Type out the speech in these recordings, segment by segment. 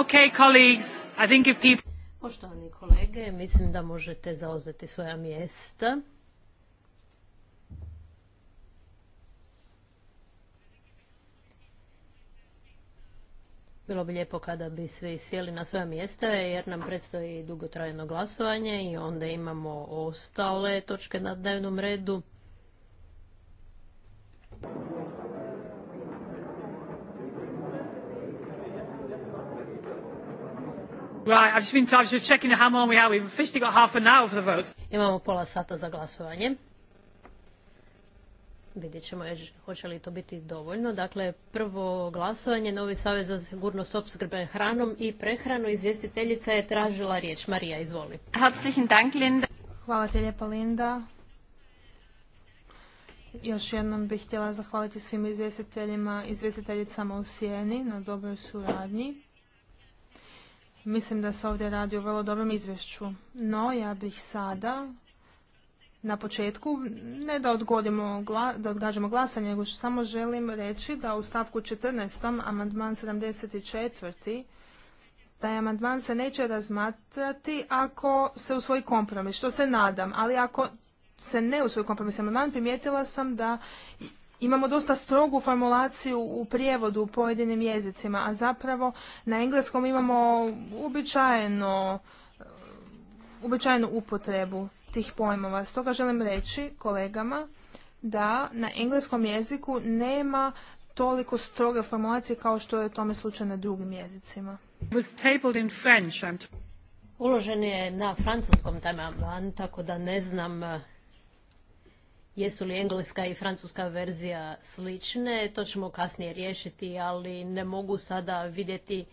Okay, Poštovani kolege, mislim da možete zauzeti svoja mjesta. Bilo bi lijepo kada bi svi sjeli na svoja mjesta jer nam predstoji dugotrajno glasovanje i onda imamo ostale točke na dnevnom redu. Imamo pola sata za glasovanje. Vidjet ćemo hoće li to biti dovoljno. Dakle, prvo glasovanje, Novi savez za sigurnost opskrbe hranom i prehranu. Izvjestiteljica je tražila riječ. Marija, izvoli. Hvala ti lijepa, Linda. Još jednom bih htjela zahvaliti svim izvjestiteljima, izvjestiteljicama u Sijeni na dobroj suradnji. Mislim da se ovdje radi o vrlo dobrom izvješću. No, ja bih sada na početku, ne da, odgodimo, da odgađamo glasanje, nego što samo želim reći da u stavku 14. amandman 74. taj amandman se neće razmatrati ako se usvoji kompromis, što se nadam, ali ako se ne usvoji kompromis amandman, primijetila sam da imamo dosta strogu formulaciju u prijevodu u pojedinim jezicima, a zapravo na engleskom imamo uobičajeno uobičajenu upotrebu tih pojmova. Stoga želim reći kolegama da na engleskom jeziku nema toliko stroge formulacije kao što je tome slučaj na drugim jezicima. Uložen je na francuskom taj tako da ne znam Jesu li engleska i francuska verzija slične, to ćemo kasnije riješiti, ali ne mogu sada vidjeti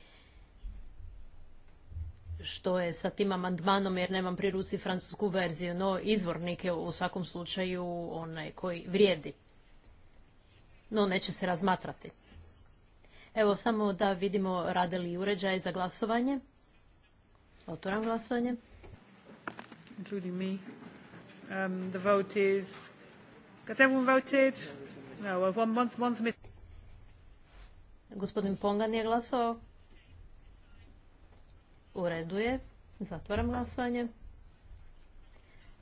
što je sa tim amandmanom jer nemam pri ruci francusku verziju, no izvornik je u svakom slučaju onaj koji vrijedi. No neće se razmatrati. Evo samo da vidimo rade li uređaj za glasovanje. Otvoram glasovanje. Judy, me. Um, the vote is Gospodin Pongan je glasovao. U redu je. Zatvaram glasovanje.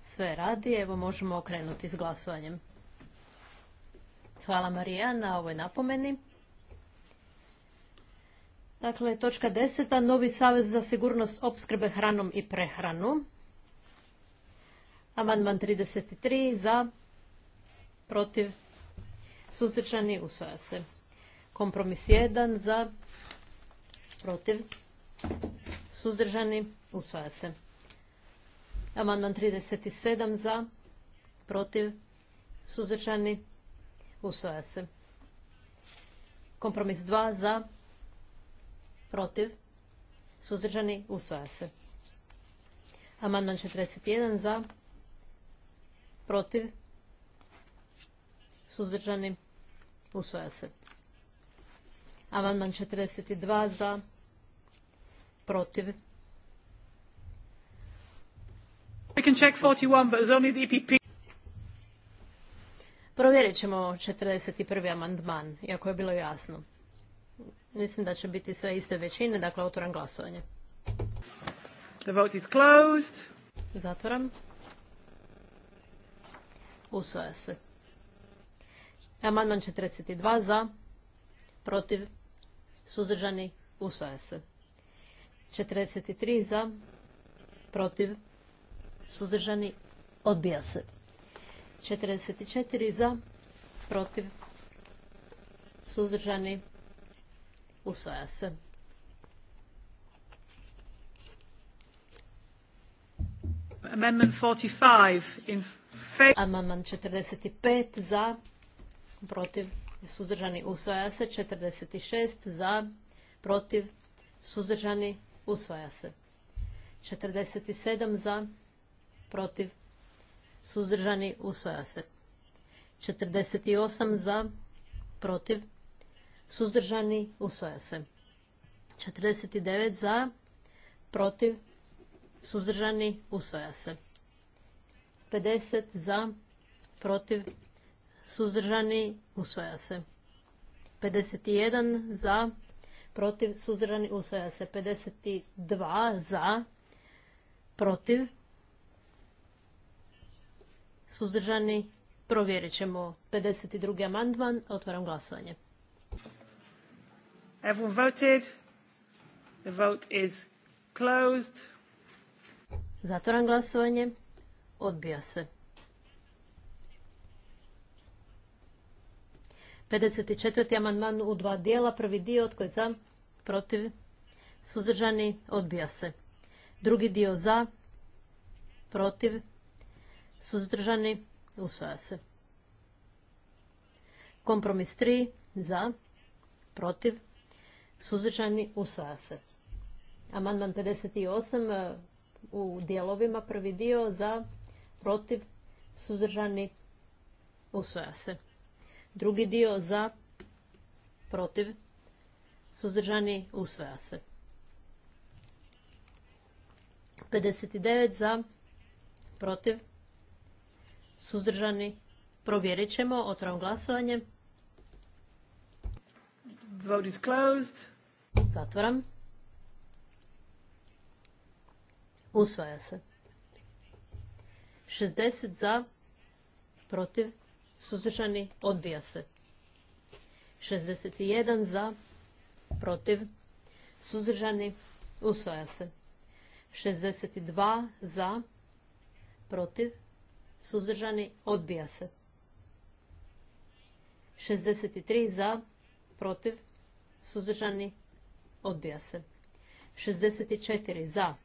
Sve radi. Evo možemo okrenuti s glasovanjem. Hvala Marija na ovoj napomeni. Dakle, točka deseta, novi savez za sigurnost opskrbe hranom i prehranu. Amandman 33 za, protiv, suzdržani, usvaja se. Kompromis 1 za, protiv, suzdržani, usvaja se. Amandman 37 za, protiv, suzdržani, usvaja se. Kompromis 2 za, protiv, suzdržani, usvaja se. Amandman 41 za, protiv, suzdržani, usvoja se. Amandman 42 za, protiv. We can check 41, but only the EPP. Provjerit ćemo 41. amandman, iako je bilo jasno. Mislim da će biti sve iste većine, dakle otvoram glasovanje. The vote is closed. Zatvoram. Usvaja se. Amandman 42 za, protiv, suzdržani, usvaja se. 43 za, protiv, suzdržani, odbija se. 44 za, protiv, suzdržani, usvaja se. Amendment 45 in Amandman 45 za, protiv, suzdržani, usvaja se. 46 za, protiv, suzdržani, usvaja se. 47 za, protiv, suzdržani, usvaja se. 48 za, protiv, suzdržani, usvaja se. 49 za, protiv, suzdržani, usvaja se. 50 za, protiv, suzdržani, usvaja se. 51 za, protiv, suzdržani, usvaja se. 52 za, protiv, suzdržani, provjerit ćemo 52. amandman, otvaram glasovanje. Everyone voted. The vote is closed. Zatvoram glasovanje. Odbija se. 54. amandman u dva dijela. Prvi dio od je za, protiv, suzdržani, odbija se. Drugi dio za, protiv, suzdržani, usvaja se. Kompromis 3 za, protiv, suzdržani, usvaja se. Amandman 58 e, u dijelovima prvi dio za, protiv, suzdržani, usvaja se. Drugi dio za, protiv, suzdržani, usvaja se. 59 za, protiv, suzdržani, provjerit ćemo, glasovanje. Vote closed. Zatvoram. Usvaja se. 60 za, protiv, suzdržani, odbija se. 61 za, protiv, suzdržani, usvaja se. 62 za, protiv, suzdržani, odbija se. 63 za, protiv, suzdržani, odbija se. 64 za,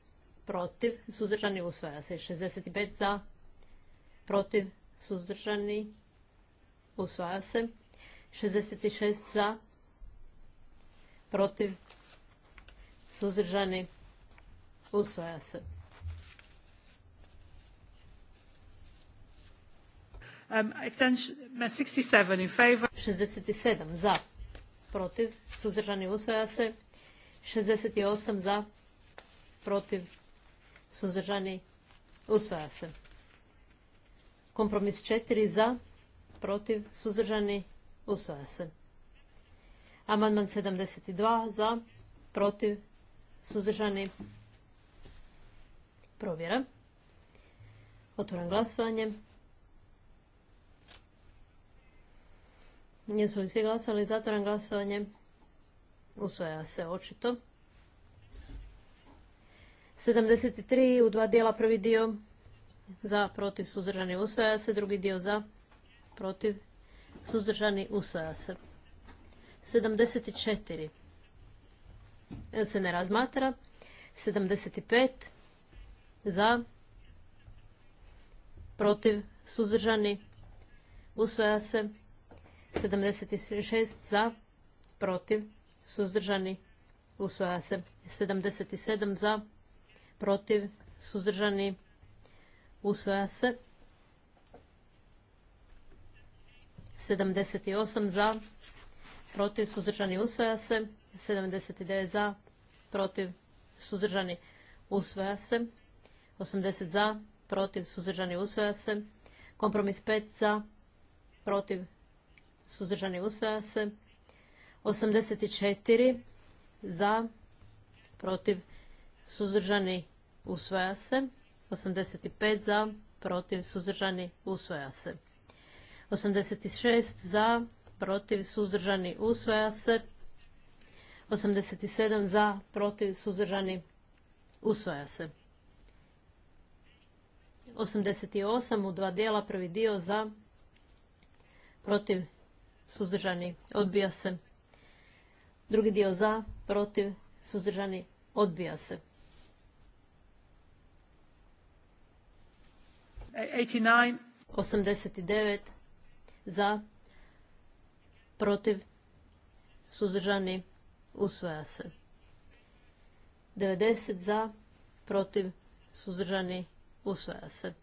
protiv, suzdržani, usvaja se. 65 za, protiv, suzdržani, usvaja se. 66 za, protiv, suzdržani, usvaja se. Um, 67 uh, in favor. 67 za, protiv, suzdržani, usvaja se. 68 za, protiv, suzdržani, usvaja se. Kompromis 4 za, protiv, suzdržani, usvaja se. Amandman 72 za, protiv, suzdržani, provjera. Otvoram glasovanje. Jesu li svi glasali? Zatvoram glasovanje. Usvaja se očito. 73 u dva dijela prvi dio za protiv suzdržani usvaja se, drugi dio za protiv, suzdržani, usvaja se. 74 e, se ne razmatra. 75 za, protiv, suzdržani, usvaja se. 76 za, protiv, suzdržani, usvaja se. 77 za, protiv, suzdržani, usvaja se. 78 za, protiv, suzdržani, usvaja se. 79 za, protiv, suzdržani, usvaja se. 80 za, protiv, suzdržani, usvaja se. Kompromis 5 za, protiv, suzdržani, usvaja se. 84 za, protiv, suzdržani, usvaja se. 85 za, protiv, suzdržani, usvaja se. 86 za, protiv, suzdržani, usvaja se. 87 za, protiv, suzdržani, usvaja se. 88 u dva dijela, prvi dio za, protiv, suzdržani, odbija se. Drugi dio za, protiv, suzdržani, odbija se. 89. 89 za, protiv, suzdržani, usvaja se. 90 za, protiv, suzdržani, usvaja se.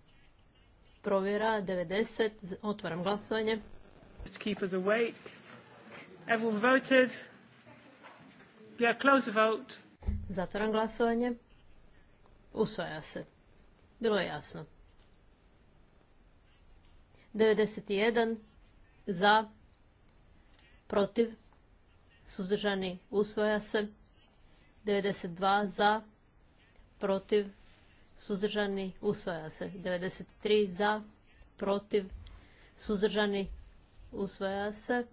Provjera 90, otvaram glasovanje. Let's keep us awake. Everyone voted. Yeah, close the vote. Zatvaram glasovanje. Usvaja se. Bilo je jasno. 91 za, protiv, suzdržani, usvoja se. 92 za, protiv, suzdržani, usvoja se. 93 za, protiv, suzdržani, usvoja se.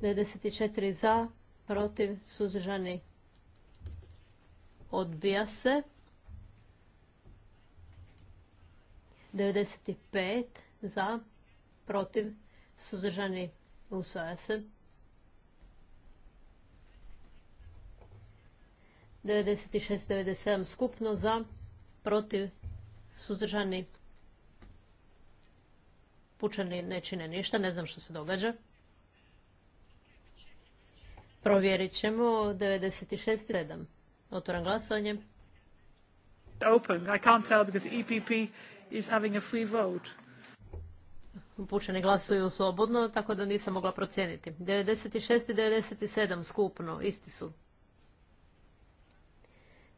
94 za, protiv, suzdržani, odbija se. 95 za, protiv, suzdržani, usvaja se. 96, skupno za, protiv, suzdržani, pučani ne čine ništa, ne znam što se događa. Provjerit ćemo 96, 7. glasovanje. Open. I can't tell because EPP is having a free vote pučani glasuju slobodno, tako da nisam mogla procijeniti. 96 i 97 skupno, isti su.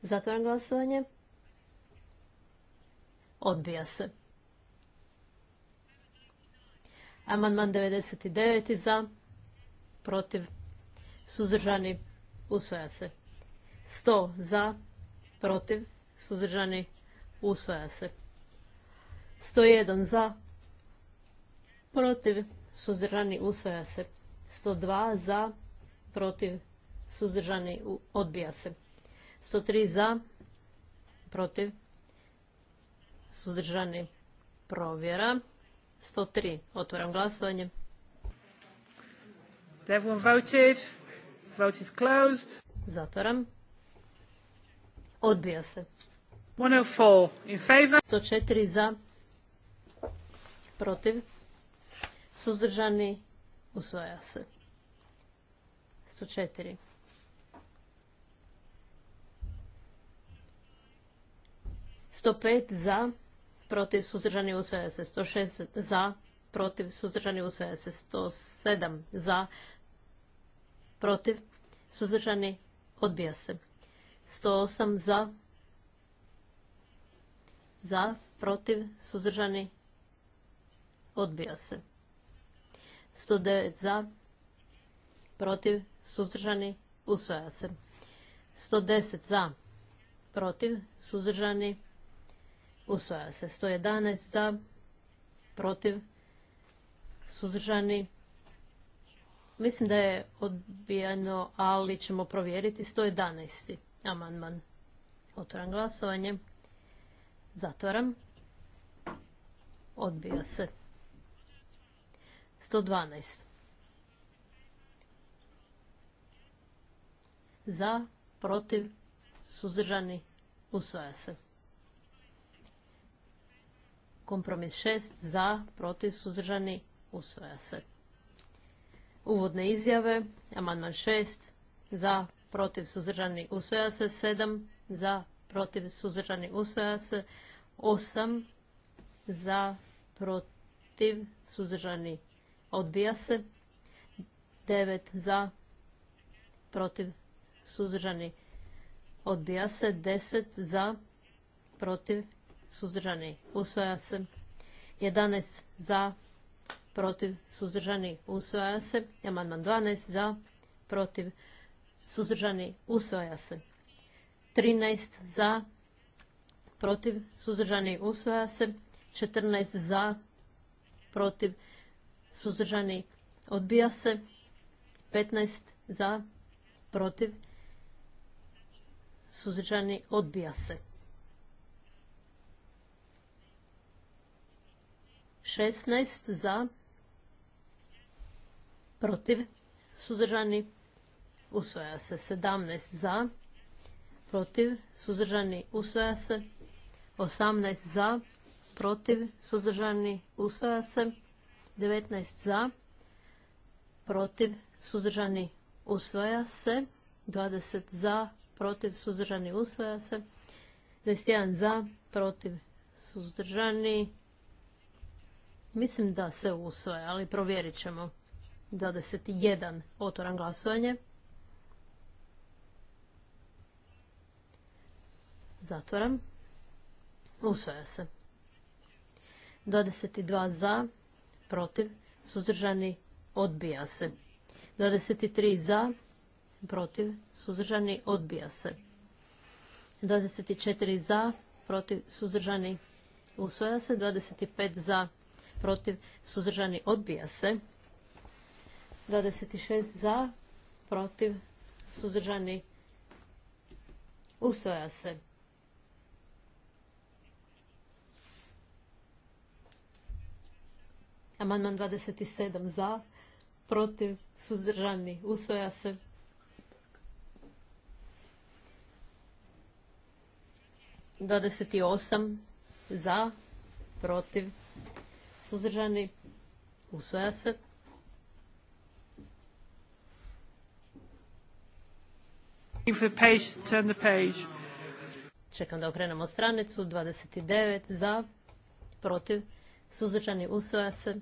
Zatvaram glasovanje. Odbija se. Amandman 99 za, protiv, suzdržani, usvoja se. 100 za, protiv, suzdržani, usvoja se. 101 za, protiv, suzdržani, usvaja se. 102 za, protiv, suzdržani, odbija se. 103 za, protiv, suzdržani, provjera. 103, otvoram glasovanje. Everyone voted. Vote is closed. Zatvaram. Odbija se. 104 in favor. 104 za. Protiv suzdržani, usvaja se. 104. Sto pet za, protiv suzdržani usvaja se. Sto šest za, protiv suzdržani usvaja se. Sto sedam za, protiv suzdržani odbija se. Sto osam za, za, protiv suzdržani odbija se. 109 za, protiv, suzdržani, usvaja se. 110 za, protiv, suzdržani, usvaja se. 111 za, protiv, suzdržani, mislim da je odbijano, ali ćemo provjeriti 111. amandman. Otvoram glasovanje. Zatvaram. Odbija se. 112. Za, protiv, suzdržani, usvaja se. Kompromis 6. Za, protiv, suzdržani, usvaja se. Uvodne izjave. Amandman 6. Za, protiv, suzdržani, usvaja se. 7. Za, protiv, suzdržani, usvaja se. 8. Za, protiv, suzdržani, Odbija se. 9 za. Protiv. Suzdržani. Odbija se. 10 za. Protiv. Suzdržani. Usvaja se. 11 za. Protiv. Suzdržani. Usvaja se. Amandman 12 za. Protiv. Suzdržani. Usvaja se. 13 za. Protiv. Suzdržani. Usvaja se. 14 za. Protiv suzdržani, odbija se. 15 za, protiv, suzdržani, odbija se. 16 za, protiv, suzdržani, usvaja se. 17 za, protiv, suzdržani, usvaja se. 18 za, protiv, suzdržani, usvaja se. 19 za, protiv, suzdržani, usvaja se. 20 za, protiv, suzdržani, usvaja se. 21 za, protiv, suzdržani. Mislim da se usvaja, ali provjerit ćemo. 21. otvoran glasovanje. Zatvoram. Usvaja se. 22 za, protiv, suzdržani, odbija se. 23 za, protiv, suzdržani, odbija se. 24 za, protiv, suzdržani, usvoja se. 25 za, protiv, suzdržani, odbija se. 26 za, protiv, suzdržani, usvoja se. Amandman 27 za, protiv, suzdržani, usvoja se. Dvadeset osam za, protiv, suzdržani, usvoja se. Čekam da okrenemo stranicu. 29 za, protiv, suzdržani usvaja se.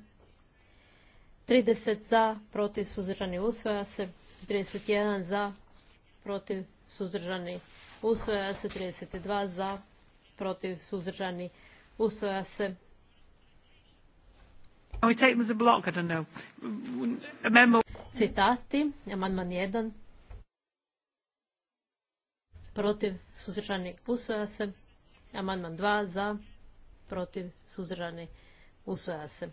30 za, protiv suzdržani usvaja se. 31 za, protiv suzdržani usvaja se. 32 za, protiv suzdržani usvaja se. Citati, amandman 1. Protiv suzdržani usvoja se. Amandman 2 za, protiv suzdržani usvoja se usvaja se.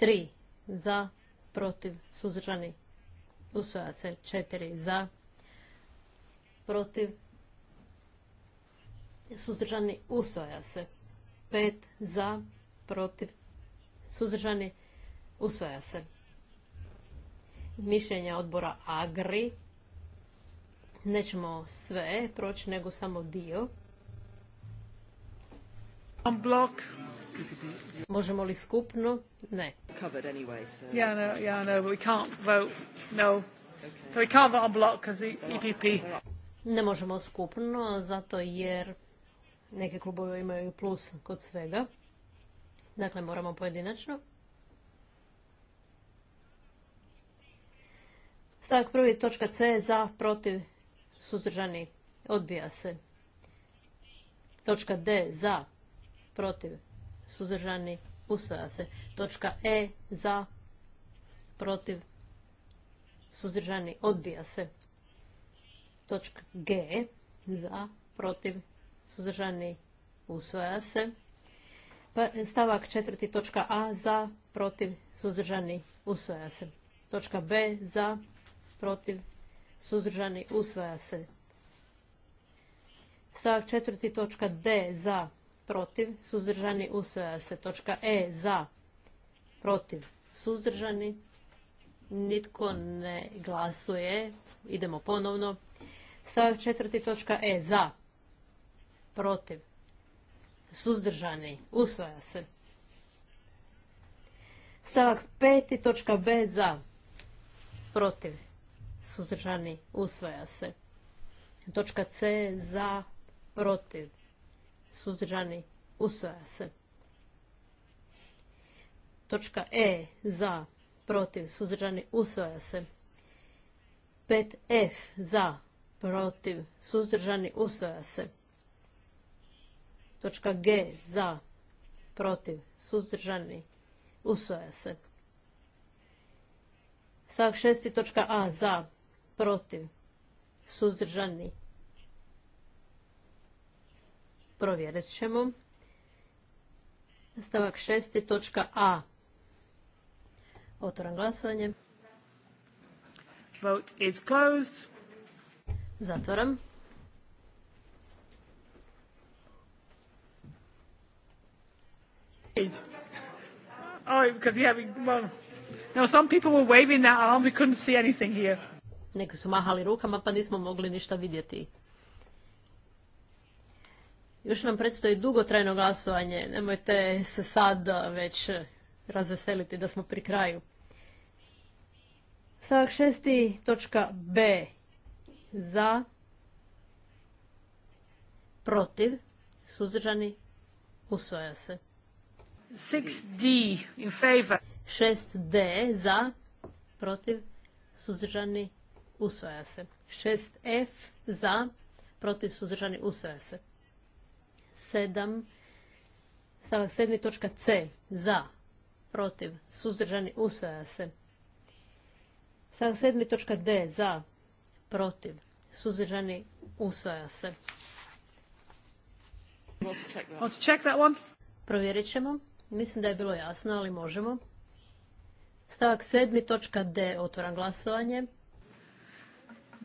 3 za, protiv, suzdržani, usvaja se. 4 za, protiv, suzdržani, usvaja se. 5 za, protiv, suzdržani, usvaja se. Mišljenja odbora AGRI. Nećemo sve proći, nego samo dio. Blok Možemo li skupno? Ne. no, Ne možemo skupno, zato jer neke klubove imaju plus kod svega. Dakle, moramo pojedinačno. Stavak prvi, točka C, za, protiv, suzdržani, odbija se. Točka D, za, protiv, suzdržani, usvaja se. Točka E za, protiv, suzdržani, odbija se. Točka G za, protiv, suzdržani, usvaja se. Pa, stavak četvrti točka A za, protiv, suzdržani, usvaja se. Točka B za, protiv, suzdržani, usvaja se. Stavak četvrti točka D za, protiv, suzdržani, usvaja se. Točka E za, protiv, suzdržani, nitko ne glasuje. Idemo ponovno. Stavak četvrti točka E za, protiv, suzdržani, usvaja se. Stavak peti točka B za, protiv, suzdržani, usvaja se. Točka C za, protiv, suzdržani, usvaja se. Točka E za, protiv, suzdržani, usvaja se. 5F za, protiv, suzdržani, usvaja se. Točka G za, protiv, suzdržani, usvaja se. Stavak šesti točka A za, protiv, suzdržani, Provjerit ćemo. Stavak 6. točka A. Otvoram glasovanje. Vote is closed. Zatvoram. Oh, because yeah, we, well, now some people were waving that arm. We couldn't see anything here. Neki su mahali rukama pa nismo mogli ništa vidjeti. Još nam predstoji dugotrajno glasovanje, nemojte se sad eh, već eh, razveseliti da smo pri kraju. Stavak šesti, točka B. Za, protiv, suzdržani, usvoja se. 6D in favor. 6D za, protiv, suzdržani, usvoja se. 6F za, protiv, suzdržani, usvoja se. 7, stavak 7. točka C, za, protiv, suzdržani, usvaja se. Stavak 7. točka D, za, protiv, suzdržani, usvaja se. Provjerit ćemo. Mislim da je bilo jasno, ali možemo. Stavak 7. točka D, otvoram glasovanje.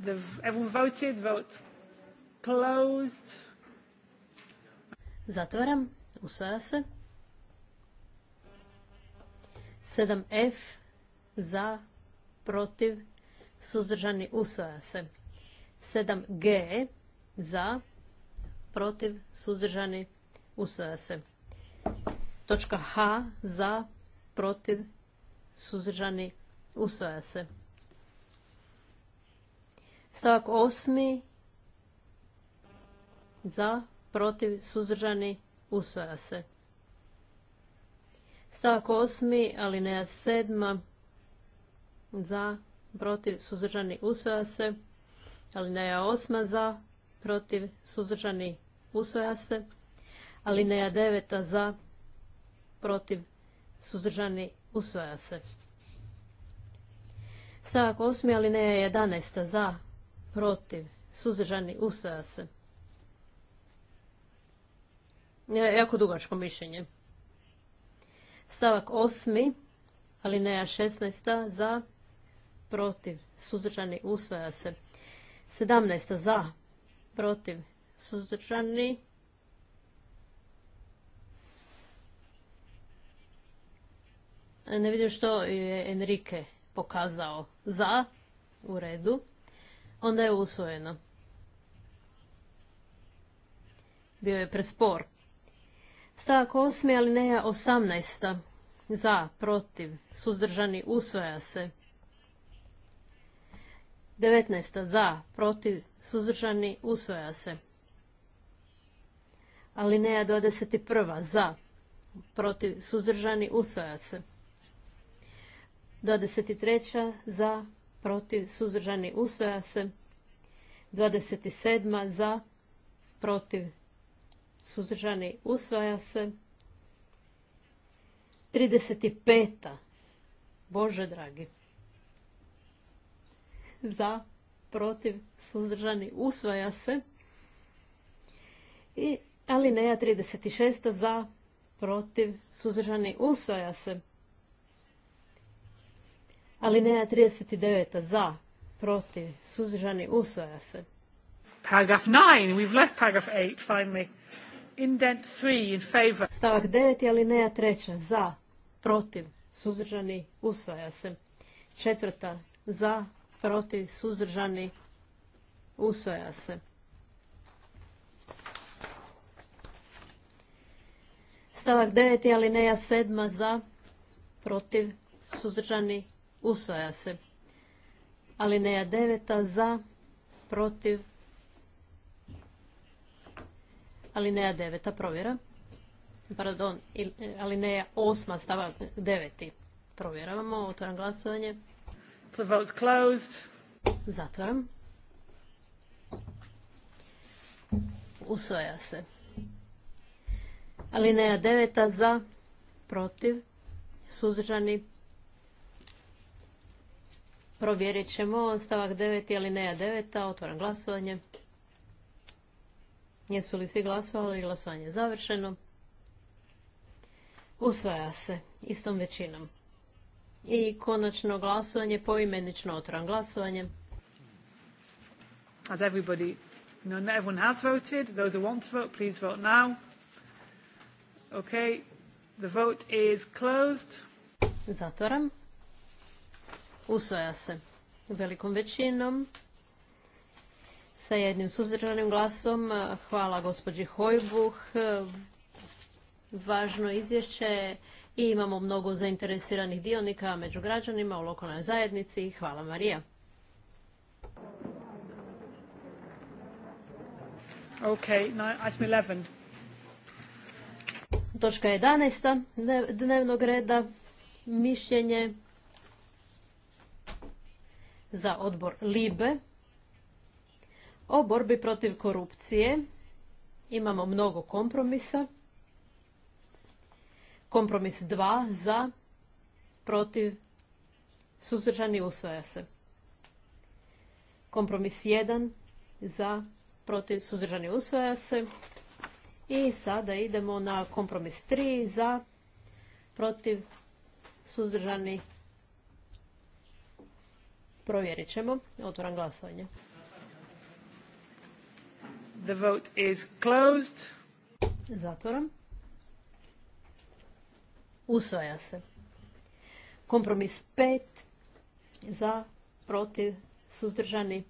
The, everyone voted, vote closed. Zatvaram. Usvaja se. 7F za, protiv, suzdržani, usvaja se. 7G za, protiv, suzdržani, usvaja se. Točka H za, protiv, suzdržani, usvaja se. Stavak osmi za, protiv protiv, suzdržani, usvaja se. Stavak osmi, alineja sedma, za, protiv, suzdržani, usvaja se. Alineja osma, za, protiv, suzdržani, usvaja se. Alineja deveta, za, protiv, suzdržani, usvaja se. Stavak osmi, alineja jedanesta. za, protiv, suzdržani, usvaja se jako dugačko mišljenje. Stavak osmi, alineja 16. za, protiv, suzdržani, usvaja se. 17. za, protiv, suzdržani, Ne vidim što je Enrique pokazao za, u redu, onda je usvojeno. Bio je prespor. Stavak 8. alineja 18. Za, protiv, suzdržani, usvaja se. 19. Za, protiv, suzdržani, usvaja se. Alineja 21. Za, protiv, suzdržani, usvoja se. 23. Za, protiv, suzdržani, usvoja se. 27. Za, protiv, suzdržani, usvaja se. 35. Bože dragi. Za, protiv, suzdržani, usvaja se. I alineja 36. Za, protiv, suzdržani, usvaja se. Alineja 39. Za, protiv, suzdržani, usvaja se. Paragraf 9. We've left paragraph 8, finally. Indent 3 in favor. Stavak 9. alineja treća. Za. Protiv. Suzdržani. Usvaja se. Četvrta. Za. Protiv. Suzdržani. Usvaja se. Stavak 9. alineja 7 Za. Protiv. Suzdržani. Usvaja se. Alineja deveta. Za. Protiv alineja deveta Provjera. Pardon, eh, alineja osma stavak deveti Provjeravamo. Otvoram glasovanje. The closed. Zatvoram. Usvaja se. Alineja deveta za, protiv, suzdržani. Provjerit ćemo stavak deveti. alineja deveta, Otvoram glasovanje. Jesu li svi glasovali? Glasovanje je završeno. Usvaja se istom većinom. I konačno glasovanje poimenično otvoran glasovanje. As everybody, know, everyone has voted. Those who want to vote, please vote now. Okay, the vote is closed. Zatvoram. Usvaja se velikom većinom sa jednim suzdržanim glasom. Hvala gospođi Hojbuh. Važno izvješće i imamo mnogo zainteresiranih dionika među građanima u lokalnoj zajednici. Hvala Marija. Okay, item 11. Točka 11. dnevnog reda, mišljenje za odbor LIBE o borbi protiv korupcije. Imamo mnogo kompromisa. Kompromis 2 za, protiv, suzdržani usvaja se. Kompromis 1 za, protiv, suzdržani usvaja se. I sada idemo na kompromis 3 za, protiv, suzdržani. Provjerit ćemo. Otvoram glasovanje. The vote is closed. Zatvoram. Usvaja se. Kompromis pet za, protiv, suzdržani.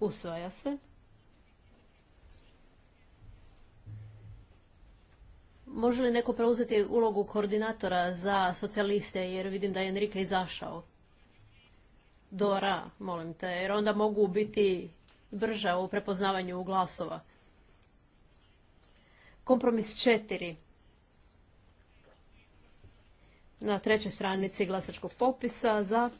Usvaja se. Može li neko preuzeti ulogu koordinatora za socijaliste, jer vidim da je Enrika izašao? Dora, molim te, jer onda mogu biti brža u prepoznavanju glasova. Kompromis četiri. Na trećoj stranici glasačkog popisa za...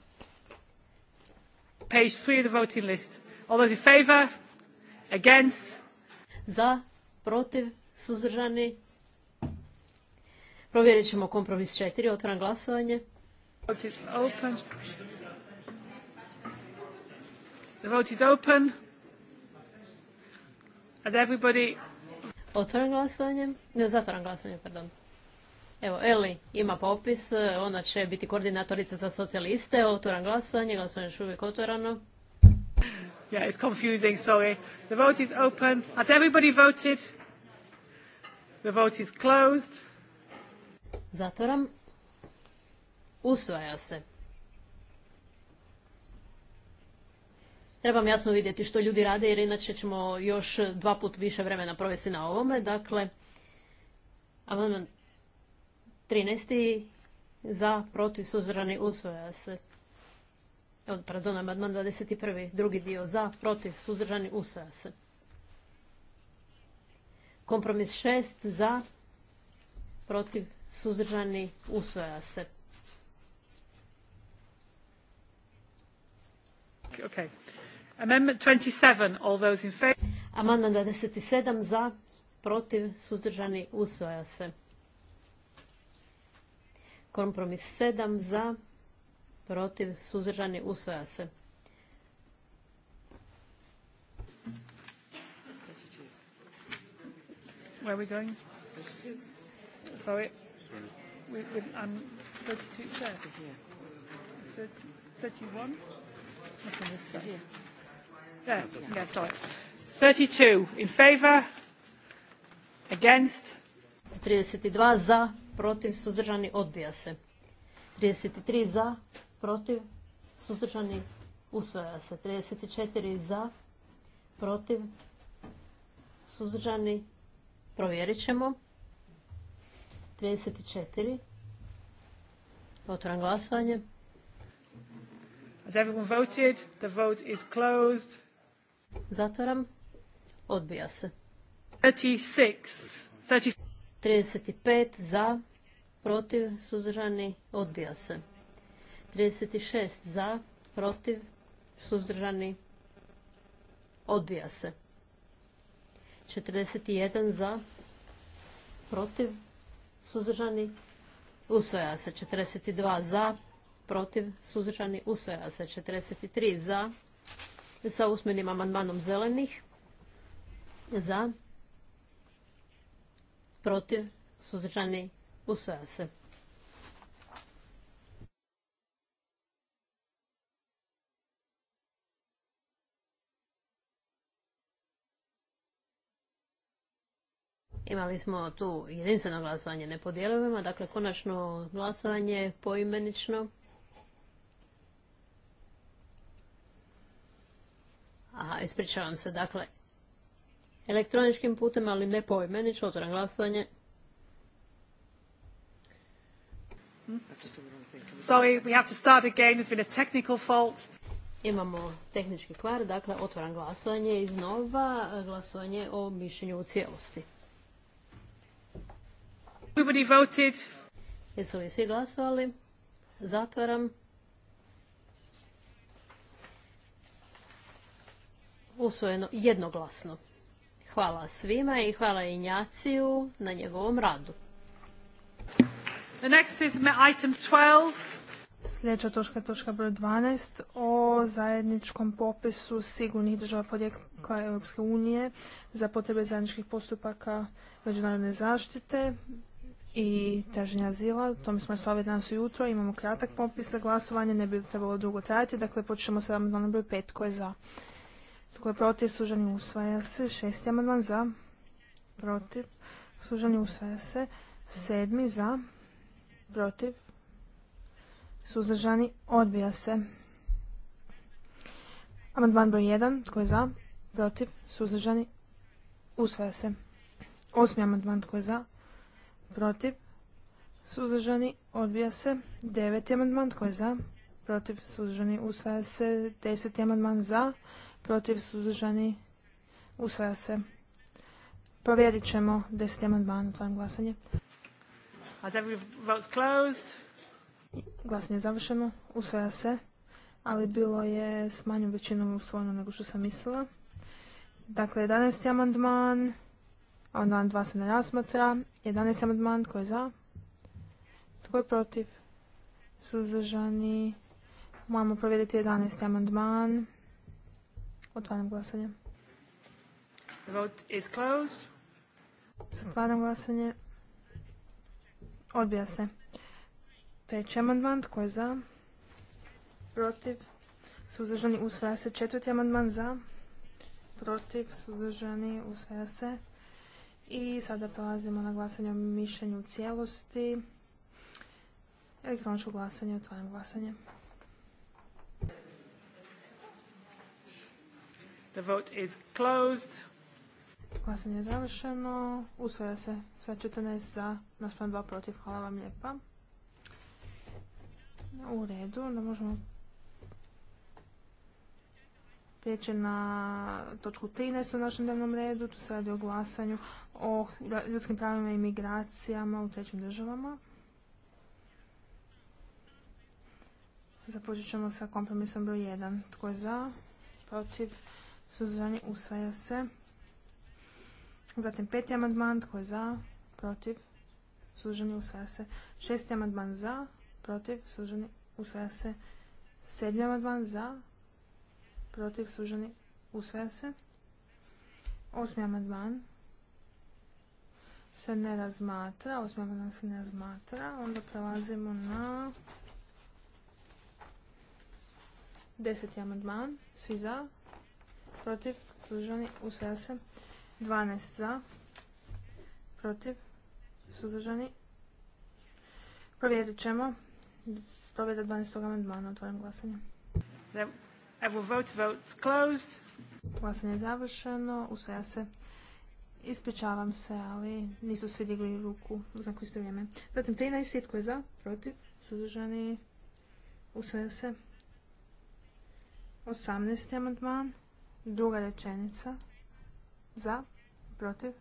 Page 3 the voting list. All those in favor? Against? Za, protiv, suzdržani. Provjerit ćemo kompromis četiri. Otvoran glasovanje. Vote is The vote is open. Everybody... Otvoren glasovanje? Ne, zatvoren glasovanje, pardon. Evo, Eli ima popis, e, ona će biti koordinatorica za socijaliste, otvoren glasovanje, glasovanje je još uvijek otvorano. Yeah, it's confusing, sorry. The vote is open. Has everybody voted? The vote is closed. Zatvoram. Usvaja se. Trebam jasno vidjeti što ljudi rade jer inače ćemo još dva put više vremena provesti na ovome. Dakle, amandman 13. za protiv suzdržani usvoja se. Pardon, amandman 21. drugi dio za protiv suzdržani usvoja se. Kompromis 6 za protiv suzdržani usvoja se. Okay. Amendment 27, all those in favor. Amandman 27 za, protiv, suzdržani, usvaja se. Kompromis 7 za, protiv, suzdržani, usvaja se. Where are we going? Sorry. We, we, I'm 32 30 here. 30, 31? Here. There, 32 in favor, against. 32 za, protiv, suzdržani, odbija se. 33 za, protiv, suzdržani, usvaja se. 34 za, protiv, suzdržani, provjerit ćemo. 34. Otvoram glasovanje. Has everyone voted? The vote is closed. Zatvaram. Odbija se. 36. 35 za, protiv, suzdržani, odbija se. 36 za, protiv, suzdržani, odbija se. 41 za, protiv, suzdržani, usvaja se. 42 za, protiv, suzdržani, usvaja se. 43 za, sa usmenim amandmanom zelenih. Za. Protiv. Suzdržani. Usvaja se. Imali smo tu jedinstveno glasovanje ne dakle konačno glasovanje poimenično. A ispričavam se, dakle, elektroničkim putem, ali ne poimenično, Otvaram glasovanje. Sorry, we have to start again. been a technical fault. Imamo tehnički kvar, dakle otvaram glasovanje iznova, glasovanje o mišljenju u cijelosti. Jesu li svi glasovali? Zatvaram. usvojeno jednoglasno. Hvala svima i hvala Injaciju na njegovom radu. The next is Sljedeća točka je točka broj 12 o zajedničkom popisu sigurnih država podjekla Europske unije za potrebe zajedničkih postupaka međunarodne zaštite i traženja azila. To mi smo slavili danas ujutro. Imamo kratak popis za glasovanje, ne bi trebalo dugo trajati. Dakle, počnemo sa amandmanom broj 5 koji je za, tko je protiv? Sužani usvaja se. Šesti amandman za. Protiv. Sužani usvaja se. Sedmi za. Protiv. Suzdržani odbija se. Amandman broj 1. Tko je za? Protiv. Suzdržani usvaja se. Osmi amandman. Tko je za? Protiv. Suzdržani odbija se. Deveti amandman. Tko je za? Protiv. Suzdržani usvaja se. Deseti amandman za protiv, suzdržani, usvaja se. Provjerit ćemo deset amandman, tvojem glasanje. Glasanje je završeno, usvaja se, ali bilo je s manjom većinom usvojeno nego što sam mislila. Dakle, 11. amandman, amandman 2 se ne razmatra, 11. amandman, tko je za? Tko je protiv? Suzdržani. Moramo provjeriti 11. amandman. Otvaram glasanje. The vote is closed. glasanje. Odbija se. Treći amandman, tko je za? Protiv. Suzdržani usvaja se. Četvrti amandman za. Protiv. Suzdržani usvaja se. I sada prelazimo na glasanje o mišljenju u cijelosti. Elektroničko glasanje, otvaram glasanje. The vote is closed. Glasanje je završeno. Usvaja se sa 14 za, naspram 2 protiv. Hvala vam lijepa. U redu, onda možemo prijeći na točku 13 u našem dnevnom redu. Tu se radi o glasanju o ljudskim pravima i migracijama u trećim državama. Započet ćemo sa kompromisom broj 1. Tko je za? Protiv? suzdržani, usvaja se. Zatim peti amandman, tko je za, protiv, suzdržani, usvaja se. Šesti amandman za, protiv, suženi, usvaja se. Sedmi amandman za, protiv, suženi, usvaja se. Osmi amandman se ne razmatra, osmi amandman se ne razmatra, onda prelazimo na deseti amandman, svi za, protiv, suzdržani, usvaja se. 12 za, protiv, suzdržani. Provjerit ćemo. Provjerit 12. amandmana. Otvorim glasanje. Evo vote, vote closed. Glasanje je završeno. Usvaja se. Ispričavam se, ali nisu svi digli ruku u znaku isto vrijeme. Zatim 13. Tko je za? Protiv? Suzdržani? Usvaja se. 18. amandman. Druga rečenica. Za, protiv,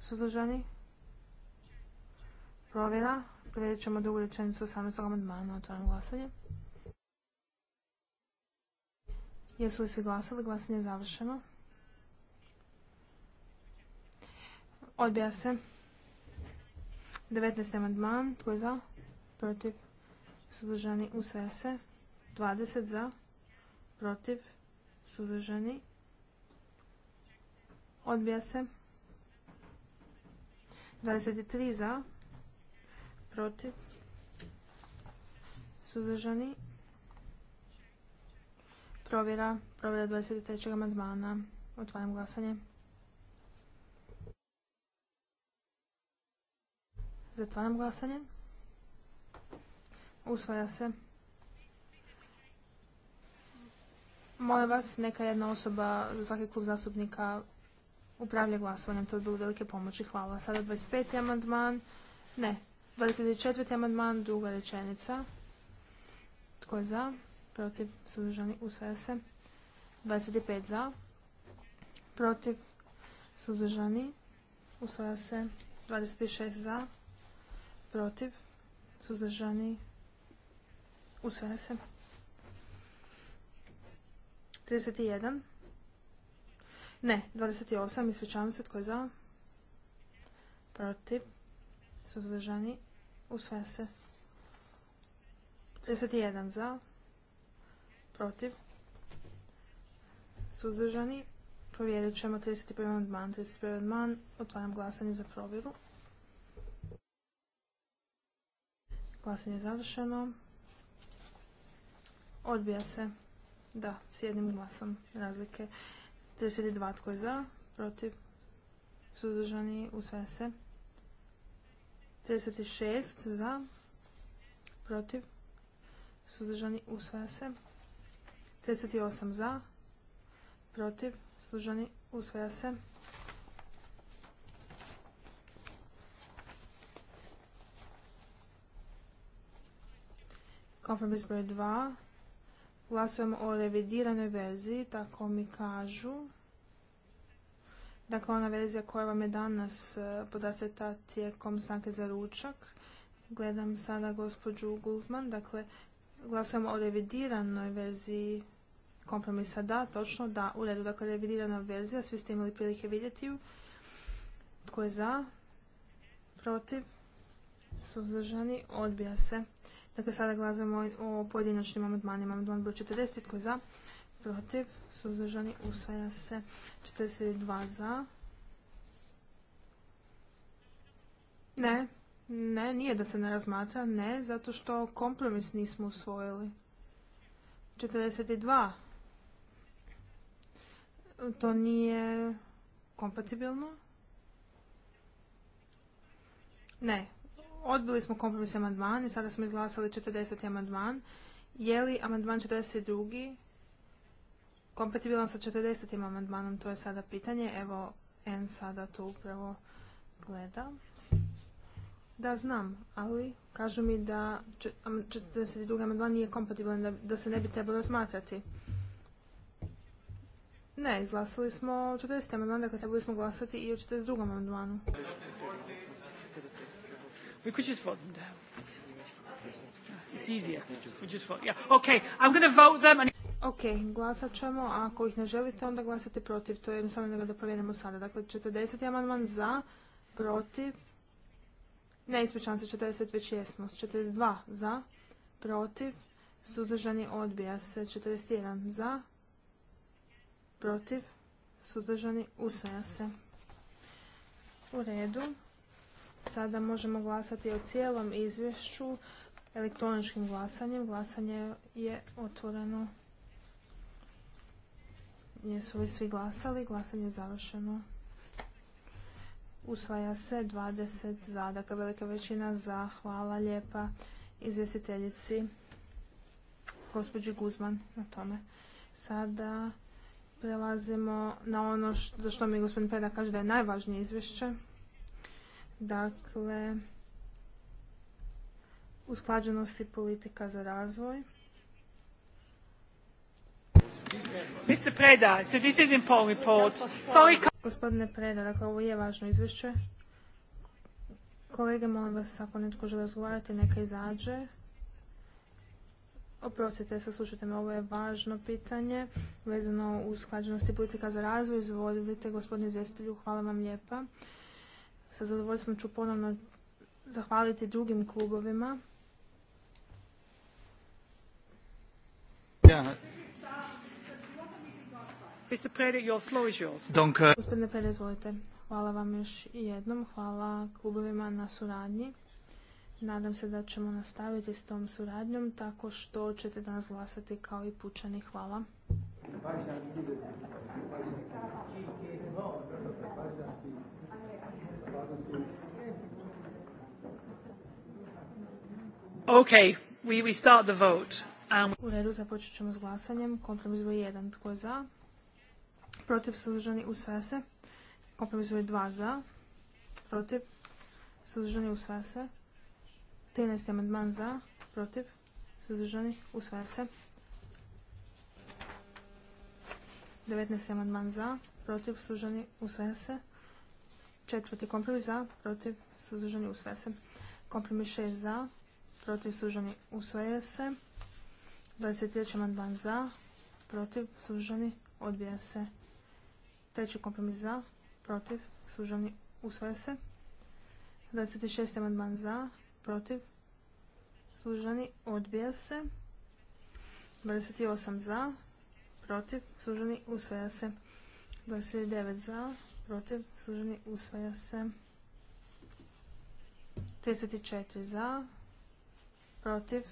suzdržani. Provjera. Provjerit ćemo drugu rečenicu 18. amandmana. Otvaram glasanje. Jesu li svi glasali? Glasanje je završeno. Odbija se. 19. amandman. Tko je za? Protiv. Suzdržani. usve se. 20 za. Protiv suzdržani, odbija se. 23 za, protiv, suzdržani, provjera, provjera 23. amandmana. Otvaram glasanje. Zatvaram glasanje. Usvaja se. Molim vas, neka jedna osoba za svaki klub zastupnika upravlja glasovanjem. To bi bilo velike pomoći. Hvala. Sada 25. amandman. Ne. 24. amandman, druga rečenica. Tko je za? Protiv. Suzdržani. Usvaja se. 25 za. Protiv. Suzdržani. Usvaja se. 26 za. Protiv. Suzdržani. Usvaja se. 31. Ne, 28. Ispričavam se tko je za. Protiv. Suzdržani. Usvaja se. 31 za. Protiv. Suzdržani. Provjerit ćemo 31. odman. 31. odman. Otvaram glasanje za provjeru. Glasanje je završeno. Odbija se. Da, s jednim glasom razlike. 32 tko je za, protiv, suzdržani, usvaja se. 36 za, protiv, suzdržani, usvaja se. 38 za, protiv, suzdržani, usvaja se. Kompromis broj 2 Glasujemo o revidiranoj verziji, tako mi kažu. Dakle, ona verzija koja vam je danas e, podaseta tijekom snake za ručak. Gledam sada gospođu Gultman. Dakle, glasujemo o revidiranoj verziji kompromisa. Da, točno, da, u redu. Dakle, revidirana verzija, svi ste imali prilike vidjeti ju. Tko je za? Protiv? Suzdržani? Odbija se. Dakle, sada glasujemo o pojedinačnim amandmanima. Amandman broj 40, tko je za? Protiv, suzdržani, usvaja se. 42 za. Ne, ne, nije da se ne razmatra, ne, zato što kompromis nismo usvojili. 42. To nije kompatibilno. Ne, Odbili smo kompromis amandman i sada smo izglasali 40. amandman. Je li amandman 42. kompatibilan sa 40. amandmanom? To je sada pitanje. Evo, N sada to upravo gleda. Da, znam, ali kažu mi da 42. amandman nije kompatibilan, da, se ne bi trebalo smatrati. Ne, izglasali smo 40. amandman, dakle trebali smo glasati i o 42. amandmanu. We could just vote them down. It's easier. We just vote. Yeah. Okay, I'm going to vote them. And... Ok, glasat ćemo, a ako ih ne želite, onda glasate protiv. To je jednostavno da ga provjerimo sada. Dakle, 40. amandman za, protiv. Ne, ispričavam se, 40 već jesmo. 42 za, protiv. Sudržani odbija se. 41 za, protiv. Sudržani usaja se. U redu. Sada možemo glasati o cijelom izvješću elektroničkim glasanjem. Glasanje je otvoreno. Jesu li svi glasali? Glasanje je završeno. Usvaja se 20 zadaka. Velika većina za. Hvala lijepa izvjestiteljici gospođi Guzman na tome. Sada prelazimo na ono što, za što mi gospodin Peda kaže da je najvažnije izvješće. Dakle, usklađenosti politika za razvoj. Mr. Preda, so report. Gospodine Preda, dakle ovo je važno izvješće. Kolege, molim vas, ako netko želi razgovarati, neka izađe. Oprostite, saslušajte me, ovo je važno pitanje vezano u usklađenosti politika za razvoj. izvodite gospodine izvjestitelju, hvala vam lijepa. Sa zadovoljstvom ću ponovno zahvaliti drugim klubovima. Gospodine Pere, izvolite. Hvala vam još jednom. Hvala klubovima na suradnji. Nadam se da ćemo nastaviti s tom suradnjom tako što ćete danas glasati kao i pučani. Hvala. Okay, we, we start the vote. Um... U redu započet ćemo s glasanjem. Kompromis broj 1. Tko je za? Protiv u sve se. Kompromis broj 2 za. Protiv u sve se. 13. amandman za. Protiv u sve se. 19. amandman za. Protiv suzdržani usvaja se. Četvrti kompromis za. Protiv suzdržani usvaja se. Kompromis 6 za protiv suženi usvaja se. 23. amandman za, protiv suženi odbija se. Treći kompromis za, protiv suženi usvaja se. 26. amandman za, protiv suženi odbija se. 28 za, protiv suženi usvaja se. 29 za, protiv suženi usvaja se. 34 za, protiv,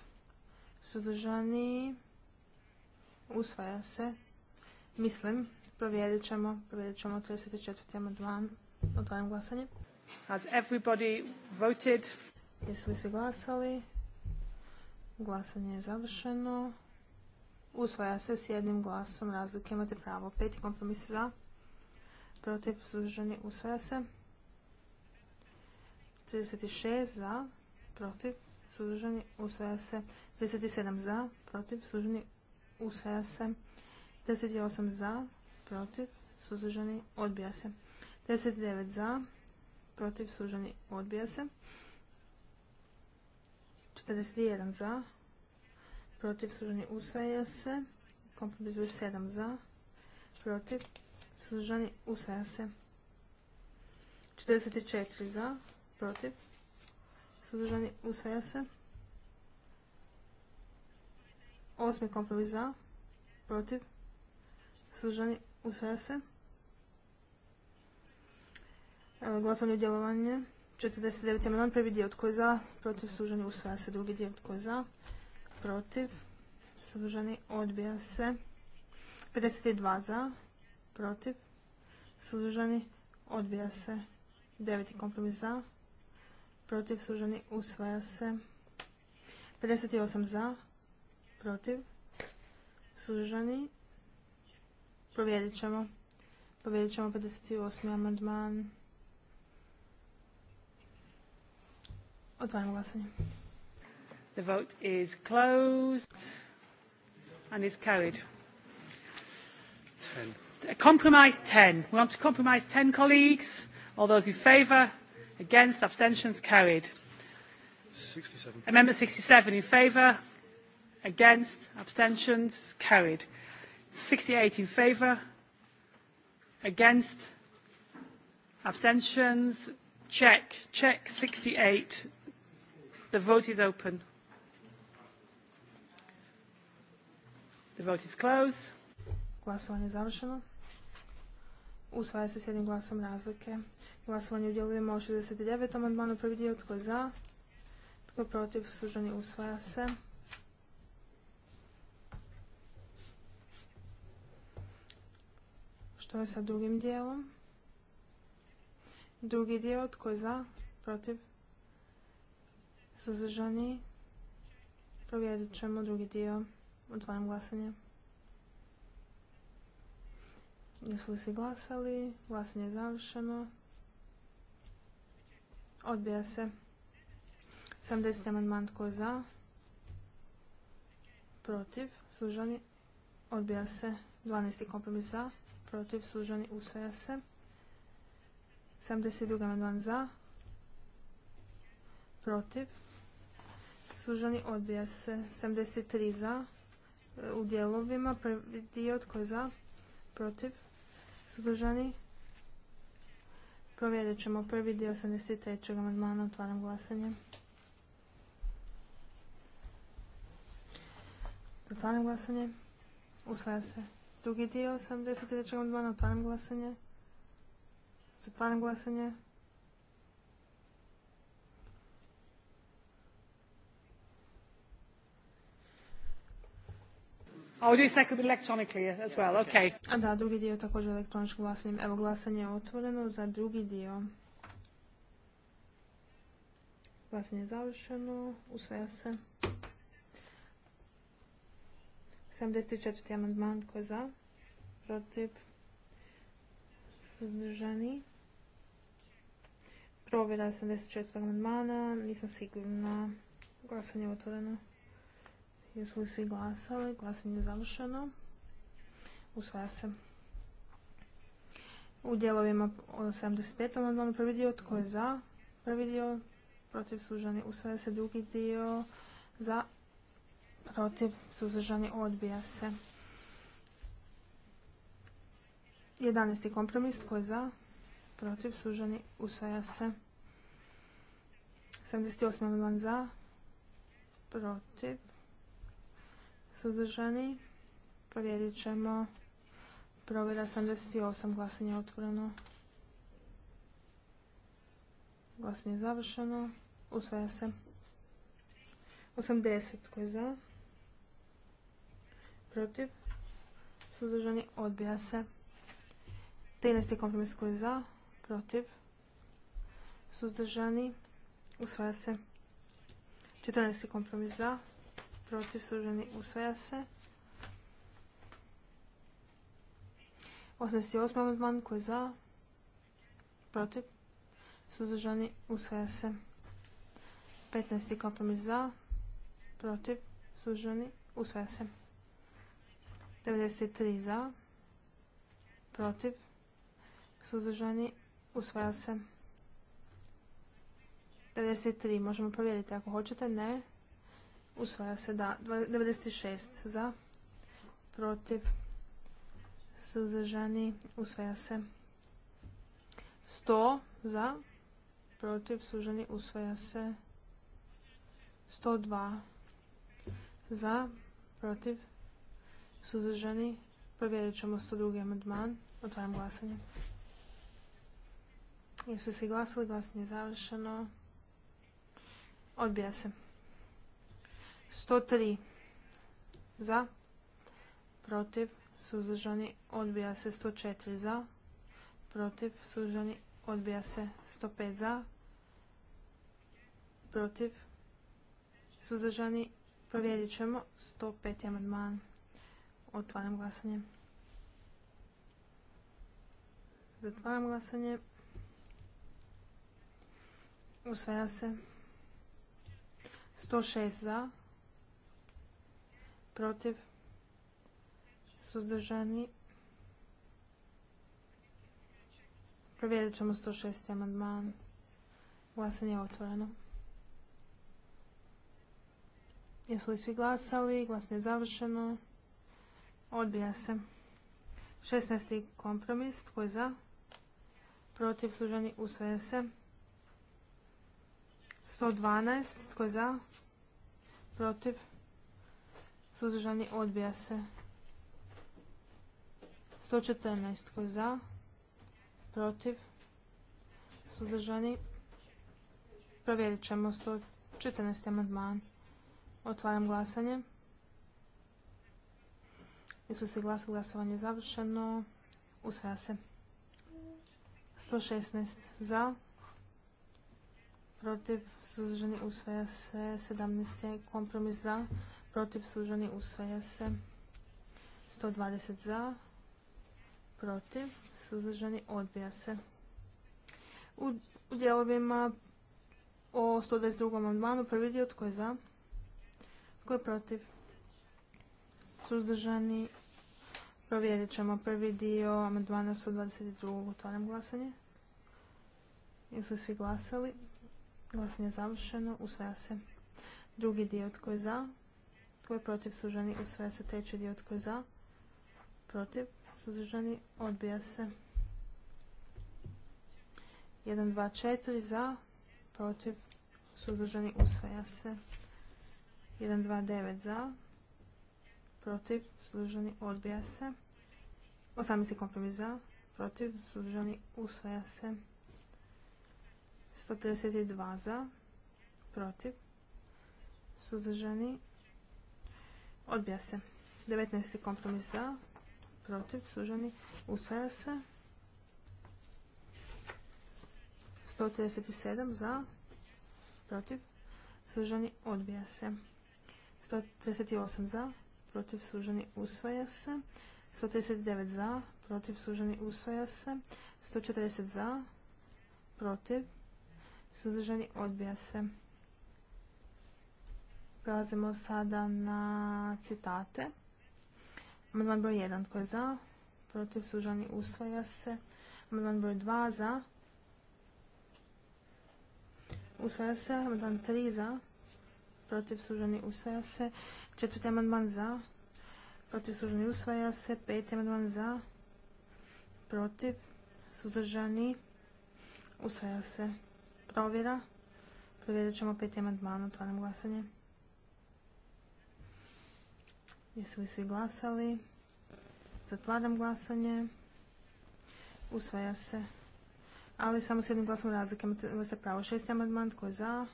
suzdržani, usvaja se. Mislim, provjerit ćemo, provjerit ćemo 34. amandman, otvaram glasanje. Has everybody voted? Jesu li svi glasali? Glasanje je završeno. Usvaja se s jednim glasom razlike, imate pravo. Peti kompromis za, protiv, suzdržani, usvaja se. 36 za, protiv, suzdržani, usvaja se. 37 za, protiv, suzdržani, usvaja se. 38 za, protiv, suzdržani, odbija se. 39 za, protiv, suzdržani, odbija se. 41 za, protiv, suzdržani, usvaja se. Kompromis 7 za, protiv, suzdržani, usvaja se. 44 za, protiv, suzdržani, usvaja se. Osmi kompromis za, protiv, suzdržani, usvaja se. E, glasovanje djelovanje, 49. amandman, prvi dio tko je za, protiv, suzdržani, usvaja se. Drugi dio tko je za, protiv, suzdržani, odbija se. 52 za, protiv, suzdržani, odbija se. Deveti kompromis za, protiv, suženi, usvaja se. 58 za, protiv, suženi, provjerit ćemo. Provjerit ćemo 58. amandman. Otvaram glasanje. The vote is closed and is carried. 10. Compromise 10. We want to compromise 10 colleagues. All those in favour, against abstentions carried 67. amendment 67 in favour against abstentions carried 68 in favour against abstentions check check 68 the vote is open the vote is closed glasovanje je završeno usvaja se s jednim glasom razlike Glasovanje udjelujemo o 69. amandmanu prvi dio. Tko je za? Tko je protiv? Sužani usvaja se. Što je sa drugim dijelom? Drugi dio. Tko je za? Protiv? Suzdržani? Provjerit ćemo drugi dio. Otvaram glasanje. Jesu li svi glasali? Glasanje je završeno. Odbija se. 70. amandman tko za? Protiv. Služani. Odbija se. 12. kompromis za. Protiv. Služani. Usvaja se. 72. amandman za. Protiv. Služani. Odbija se. 73. za. U dijelovima. Prvi dio tko je za? Protiv. Služani. Provjerit ćemo prvi dio 83. amandmana. Otvaram glasanje. Zatvaram glasanje. Usvaja se. Drugi dio 83. amandmana. Otvaram glasanje. Zatvaram glasanje. Oh, second electronically as well, okay. A da, drugi dio također elektronično glasanje. Evo, glasanje je otvoreno za drugi dio. Glasanje je završeno, usvaja se. 74. amandman, tko je za? Protiv? Suzdržani? Provjera 74. amandmana, nisam sigurna. Glasanje je otvoreno. Jesu li svi glasali? Glasanje je završeno. Usvaja se. U dijelovima 75. amandman prvi dio, tko je za? Prvi dio, protiv služani Usvaja se drugi dio, za, protiv suzdržani. Odbija se. 11. kompromis, tko je za? Protiv suzdržani. Usvaja se. 78. amandman za, protiv suzdržani. povjerit ćemo. Provjera 78. Glasanje otvoreno. Glasanje je završeno. Usvaja se. 80. koji za? Protiv? Suzdržani. Odbija se. 13. kompromis koji je za? Protiv? Suzdržani. Usvaja se. 14. kompromis za? protiv, suženi, usvaja se. 88. amandman koji je za, protiv, suzdržani, usvaja se. 15. kompromis za, protiv, suzdržani, usvaja se. 93 za, protiv, suzdržani, usvaja se. 93, možemo provjeriti ako hoćete, ne. Usvaja se da. 96 za. Protiv. Suzdržani. Usvaja se. 100 za. Protiv. Suzdržani. Usvaja se. 102 za. Protiv. Suzdržani. Provjerit ćemo 102. amandman. Otvaram glasanje. Jesu svi glasali? Glasanje je završeno. Odbija se. 103 za, protiv, suzdržani, odbija se 104 za, protiv, suzdržani, odbija se 105 za, protiv, suzdržani, provjerit ćemo 105. amandman. Otvaram glasanje. Zatvaram glasanje. Usvaja se. 106 za, protiv, suzdržani. Provjerit ćemo 106. amandman. Glasanje je otvoreno. Jesu li svi glasali? Glasanje je završeno. Odbija se. 16. kompromis. Tko je za? Protiv suzdržani usvaja se. 112. Tko je za? Protiv suzdržani, odbija se. 114 tko je za, protiv, suzdržani, provjerit ćemo 114. amandman. Otvaram glasanje. Jesu se glasa, glasovanje završeno. Usvaja se. 116 za, protiv, suzdržani, usvaja se. 17. kompromis za, protiv sužani usvaja se. 120 za, protiv suzdržani odbija se. U, dijelovima o 122. amandmanu prvi dio tko je za, tko je protiv, suzdržani Provjerit ćemo prvi dio amandmana 122. Otvaram glasanje. Jesu svi glasali? Glasanje je završeno. Usvaja se. Drugi dio tko je za? Tko je protiv suzdržani usvaja se treći dio. Tko je za? Protiv suzdržani odbija se. 1, 2, 4 za, protiv suzdržani usvaja se. 1, 2, 9 za, protiv suzdržani odbija se. 18 kompromis za, protiv suzdržani usvaja se. 132 za, protiv suzdržani Odbija se. 19. kompromis za, protiv, suženi, usvaja se. 137 za, protiv, sužani, odbija se. 138 za, protiv, suženi usvaja se. 139 za, protiv, suženi usvaja se. 140 za, protiv, suzdržani, odbija se. Prelazimo sada na citate. Amandman broj 1. Tko je za? Protiv sužani usvaja se. Amandman broj 2. Za? Usvaja se. Amandman 3. Za? Protiv sužani usvaja se. Četvrti amandman za? Protiv sužani usvaja se. Peti amandman za? Protiv suzdržani usvaja se. Provjera. Provjerit ćemo peti amandman. Otvaram glasanje. Jesu li svi glasali? Zatvaram glasanje. Usvaja se. Ali samo s jednim glasom razlike. ste pravo. Šesti amandman. Tko je za?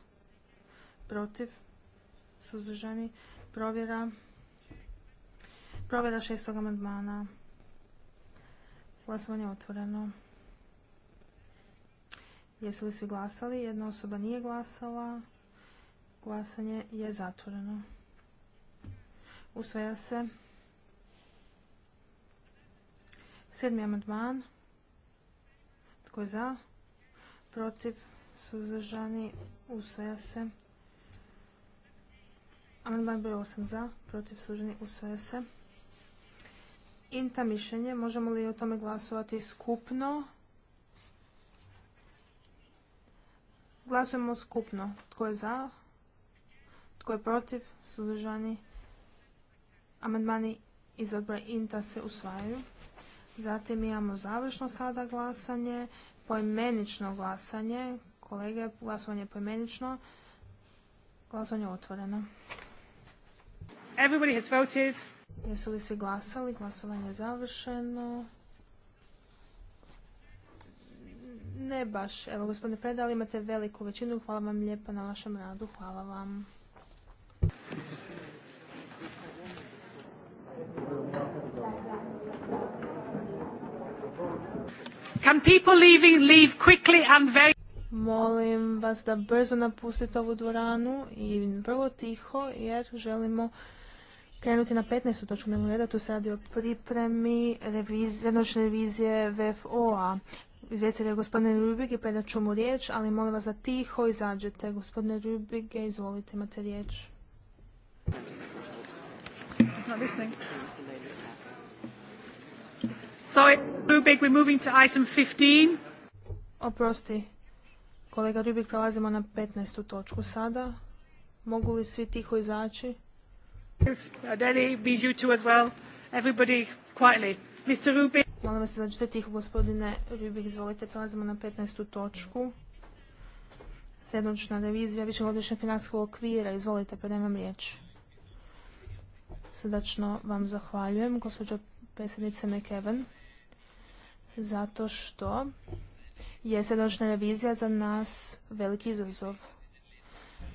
Protiv? Suzdržani? Provjera. Provjera šestog amandmana. Glasovanje je otvoreno. Jesu li svi glasali? Jedna osoba nije glasala. Glasanje je zatvoreno. Usvaja se. Sedmi amandman. Tko je za? Protiv? Suzdržani? Usvaja se. Amandman broj 8 za, protiv suzdržani, usvaja se. Inta mišljenje, možemo li o tome glasovati skupno? Glasujemo skupno. Tko je za? Tko je protiv? Suzdržani? Amandmani iz odbora INTA se usvajaju. Zatim imamo završno sada glasanje, poimenično glasanje. Kolege, glasovanje poimenično. Glasovanje je otvoreno. Everybody has voted. Jesu li svi glasali? Glasovanje je završeno. Ne baš. Evo, gospodine Predal, imate veliku većinu. Hvala vam lijepa na vašem radu. Hvala vam. Can people leaving leave quickly and very... Molim vas da brzo napustite ovu dvoranu i vrlo tiho jer želimo krenuti na 15. točku dnevnog reda. Tu se radi o pripremi jednočne revizije VFO-a. Izvjestitelj je gospodine Rubige, predat ću mu riječ, ali molim vas da tiho izađete. Gospodine Rubige, izvolite, imate riječ. Sorry, Oprosti, kolega Rubik, prelazimo na 15. točku sada. Mogu li svi tiho izaći? Uh, too as well. Everybody quietly. Mr. Molim vas, izađite tiho, gospodine Rubik, izvolite, prelazimo na 15. točku. sedmična revizija višegodišnjeg financijskog okvira. Izvolite, predajem vam riječ. Srdačno vam zahvaljujem, gospođo predsjednice McEwen zato što je sredočna revizija za nas veliki izazov.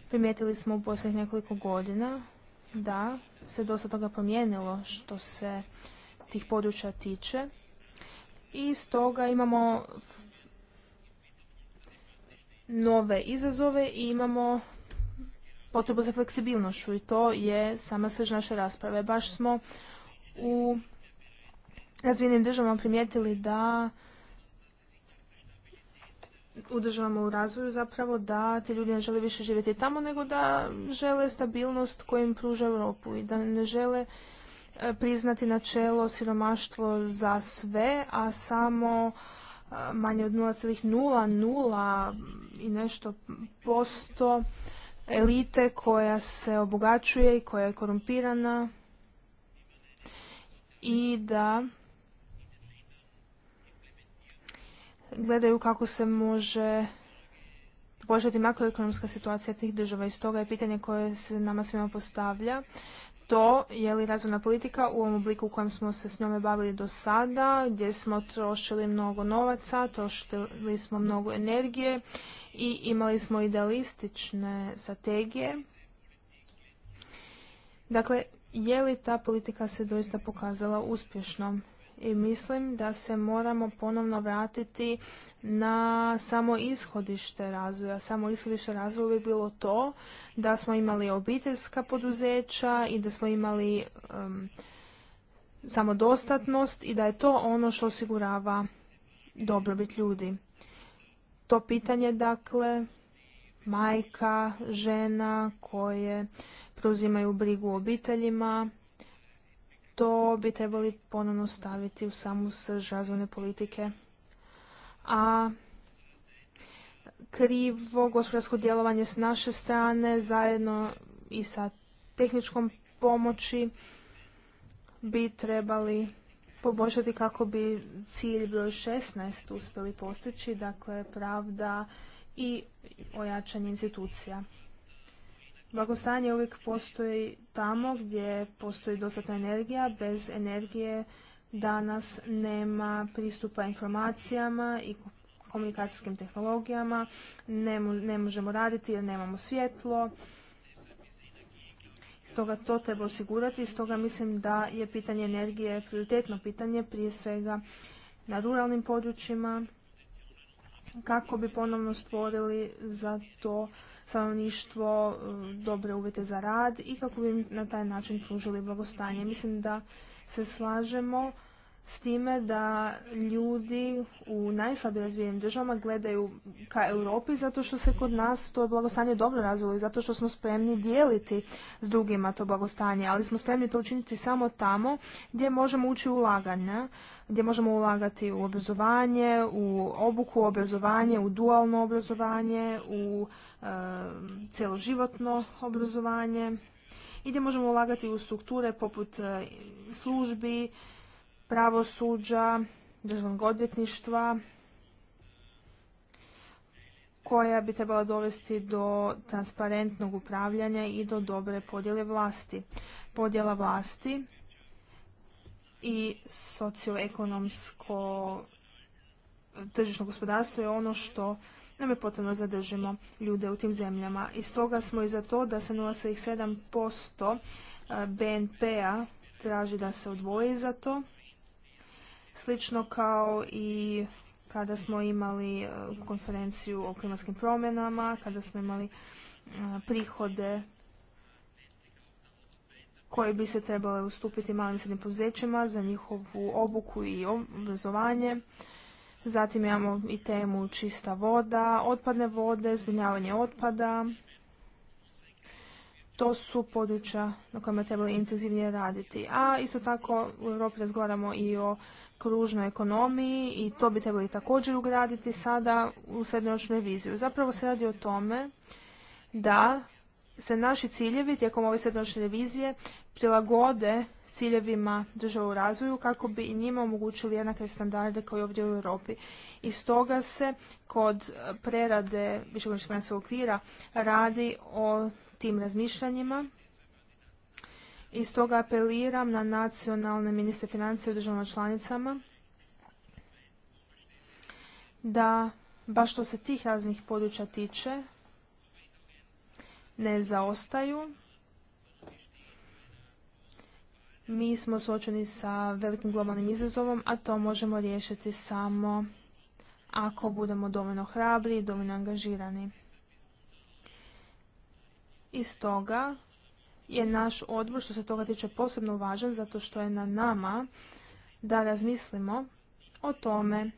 Primijetili smo u posljednjih nekoliko godina da se dosta toga promijenilo što se tih područja tiče i stoga imamo nove izazove i imamo potrebu za fleksibilnošću i to je sama srž naše rasprave. Baš smo u razvijenim državama primijetili da u državama u razvoju zapravo da ti ljudi ne žele više živjeti tamo nego da žele stabilnost koju im pruža Europu i da ne žele e, priznati načelo siromaštvo za sve, a samo e, manje od 0,00 i nešto posto elite koja se obogaćuje i koja je korumpirana i da gledaju kako se može poboljšati makroekonomska situacija tih država. I stoga je pitanje koje se nama svima postavlja to je li razvojna politika u ovom obliku u kojem smo se s njome bavili do sada, gdje smo trošili mnogo novaca, trošili smo mnogo energije i imali smo idealistične strategije. Dakle, je li ta politika se doista pokazala uspješnom? i mislim da se moramo ponovno vratiti na samo ishodište razvoja. Samo ishodište razvoja bi bilo to da smo imali obiteljska poduzeća i da smo imali um, samodostatnost i da je to ono što osigurava dobrobit ljudi. To pitanje, dakle, majka, žena koje preuzimaju brigu o obiteljima, to bi trebali ponovno staviti u samu srž razvojne politike. A krivo gospodarsko djelovanje s naše strane zajedno i sa tehničkom pomoći bi trebali poboljšati kako bi cilj broj 16 uspjeli postići, dakle pravda i ojačanje institucija. Blagostanje uvijek postoji tamo gdje postoji dostatna energija. Bez energije danas nema pristupa informacijama i komunikacijskim tehnologijama. Ne, ne možemo raditi jer nemamo svjetlo. Stoga to treba osigurati. Stoga mislim da je pitanje energije prioritetno pitanje prije svega na ruralnim područjima kako bi ponovno stvorili za to stanovništvo, e, dobre uvjete za rad i kako bi im na taj način pružili blagostanje. Mislim da se slažemo s time da ljudi u najslabije razvijenim državama gledaju ka Europi zato što se kod nas to blagostanje dobro razvilo i zato što smo spremni dijeliti s drugima to blagostanje, ali smo spremni to učiniti samo tamo gdje možemo ući ulaganja, gdje možemo ulagati u obrazovanje, u obuku obrazovanje, u dualno obrazovanje, u e, cjeloživotno obrazovanje i gdje možemo ulagati u strukture poput e, službi, pravosuđa, državnog odvjetništva, koja bi trebala dovesti do transparentnog upravljanja i do dobre podjele vlasti. Podjela vlasti i socioekonomsko tržišno gospodarstvo je ono što nam je potrebno zadržimo ljude u tim zemljama. I stoga smo i za to da se 0,7% eh, BNP-a traži da se odvoji za to slično kao i kada smo imali e, konferenciju o klimatskim promjenama, kada smo imali e, prihode koje bi se trebale ustupiti malim srednim poduzećima za njihovu obuku i obrazovanje. Zatim imamo i temu čista voda, otpadne vode, zbrinjavanje otpada. To su područja na kojima trebali intenzivnije raditi. A isto tako u Europi razgovaramo i o kružnoj ekonomiji i to bi trebali također ugraditi sada u srednjoročnu reviziju. Zapravo se radi o tome da se naši ciljevi tijekom ove srednjoročne revizije prilagode ciljevima država u razvoju kako bi i njima omogućili jednake standarde kao i ovdje u Europi. I stoga se kod prerade višegodišnjeg financijskog okvira radi o tim razmišljanjima i stoga apeliram na nacionalne ministre financije u državama članicama da baš što se tih raznih područja tiče ne zaostaju. Mi smo suočeni sa velikim globalnim izazovom, a to možemo riješiti samo ako budemo dovoljno hrabri i dovoljno angažirani. I toga je naš odbor što se toga tiče posebno važan zato što je na nama da razmislimo o tome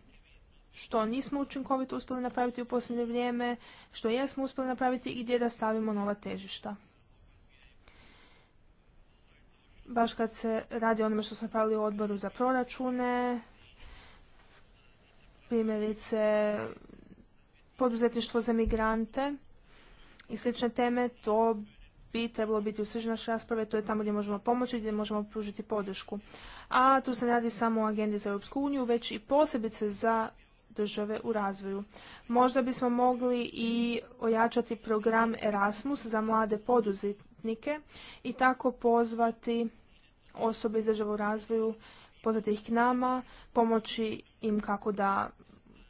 što nismo učinkovito uspjeli napraviti u posljednje vrijeme, što jesmo uspjeli napraviti i gdje da stavimo nova težišta. Baš kad se radi o onome što smo napravili u odboru za proračune, primjerice poduzetništvo za migrante i slične teme, to bi trebalo biti u srži naše rasprave, to je tamo gdje možemo pomoći, gdje možemo pružiti podršku. A tu se ne radi samo o agendi za Europsku uniju, već i posebice za države u razvoju. Možda bismo mogli i ojačati program Erasmus za mlade poduzetnike i tako pozvati osobe iz države u razvoju, pozvati ih k nama, pomoći im kako da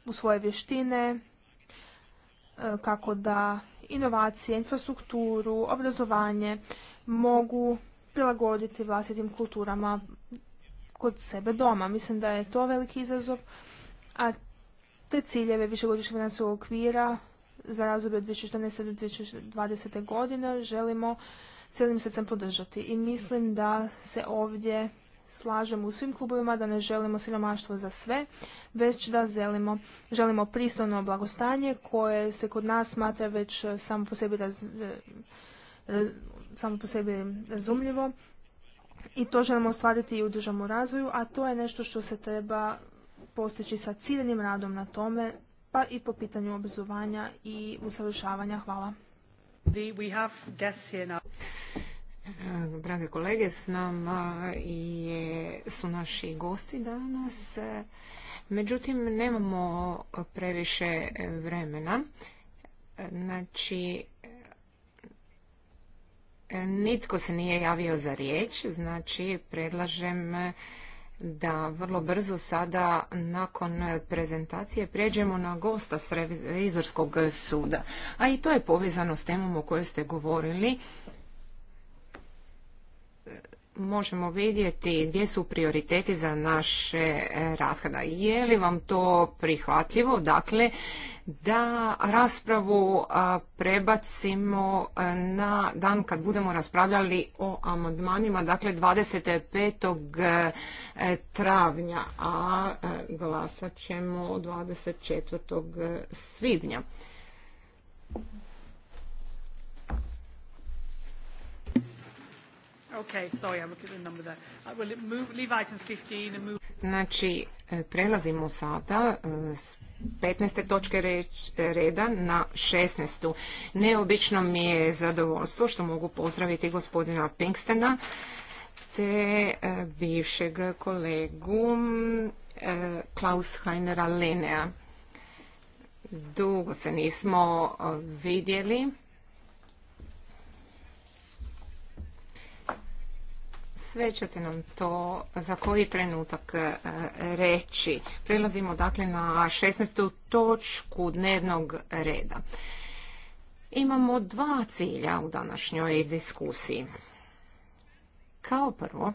u svoje vještine, e, kako da inovacije, infrastrukturu, obrazovanje mogu prilagoditi vlastitim kulturama kod sebe doma. Mislim da je to veliki izazov, a te ciljeve višegodišnjeg financijskog okvira za razdoblje od 2014. do 2020. godine želimo cijelim srcem podržati. I mislim da se ovdje slažemo u svim klubovima da ne želimo siromaštvo za sve, već da želimo, želimo pristojno blagostanje koje se kod nas smatra već e, samo po sebi, e, e, samo po sebi razumljivo i to želimo ostvariti i u državnom razvoju, a to je nešto što se treba postići sa ciljenim radom na tome, pa i po pitanju obrazovanja i usavršavanja. Hvala. E, drage kolege, s nama je, su naši gosti danas. Međutim, nemamo previše vremena. Znači, nitko se nije javio za riječ, znači predlažem da vrlo brzo sada nakon prezentacije pređemo na gosta s revizorskog suda. A i to je povezano s temom o kojoj ste govorili možemo vidjeti gdje su prioriteti za naše e, rashoda. Je li vam to prihvatljivo? Dakle, da raspravu prebacimo e, na dan kad budemo raspravljali o amandmanima, dakle 25. E, travnja, a glasat ćemo 24. svibnja. Uh, znači, e, prelazimo sada e, s 15. točke e, reda na 16. Neobično mi je zadovoljstvo što mogu pozdraviti gospodina Pinkstena te bivšeg kolegu Klaus Heinera Linea. Dugo se nismo vidjeli. Sve ćete nam to za koji trenutak e, reći. Prelazimo dakle na 16. točku dnevnog reda. Imamo dva cilja u današnjoj diskusiji. Kao prvo,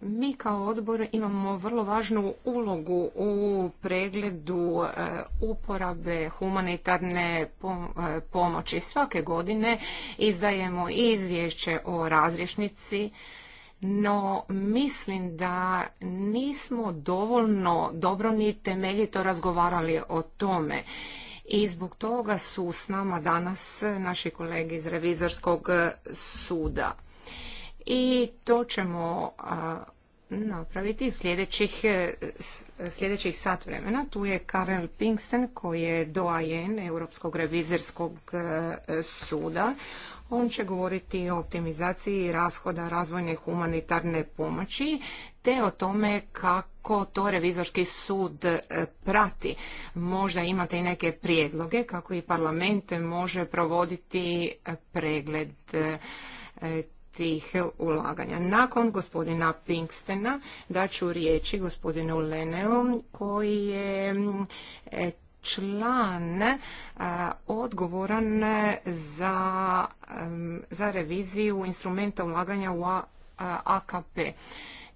mi kao odbor imamo vrlo važnu ulogu u pregledu e, uporabe humanitarne e, pomoći. Svake godine izdajemo izvješće o razrješnici, no mislim da nismo dovoljno dobro ni temeljito razgovarali o tome. I zbog toga su s nama danas naši kolege iz revizorskog suda i to ćemo napraviti sljedećih, e, sljedećih sat vremena. Tu je Karel Pinksten koji je doajen Europskog revizorskog e, suda. On će govoriti o optimizaciji rashoda razvojne humanitarne pomoći te o tome kako to revizorski sud e, prati. Možda imate i neke prijedloge kako i parlament može provoditi pregled tih ulaganja. Nakon gospodina Pinkstena daću riječi gospodinu Leneu koji je e, član e, odgovoran za, za reviziju instrumenta ulaganja u AKP. E,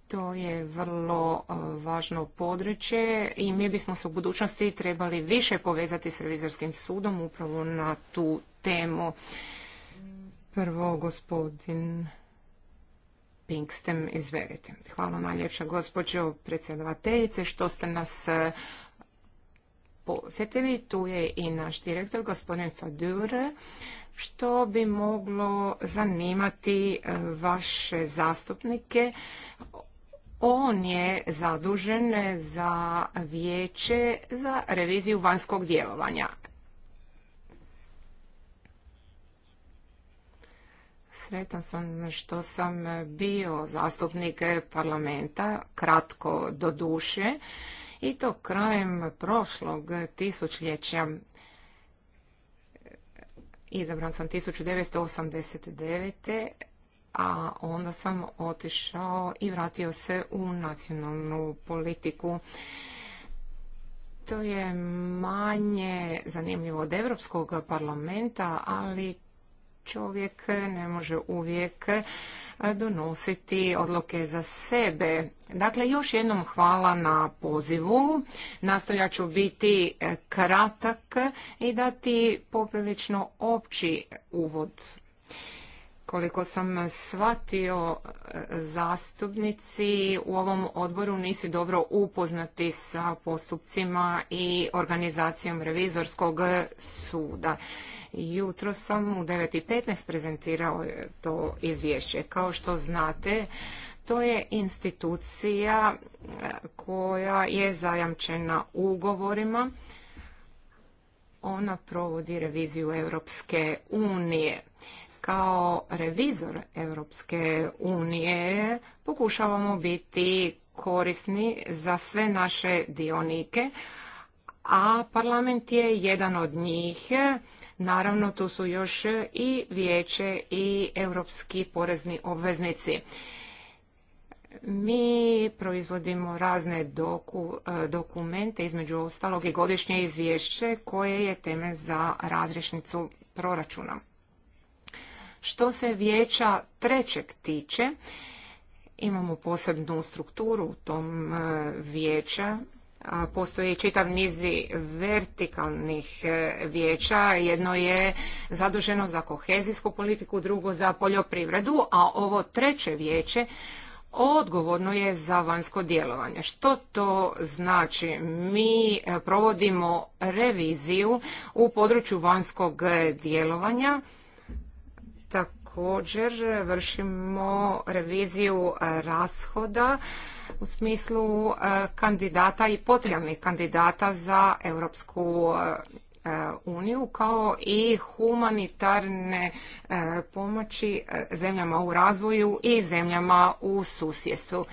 to je vrlo važno područje i mi bismo se u budućnosti trebali više povezati s revizorskim sudom upravo na tu temu. Prvo gospodin Pinkstem, izverite. Hvala najljepša gospođo predsjedavateljice što ste nas e, posjetili. Tu je i naš direktor, gospodin Fadure. Što bi moglo zanimati e, vaše zastupnike? On je zadužen za vijeće za reviziju vanjskog djelovanja. sretan sam što sam bio zastupnik parlamenta, kratko do duše, i to krajem prošlog tisućljeća. Izabran sam 1989 a onda sam otišao i vratio se u nacionalnu politiku. To je manje zanimljivo od Europskog parlamenta, ali čovjek ne može uvijek donositi odluke za sebe. Dakle, još jednom hvala na pozivu. Nastoja ću biti e, kratak i dati poprilično opći uvod koliko sam shvatio, e, zastupnici u ovom odboru nisu dobro upoznati sa postupcima i organizacijom revizorskog suda. Jutro sam u 9.15 prezentirao to izvješće. Kao što znate, to je institucija e, koja je zajamčena ugovorima. Ona provodi reviziju Europske unije. Kao revizor Europske unije pokušavamo biti korisni za sve naše dionike, a parlament je jedan od njih. Naravno, tu su još i vijeće i europski porezni obveznici. Mi proizvodimo razne doku, dokumente, između ostalog i godišnje izvješće koje je teme za razrješnicu proračuna. Što se vijeća trećeg tiče, imamo posebnu strukturu u tom e, vijeća, postoji čitav nizi vertikalnih e, vijeća. Jedno je zaduženo za kohezijsku politiku, drugo za poljoprivredu, a ovo treće vijeće odgovorno je za vanjsko djelovanje. Što to znači? Mi e, provodimo reviziju u području vanjskog djelovanja također vršimo reviziju rashoda u smislu e, kandidata i potrebnih kandidata za Europsku e, uniju kao i humanitarne e, pomoći zemljama u razvoju i zemljama u susjesu.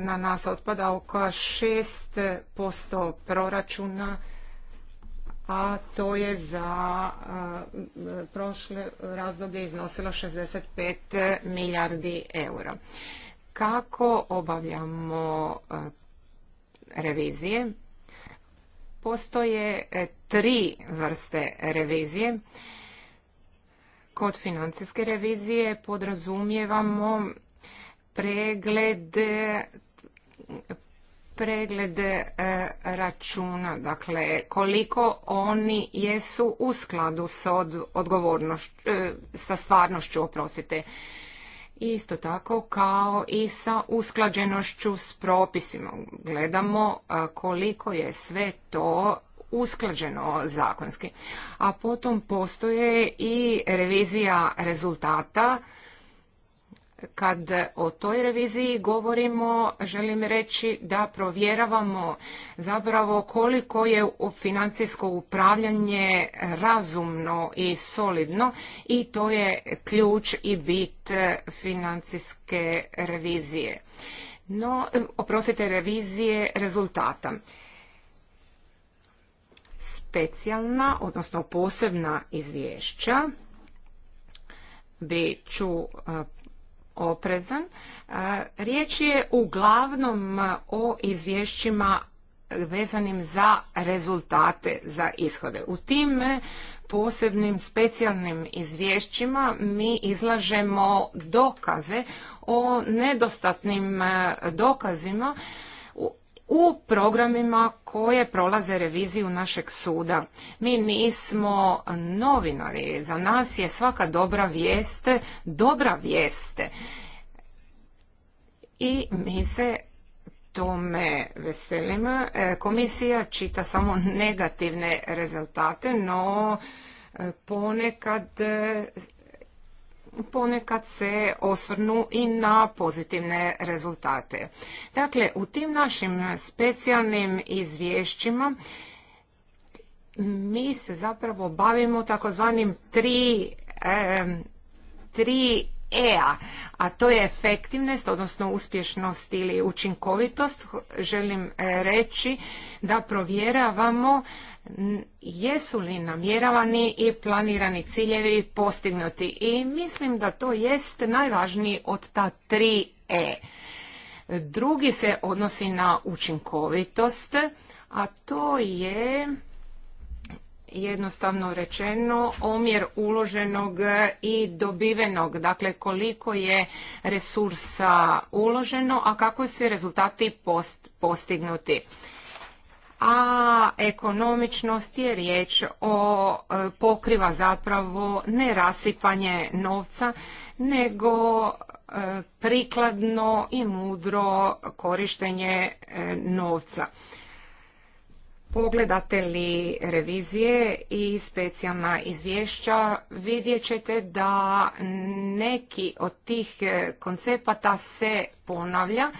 Na nas otpada oko 6% proračuna a to je za prošle razdoblje iznosilo 65 milijardi eura. Kako obavljamo revizije? Postoje e, tri vrste revizije. Kod financijske revizije podrazumijevamo pregled preglede e, računa, dakle koliko oni jesu u skladu sa odgovornošću, e, sa stvarnošću, oprostite. Isto tako kao i sa usklađenošću s propisima. Gledamo e, koliko je sve to usklađeno zakonski. A potom postoje i revizija rezultata kad o toj reviziji govorimo, želim reći da provjeravamo zapravo koliko je financijsko upravljanje razumno i solidno i to je ključ i bit financijske revizije. No, oprostite, revizije rezultata. Specijalna, odnosno posebna izvješća bit ću oprezan. Riječ je uglavnom o izvješćima vezanim za rezultate, za ishode. U tim posebnim specijalnim izvješćima mi izlažemo dokaze o nedostatnim dokazima u programima koje prolaze reviziju našeg suda. Mi nismo novinari, za nas je svaka dobra vijeste dobra vijeste. I mi se tome veselimo. E, komisija čita samo negativne rezultate, no e, ponekad ponekad se osvrnu i na pozitivne rezultate. Dakle, u tim našim specijalnim izvješćima mi se zapravo bavimo takozvanim tri, tri E-a, a to je efektivnost, odnosno uspješnost ili učinkovitost. Želim e, reći da provjeravamo jesu li namjeravani i planirani ciljevi postignuti i mislim da to jest najvažniji od ta tri E. Drugi se odnosi na učinkovitost, a to je jednostavno rečeno omjer uloženog i dobivenog, dakle koliko je resursa uloženo, a kako se rezultati postignuti. A ekonomičnost je riječ o e, pokriva zapravo ne rasipanje novca, nego e, prikladno i mudro korištenje e, novca pogledate li revizije i specijalna izvješća, vidjet ćete da neki od tih koncepata se ponavlja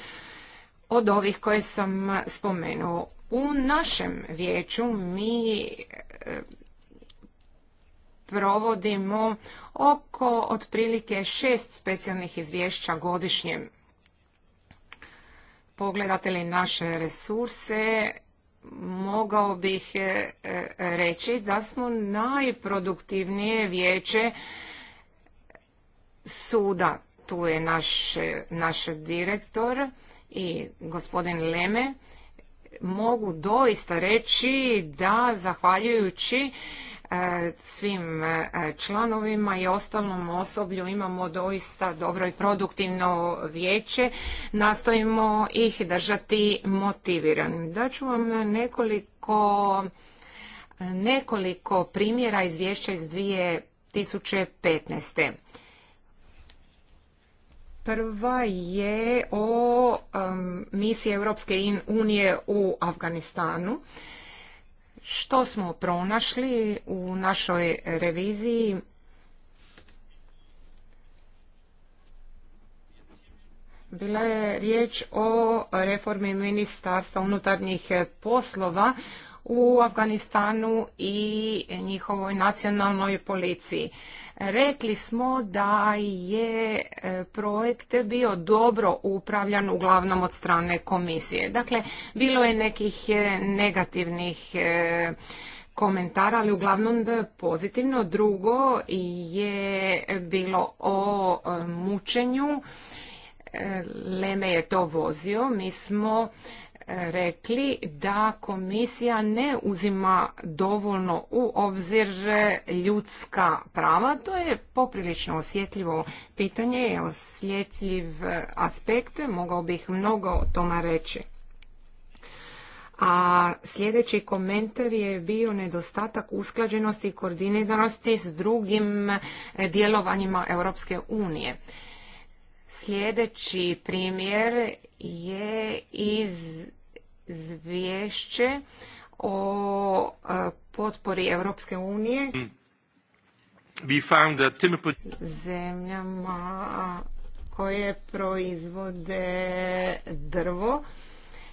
od ovih koje sam spomenuo. U našem vijeću mi e, provodimo oko otprilike šest specijalnih izvješća godišnje. Pogledate li naše resurse, mogao bih e, e, reći da smo najproduktivnije vijeće suda. Tu je naš, naš direktor i gospodin Leme mogu doista reći da zahvaljujući E, svim e, članovima i ostalom osoblju imamo doista dobro i produktivno vijeće. Nastojimo ih držati motiviranim. Daću vam nekoliko nekoliko primjera izvješća iz 2015. Prva je o misiji Europske unije u Afganistanu. Što smo pronašli u našoj reviziji? Bila je riječ o reformi ministarstva unutarnjih poslova u Afganistanu i njihovoj nacionalnoj policiji. Rekli smo da je e, projekt bio dobro upravljan uglavnom od strane komisije. Dakle, bilo je nekih negativnih e, komentara, ali uglavnom da pozitivno. Drugo je bilo o e, mučenju. Leme je to vozio. Mi smo rekli da komisija ne uzima dovoljno u obzir ljudska prava. To je poprilično osjetljivo pitanje, osjetljiv aspekt, mogao bih mnogo o tome reći. A sljedeći komentar je bio nedostatak usklađenosti i koordiniranosti s drugim djelovanjima Europske unije. Sljedeći primjer je iz izvješće o e, potpori Europske unije mm. zemljama koje proizvode drvo.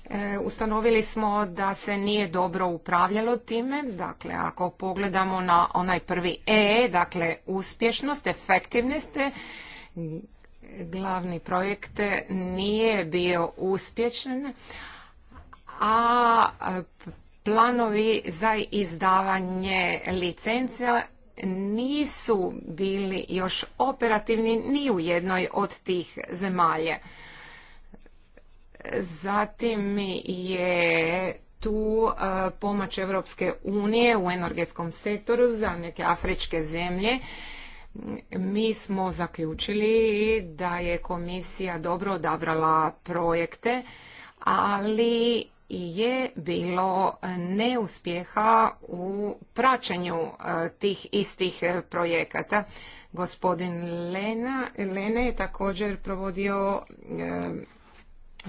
E, ustanovili smo da se nije dobro upravljalo time, dakle ako pogledamo na onaj prvi E, dakle uspješnost, efektivnost, e, glavni projekt nije bio uspješan, a e, planovi za izdavanje licencija nisu bili još operativni ni u jednoj od tih zemalja. Zatim je tu e, pomoć Europske unije u energetskom sektoru za neke afričke zemlje. Mi smo zaključili da je komisija dobro odabrala projekte, ali je bilo neuspjeha u praćenju e, tih istih e, projekata. Gospodin Lena, je također provodio e,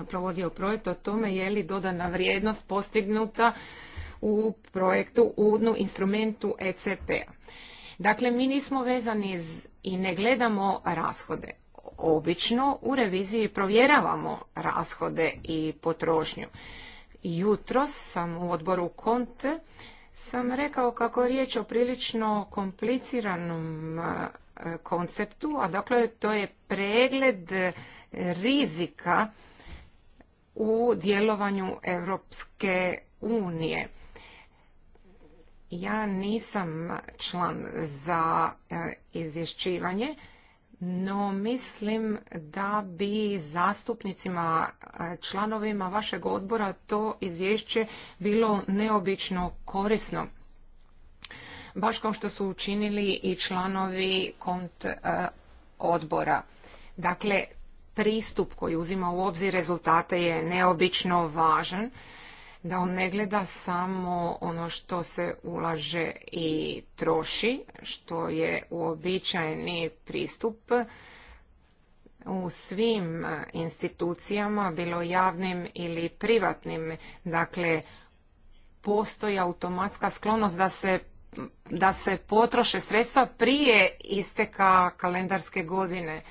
provodio projekt o tome je li dodana vrijednost postignuta u projektu UDNU instrumentu ECP-a. Dakle, mi nismo vezani i ne gledamo rashode. Obično u reviziji provjeravamo rashode i potrošnju jutros sam u odboru KONT sam rekao kako je riječ o prilično kompliciranom konceptu, a dakle to je pregled rizika u djelovanju Europske unije. Ja nisam član za e, izvješćivanje, no mislim da bi zastupnicima, članovima vašeg odbora to izvješće bilo neobično korisno. Baš kao što su učinili i članovi kont odbora. Dakle, pristup koji uzima u obzir rezultate je neobično važan da on ne gleda samo ono što se ulaže i troši, što je uobičajeni pristup u svim institucijama, bilo javnim ili privatnim. Dakle, postoji automatska sklonost da se da se potroše sredstva prije isteka kalendarske godine.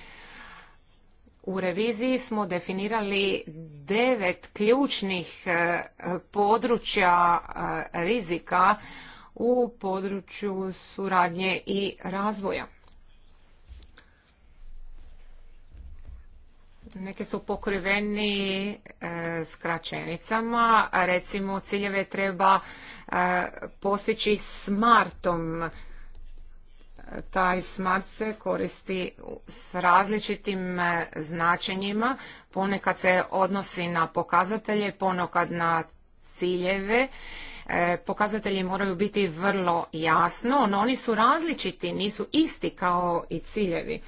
U reviziji smo definirali devet ključnih e, područja e, rizika u području suradnje i razvoja. Neke su pokriveni e, skraćenicama, recimo ciljeve treba postići smartom, taj smart se koristi s različitim e, značenjima, ponekad se odnosi na pokazatelje, ponekad na ciljeve. E, pokazatelji moraju biti vrlo jasno, no oni su različiti, nisu isti kao i ciljevi.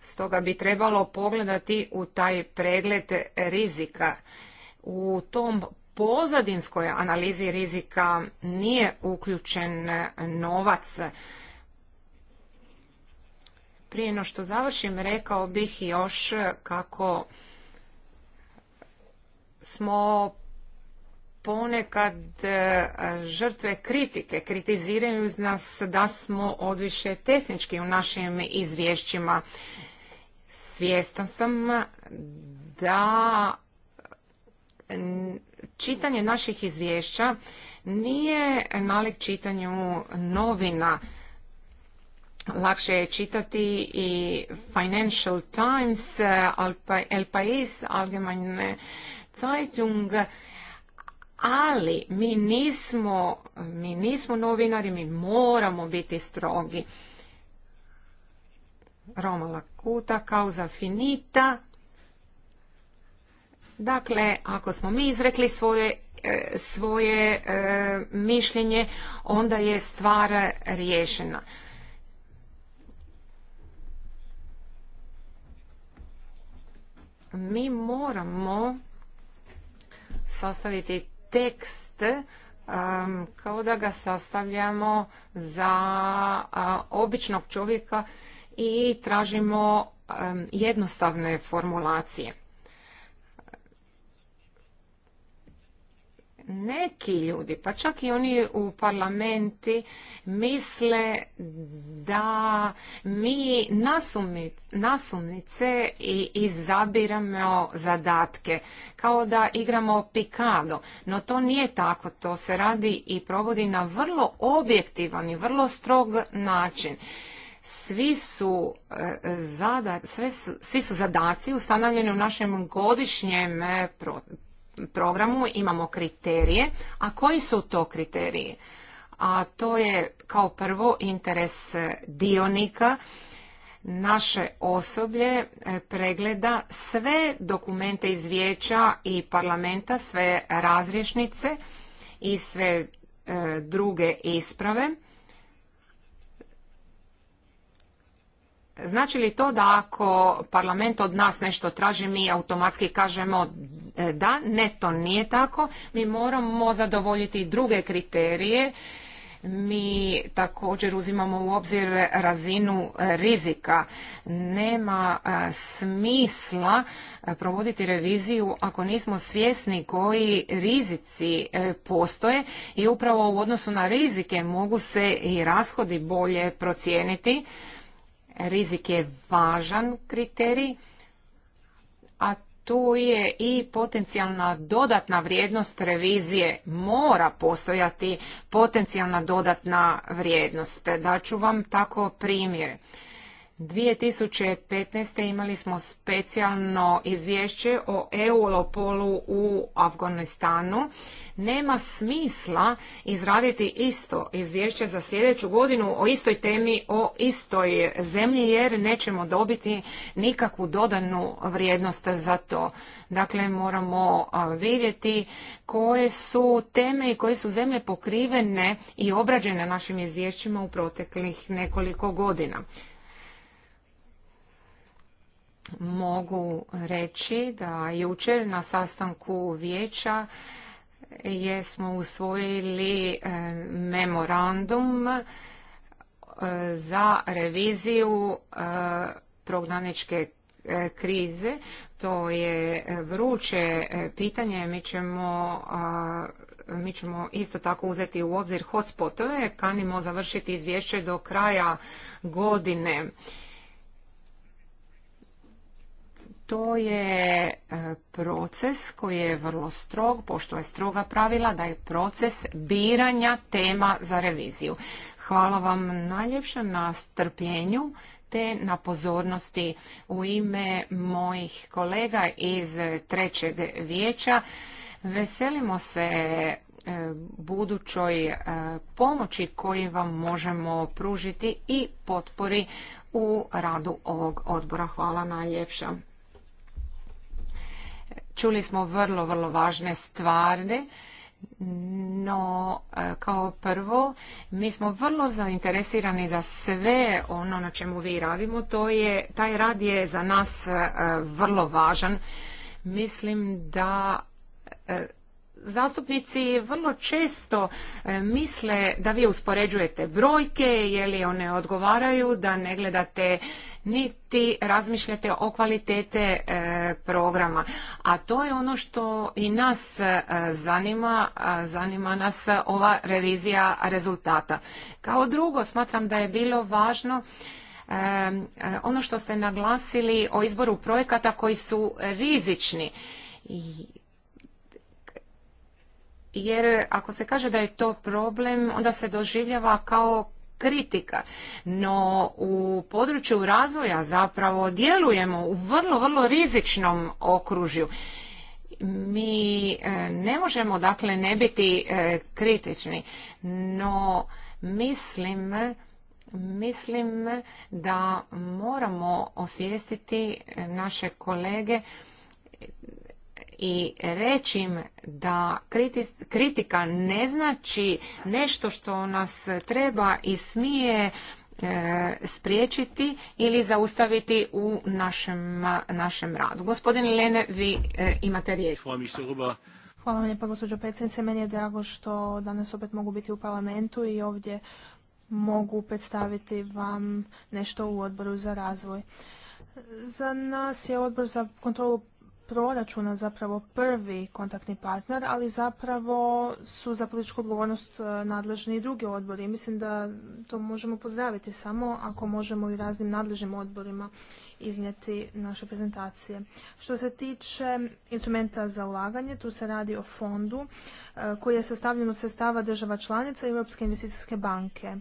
Stoga bi trebalo pogledati u taj pregled rizika. U tom pozadinskoj analizi rizika nije uključen e, novac prije no što završim, rekao bih još kako smo ponekad e, žrtve kritike. Kritiziraju nas da smo odviše tehnički u našim izvješćima. Svjestan sam da čitanje naših izvješća nije nalik čitanju novina lakše je čitati i Financial Times, eh, pa-, El Pais, Allgemeine Zeitung, ali mi nismo, mi nismo novinari, mi moramo biti strogi. Roma Lakuta, Kauza Finita. Dakle, ako smo mi izrekli svoje eh, svoje eh, mišljenje, onda je stvar riješena. mi moramo sastaviti tekst um, kao da ga sastavljamo za običnog čovjeka i tražimo um, jednostavne formulacije. neki ljudi, pa čak i oni u parlamenti, misle da mi nasumnice i izabiramo zadatke, kao da igramo pikado. No to nije tako, to se radi i provodi na vrlo objektivan i vrlo strog način svi su, e, sve su, svi su zadaci ustanavljeni u našem godišnjem e, programu imamo kriterije. A koji su to kriteriji? A to je kao prvo interes dionika. Naše osoblje e, pregleda sve dokumente iz vijeća i parlamenta, sve razrješnice i sve e, druge isprave Znači li to da ako parlament od nas nešto traži, mi automatski kažemo e, da, ne, to nije tako, mi moramo zadovoljiti druge kriterije, mi također uzimamo u obzir razinu rizika. Nema e, smisla e, provoditi reviziju ako nismo svjesni koji rizici postoje i upravo u odnosu na rizike mogu se i rashodi bolje procijeniti rizik je važan kriterij, a tu je i potencijalna dodatna vrijednost revizije. Mora postojati potencijalna dodatna vrijednost. Daću vam tako primjer. 2015. imali smo specijalno izvješće o Eulopolu u Afganistanu. Nema smisla izraditi isto izvješće za sljedeću godinu o istoj temi, o istoj zemlji, jer nećemo dobiti nikakvu dodanu vrijednost za to. Dakle, moramo vidjeti koje su teme i koje su zemlje pokrivene i obrađene našim izvješćima u proteklih nekoliko godina mogu reći da jučer na sastanku vijeća jesmo usvojili e, memorandum e, za reviziju e, prognaničke krize. To je vruće pitanje. Mi ćemo mi ćemo isto tako uzeti u obzir hotspotove, kanimo završiti izvješće do kraja godine to je e, proces koji je vrlo strog, pošto je stroga pravila da je proces biranja tema za reviziju. Hvala vam najljepše na strpljenju te na pozornosti u ime mojih kolega iz trećeg vijeća. Veselimo se e, budućoj e, pomoći koju vam možemo pružiti i potpori u radu ovog odbora. Hvala najljepša. Čuli smo vrlo, vrlo važne stvari. No, e, kao prvo, mi smo vrlo zainteresirani za sve ono na čemu vi radimo. To je, taj rad je za nas e, vrlo važan. Mislim da e, zastupnici vrlo često e, misle da vi uspoređujete brojke, je li one odgovaraju, da ne gledate niti razmišljate o kvalitete e, programa. A to je ono što i nas e, zanima, zanima nas ova revizija rezultata. Kao drugo, smatram da je bilo važno ono što ste naglasili o izboru projekata koji su rizični jer ako se kaže da je to problem, onda se doživljava kao kritika. No u području razvoja zapravo djelujemo u vrlo, vrlo rizičnom okružju. Mi e, ne možemo dakle ne biti e, kritični, no mislim Mislim da moramo osvijestiti naše kolege i reći im da kritika ne znači nešto što nas treba i smije e, spriječiti ili zaustaviti u našem, radu. Gospodin Lene, vi e, imate riječ. Hvala vam lijepa gospođo predsjednice. Meni je drago što danas opet mogu biti u parlamentu i ovdje mogu predstaviti vam nešto u odboru za razvoj. Za nas je odbor za kontrolu proračuna zapravo prvi kontaktni partner, ali zapravo su za političku odgovornost e, nadležni i drugi odbori. Mislim da to možemo pozdraviti samo ako možemo i raznim nadležnim odborima iznijeti naše prezentacije. Što se tiče instrumenta za ulaganje, tu se radi o fondu e, koji je sastavljen od sredstava država članica i Europske investicijske banke.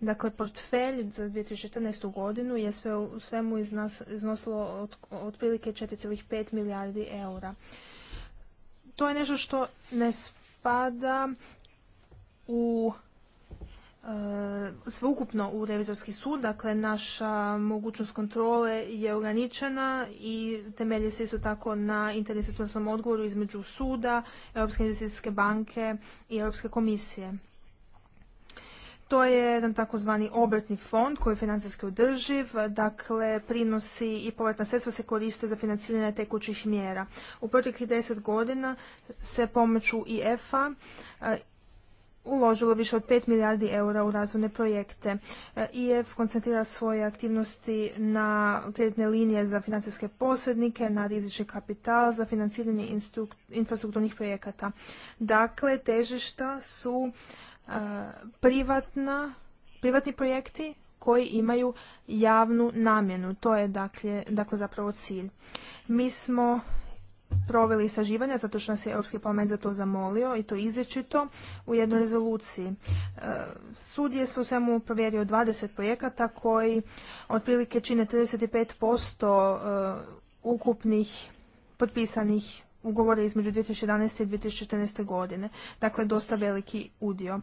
Dakle, portfelj za 2014. godinu je sve u svemu iznosilo otprilike 4,5 milijardi eura. To je nešto što ne spada u E, sveukupno u revizorski sud, dakle naša mogućnost kontrole je ograničena i temelji se isto tako na interinstitucionalnom odgovoru između suda, Europske investicijske banke i Europske komisije. To je jedan takozvani obrtni fond koji je financijski održiv, dakle prinosi i povratna sredstva se koriste za financiranje tekućih mjera. U proteklih deset godina se pomoću IF-a uložilo više od 5 milijardi eura u razvojne projekte. E, IF koncentrira svoje aktivnosti na kreditne linije za financijske posrednike, na rizični kapital, za financiranje infrastrukturnih projekata. Dakle, težišta su e, privatna, privatni projekti koji imaju javnu namjenu. To je dakle, dakle zapravo cilj. Mi smo proveli istraživanja zato što nas je Europski parlament za to zamolio i to izričito u jednoj rezoluciji. E, sud je svemu provjerio 20 projekata koji otprilike čine 35% e, ukupnih potpisanih ugovore između 2011. i 2014. godine. Dakle, dosta veliki udio.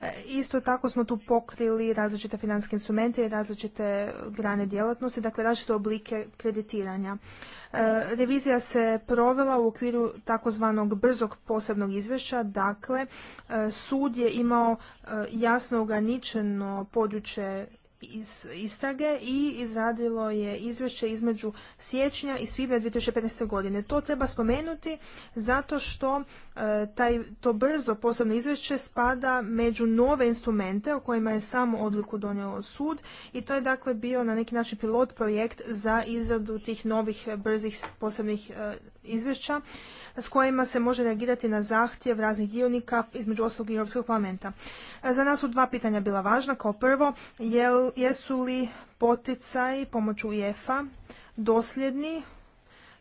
E, isto tako smo tu pokrili različite financijske instrumente i različite grane djelatnosti, dakle različite oblike kreditiranja. E, revizija se provela u okviru takozvanog brzog posebnog izvješća, dakle e, sud je imao jasno ograničeno područje iz istrage i izradilo je izvješće između siječnja i svibnja 2015. godine. To treba spomenuti zato što e, taj, to brzo posebno izvješće spada među nove instrumente o kojima je samo odliku donio sud i to je dakle bio na neki način pilot projekt za izradu tih novih brzih posebnih e, izvješća s kojima se može reagirati na zahtjev raznih dionika, između ostalog i Europskog parlamenta. E, za nas su dva pitanja bila važna. Kao prvo, jesu li poticaji pomoću IF-a dosljedni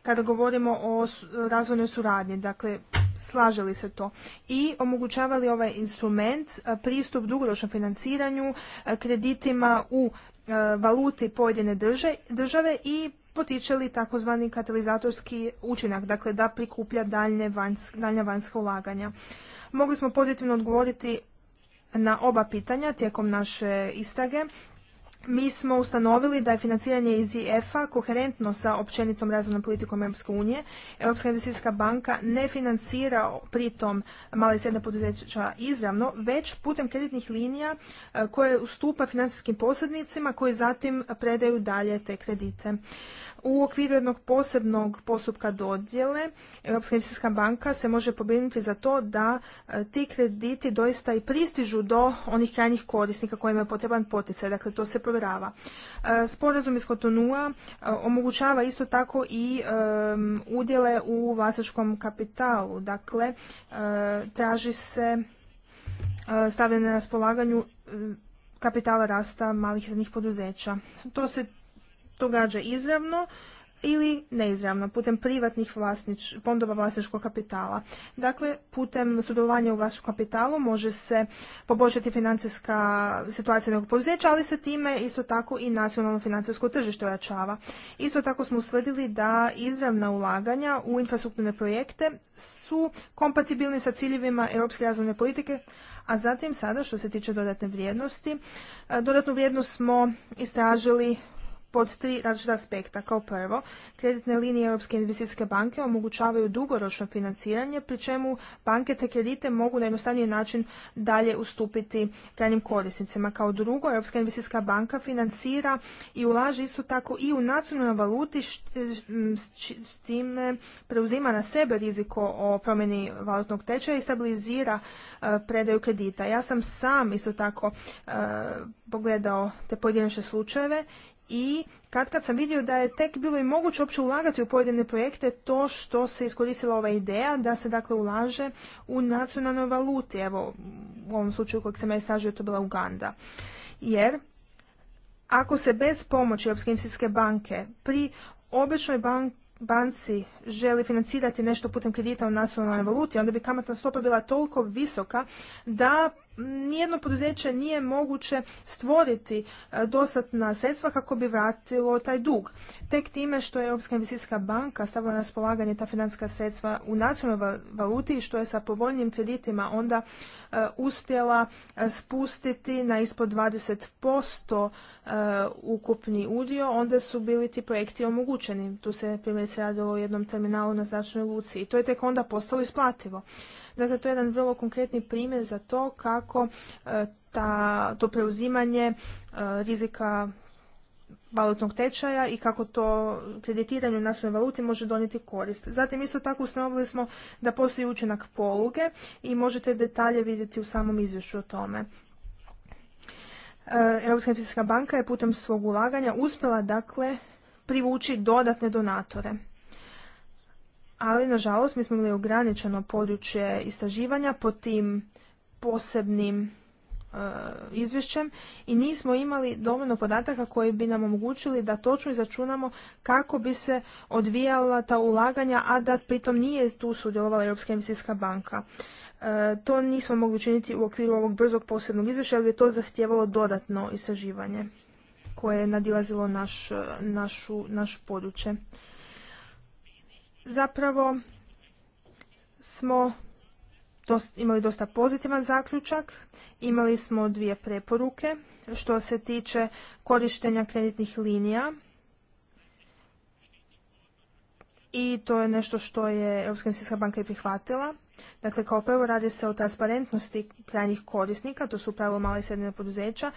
kada govorimo o razvojnoj suradnji, dakle slaže se to i omogućavali ovaj instrument e, pristup dugoročnom financiranju e, kreditima u valuti pojedine države i potiče li takozvani katalizatorski učinak, dakle da prikuplja daljnja vanjska, ulaganja. Mogli smo pozitivno odgovoriti na oba pitanja tijekom naše istrage mi smo ustanovili da je financiranje iz IF-a koherentno sa općenitom razvojnom politikom Europske unije. Europska investicijska banka ne financira pritom male i srednje poduzeća izravno, već putem kreditnih linija e, koje ustupa financijskim posrednicima koji zatim predaju dalje te kredite. U okviru jednog posebnog postupka dodjele Europska investicijska banka se može pobrinuti za to da e, ti krediti doista i pristižu do onih krajnjih korisnika kojima je potreban poticaj. Dakle, to se provjerava. E, sporazum iz Kotonua e, omogućava isto tako i udjele u vlasničkom kapitalu. Dakle, traži se stavljanje na raspolaganju kapitala rasta malih i srednjih poduzeća. To se događa izravno ili neizravno, putem privatnih vlasnič, fondova vlasničkog kapitala. Dakle, putem sudjelovanja u vlasničkom kapitalu može se poboljšati financijska situacija nekog poduzeća, ali se time isto tako i nacionalno financijsko tržište ojačava. Isto tako smo usvrdili da izravna ulaganja u infrastrukturne projekte su kompatibilni sa ciljevima Europske razvojne politike, a zatim sada što se tiče dodatne vrijednosti, e, dodatnu vrijednost smo istražili pod tri različita aspekta. Kao prvo, kreditne linije Europske investicijske banke omogućavaju dugoročno financiranje, pri čemu banke te kredite mogu na jednostavniji način dalje ustupiti krajnjim korisnicima. Kao drugo, Europska investicijska banka financira i ulaže isto tako i u nacionalnoj valuti s time preuzima na sebe riziko o promjeni valutnog tečaja i stabilizira e, predaju kredita. Ja sam sam isto tako e, pogledao te pojedinačne slučajeve i kad kad sam vidio da je tek bilo i moguće uopće ulagati u pojedine projekte to što se iskoristila ova ideja da se dakle ulaže u nacionalnoj valuti, evo u ovom slučaju kojeg sam ja istražio to bila Uganda. Jer ako se bez pomoći Europske investicijske banke pri običnoj banci želi financirati nešto putem kredita u nacionalnoj valuti, onda bi kamatna stopa bila toliko visoka da nijedno poduzeće nije moguće stvoriti e, dostatna sredstva kako bi vratilo taj dug. Tek time što je Europska investicijska banka stavila na raspolaganje ta financijska sredstva u nacionalnoj valuti i što je sa povoljnim kreditima onda e, uspjela e, spustiti na ispod 20% ukupni udio, onda su bili ti projekti omogućeni. Tu se primjerice radilo o jednom terminalu na zračnoj luci i to je tek onda postalo isplativo. Dakle, to je jedan vrlo konkretni primjer za to kako e, ta, to preuzimanje e, rizika valutnog tečaja i kako to kreditiranje u našoj valuti može donijeti korist. Zatim isto tako ustanovili smo da postoji učinak poluge i možete detalje vidjeti u samom izvješću o tome. E, Europska investicijska banka je putem svog ulaganja uspjela dakle privući dodatne donatore ali nažalost mi smo imali ograničeno područje istraživanja po tim posebnim e, izvješćem i nismo imali dovoljno podataka koji bi nam omogućili da točno izračunamo kako bi se odvijala ta ulaganja, a da pritom nije tu sudjelovala Europska investicijska banka. E, to nismo mogli učiniti u okviru ovog brzog posebnog izvješća, ali je to zahtijevalo dodatno istraživanje koje je nadilazilo naš, e, našu, naš područje zapravo smo imali dosta pozitivan zaključak. Imali smo dvije preporuke što se tiče korištenja kreditnih linija. I to je nešto što je Europska investicijska banka i prihvatila. Dakle, kao prvo radi se o transparentnosti krajnjih korisnika, to su upravo male i srednje poduzeća.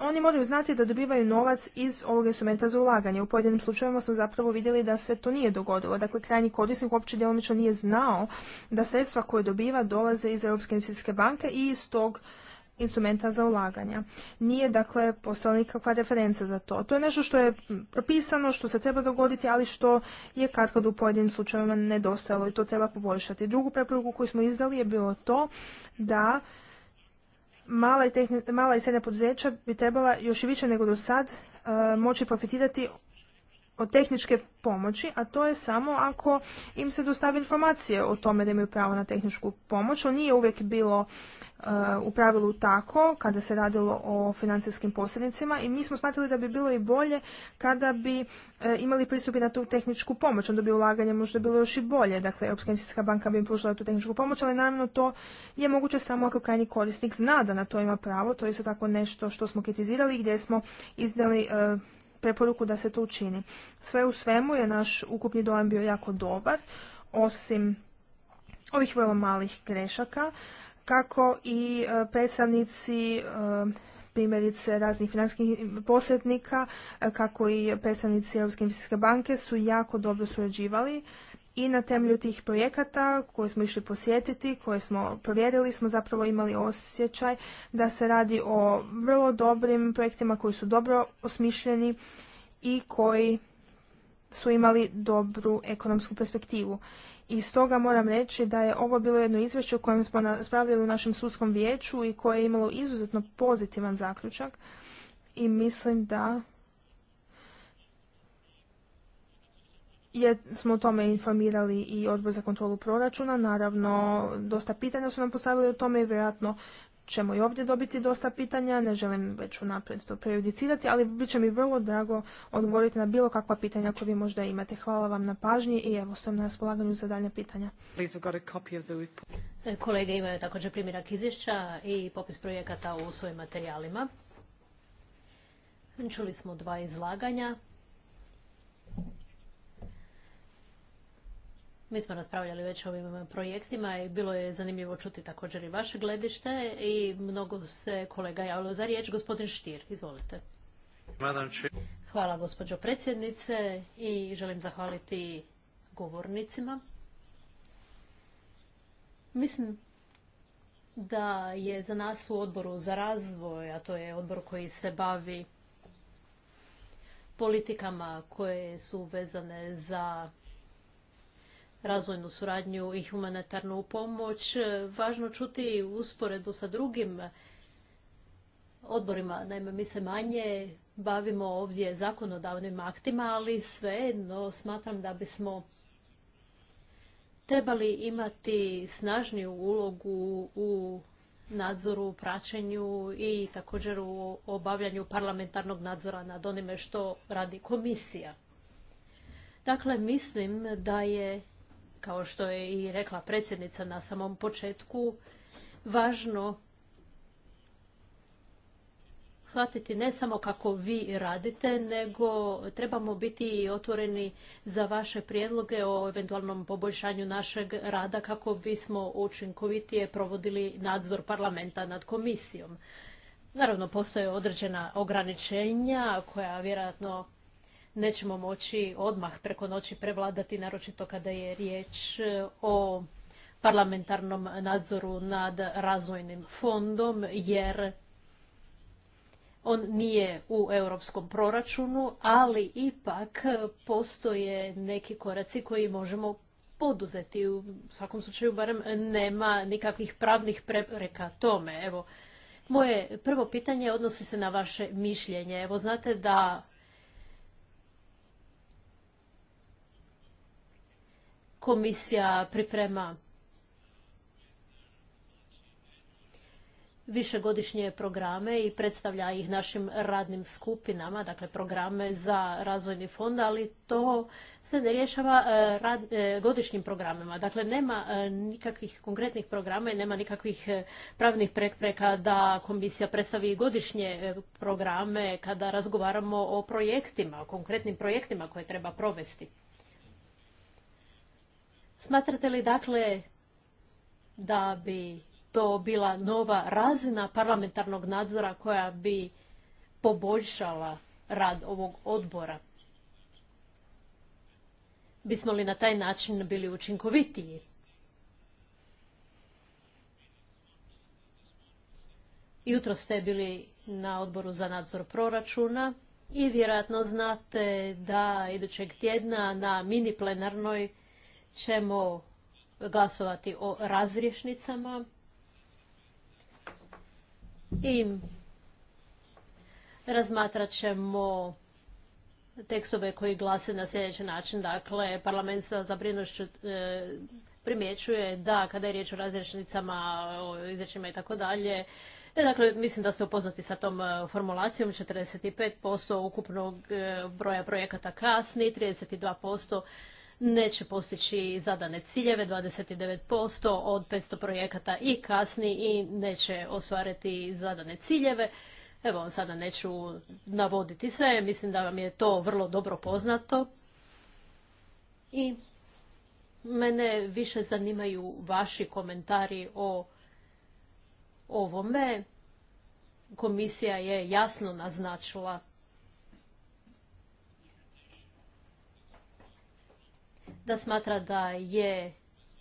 Oni moraju znati da dobivaju novac iz ovog instrumenta za ulaganje. U pojedinim slučajevima smo zapravo vidjeli da se to nije dogodilo. Dakle, krajnji korisnik uopće djelomično nije znao da sredstva koje dobiva dolaze iz Europske investicijske banke i iz tog instrumenta za ulaganja. Nije dakle postala nikakva referenca za to. To je nešto što je propisano, što se treba dogoditi, ali što je katkad u pojedinim slučajevima nedostajalo i to treba poboljšati. Drugu preporuku koju smo izdali je bilo to da mala i, tehni, srednja poduzeća bi trebala još i više nego do sad e, moći profitirati od tehničke pomoći, a to je samo ako im se dostavi informacije o tome da imaju pravo na tehničku pomoć. To nije uvijek bilo u pravilu tako kada se radilo o financijskim posrednicima i mi smo smatrali da bi bilo i bolje kada bi e, imali pristup na tu tehničku pomoć, onda bi ulaganje možda bilo još i bolje. Dakle, Europska investicijska banka bi im pružila tu tehničku pomoć, ali naravno to je moguće samo ako krajnji korisnik zna da na to ima pravo. To je isto tako nešto što smo kritizirali gdje smo izdali e, preporuku da se to učini. Sve u svemu je naš ukupni dojam bio jako dobar, osim ovih vrlo malih grešaka kako i e, predstavnici e, primjerice raznih financijskih posjetnika, e, kako i predstavnici Europske investicijske banke su jako dobro surađivali i na temelju tih projekata koje smo išli posjetiti, koje smo provjerili, smo zapravo imali osjećaj da se radi o vrlo dobrim projektima koji su dobro osmišljeni i koji su imali dobru ekonomsku perspektivu. I stoga moram reći da je ovo bilo jedno izvješće o kojem smo raspravljali u našem sudskom vijeću i koje je imalo izuzetno pozitivan zaključak i mislim da je, smo o tome informirali i odbor za kontrolu proračuna. Naravno, dosta pitanja su nam postavili o tome i vjerojatno ćemo i ovdje dobiti dosta pitanja, ne želim već unaprijed to prejudicirati, ali bit će mi vrlo drago odgovoriti na bilo kakva pitanja koje vi možda imate. Hvala vam na pažnji i evo stojim na raspolaganju za dalje pitanja. Kolege imaju također primjerak izvješća i popis projekata u svojim materijalima. Čuli smo dva izlaganja. Mi smo raspravljali već o ovim projektima i bilo je zanimljivo čuti također i vaše gledište i mnogo se kolega javilo za riječ. Gospodin Štir, izvolite. Hvala gospođo predsjednice i želim zahvaliti govornicima. Mislim da je za nas u odboru za razvoj, a to je odbor koji se bavi politikama koje su vezane za razvojnu suradnju i humanitarnu pomoć, važno čuti usporedbu sa drugim odborima. Naime, mi se manje bavimo ovdje zakonodavnim aktima, ali svejedno smatram da bismo trebali imati snažniju ulogu u nadzoru, praćenju i također u obavljanju parlamentarnog nadzora nad onime što radi komisija. Dakle, mislim da je kao što je i rekla predsjednica na samom početku, važno shvatiti ne samo kako vi radite, nego trebamo biti i otvoreni za vaše prijedloge o eventualnom poboljšanju našeg rada kako bismo učinkovitije provodili nadzor parlamenta nad komisijom. Naravno, postoje određena ograničenja koja vjerojatno nećemo moći odmah preko noći prevladati, naročito kada je riječ eh, o parlamentarnom nadzoru nad razvojnim fondom, jer on nije u europskom proračunu, ali ipak postoje neki koraci koji možemo poduzeti. U svakom slučaju barem nema nikakvih pravnih prepreka tome. Evo, moje prvo pitanje odnosi se na vaše mišljenje. Evo, znate da komisija priprema višegodišnje programe i predstavlja ih našim radnim skupinama, dakle programe za razvojni fond, ali to se ne rješava e, e, godišnjim programima. Dakle, nema e, nikakvih konkretnih programa i nema nikakvih pravnih prepreka da komisija predstavi godišnje programe kada razgovaramo o projektima, o konkretnim projektima koje treba provesti. Smatrate li dakle da bi to bila nova razina parlamentarnog nadzora koja bi poboljšala rad ovog odbora? Bismo li na taj način bili učinkovitiji? Jutro ste bili na odboru za nadzor proračuna i vjerojatno znate da idućeg tjedna na mini plenarnoj ćemo glasovati o razrješnicama i razmatrat ćemo tekstove koji glase na sljedeći način. Dakle, parlament sa zabrinošću e, primjećuje da kada je riječ o razrješnicama, o i tako dalje, e, Dakle, mislim da ste upoznati sa tom e, formulacijom. 45% ukupnog broja projekata kasni, 32% neće postići zadane ciljeve, 29% od 500 projekata i kasni i neće ostvariti zadane ciljeve. Evo, sada neću navoditi sve, mislim da vam je to vrlo dobro poznato. I mene više zanimaju vaši komentari o ovome. Komisija je jasno naznačila da smatra da je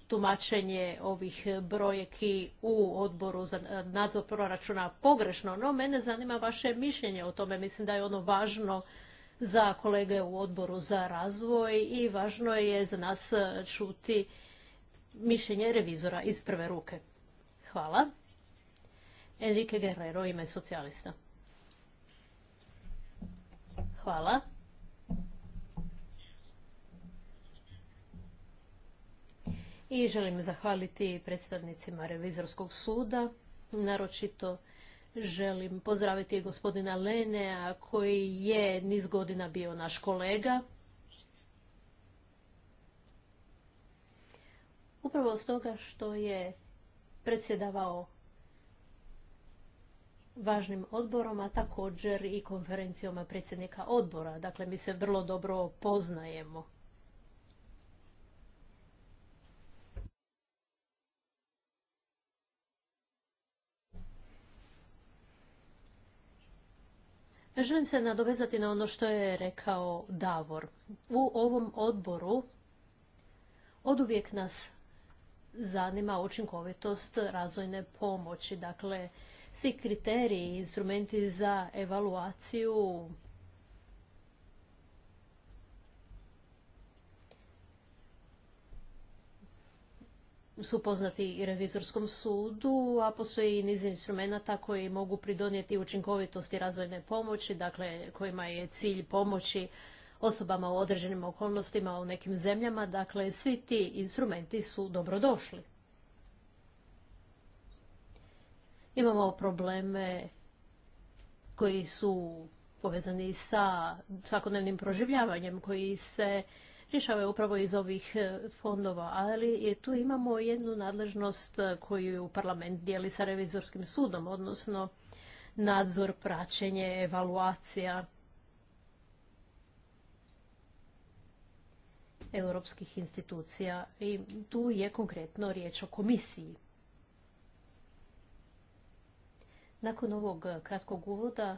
tumačenje ovih brojeki u odboru za nadzor proračuna pogrešno, no mene zanima vaše mišljenje o tome. Mislim da je ono važno za kolege u odboru za razvoj i važno je za nas čuti mišljenje revizora iz prve ruke. Hvala. Enrique Guerrero, ime socijalista. Hvala. i želim zahvaliti predstavnicima Revizorskog suda. Naročito želim pozdraviti gospodina Lenea koji je niz godina bio naš kolega. Upravo toga što je predsjedavao važnim odborom, a također i konferencijama predsjednika odbora. Dakle, mi se vrlo dobro poznajemo. Želim se nadovezati na ono što je rekao Davor. U ovom odboru oduvijek nas zanima učinkovitost razvojne pomoći. Dakle, svi kriteriji i instrumenti za evaluaciju su poznati i revizorskom sudu, a postoji i niz instrumenta koji mogu pridonijeti učinkovitosti razvojne pomoći, dakle kojima je cilj pomoći osobama u određenim okolnostima u nekim zemljama. Dakle, svi ti instrumenti su dobrodošli. Imamo probleme koji su povezani sa svakodnevnim proživljavanjem, koji se je upravo iz ovih e, fondova, ali tu imamo jednu nadležnost e, koju parlament dijeli sa revizorskim sudom, odnosno nadzor, praćenje, evaluacija europskih institucija i tu je konkretno riječ o komisiji. Nakon ovog kratkog uvoda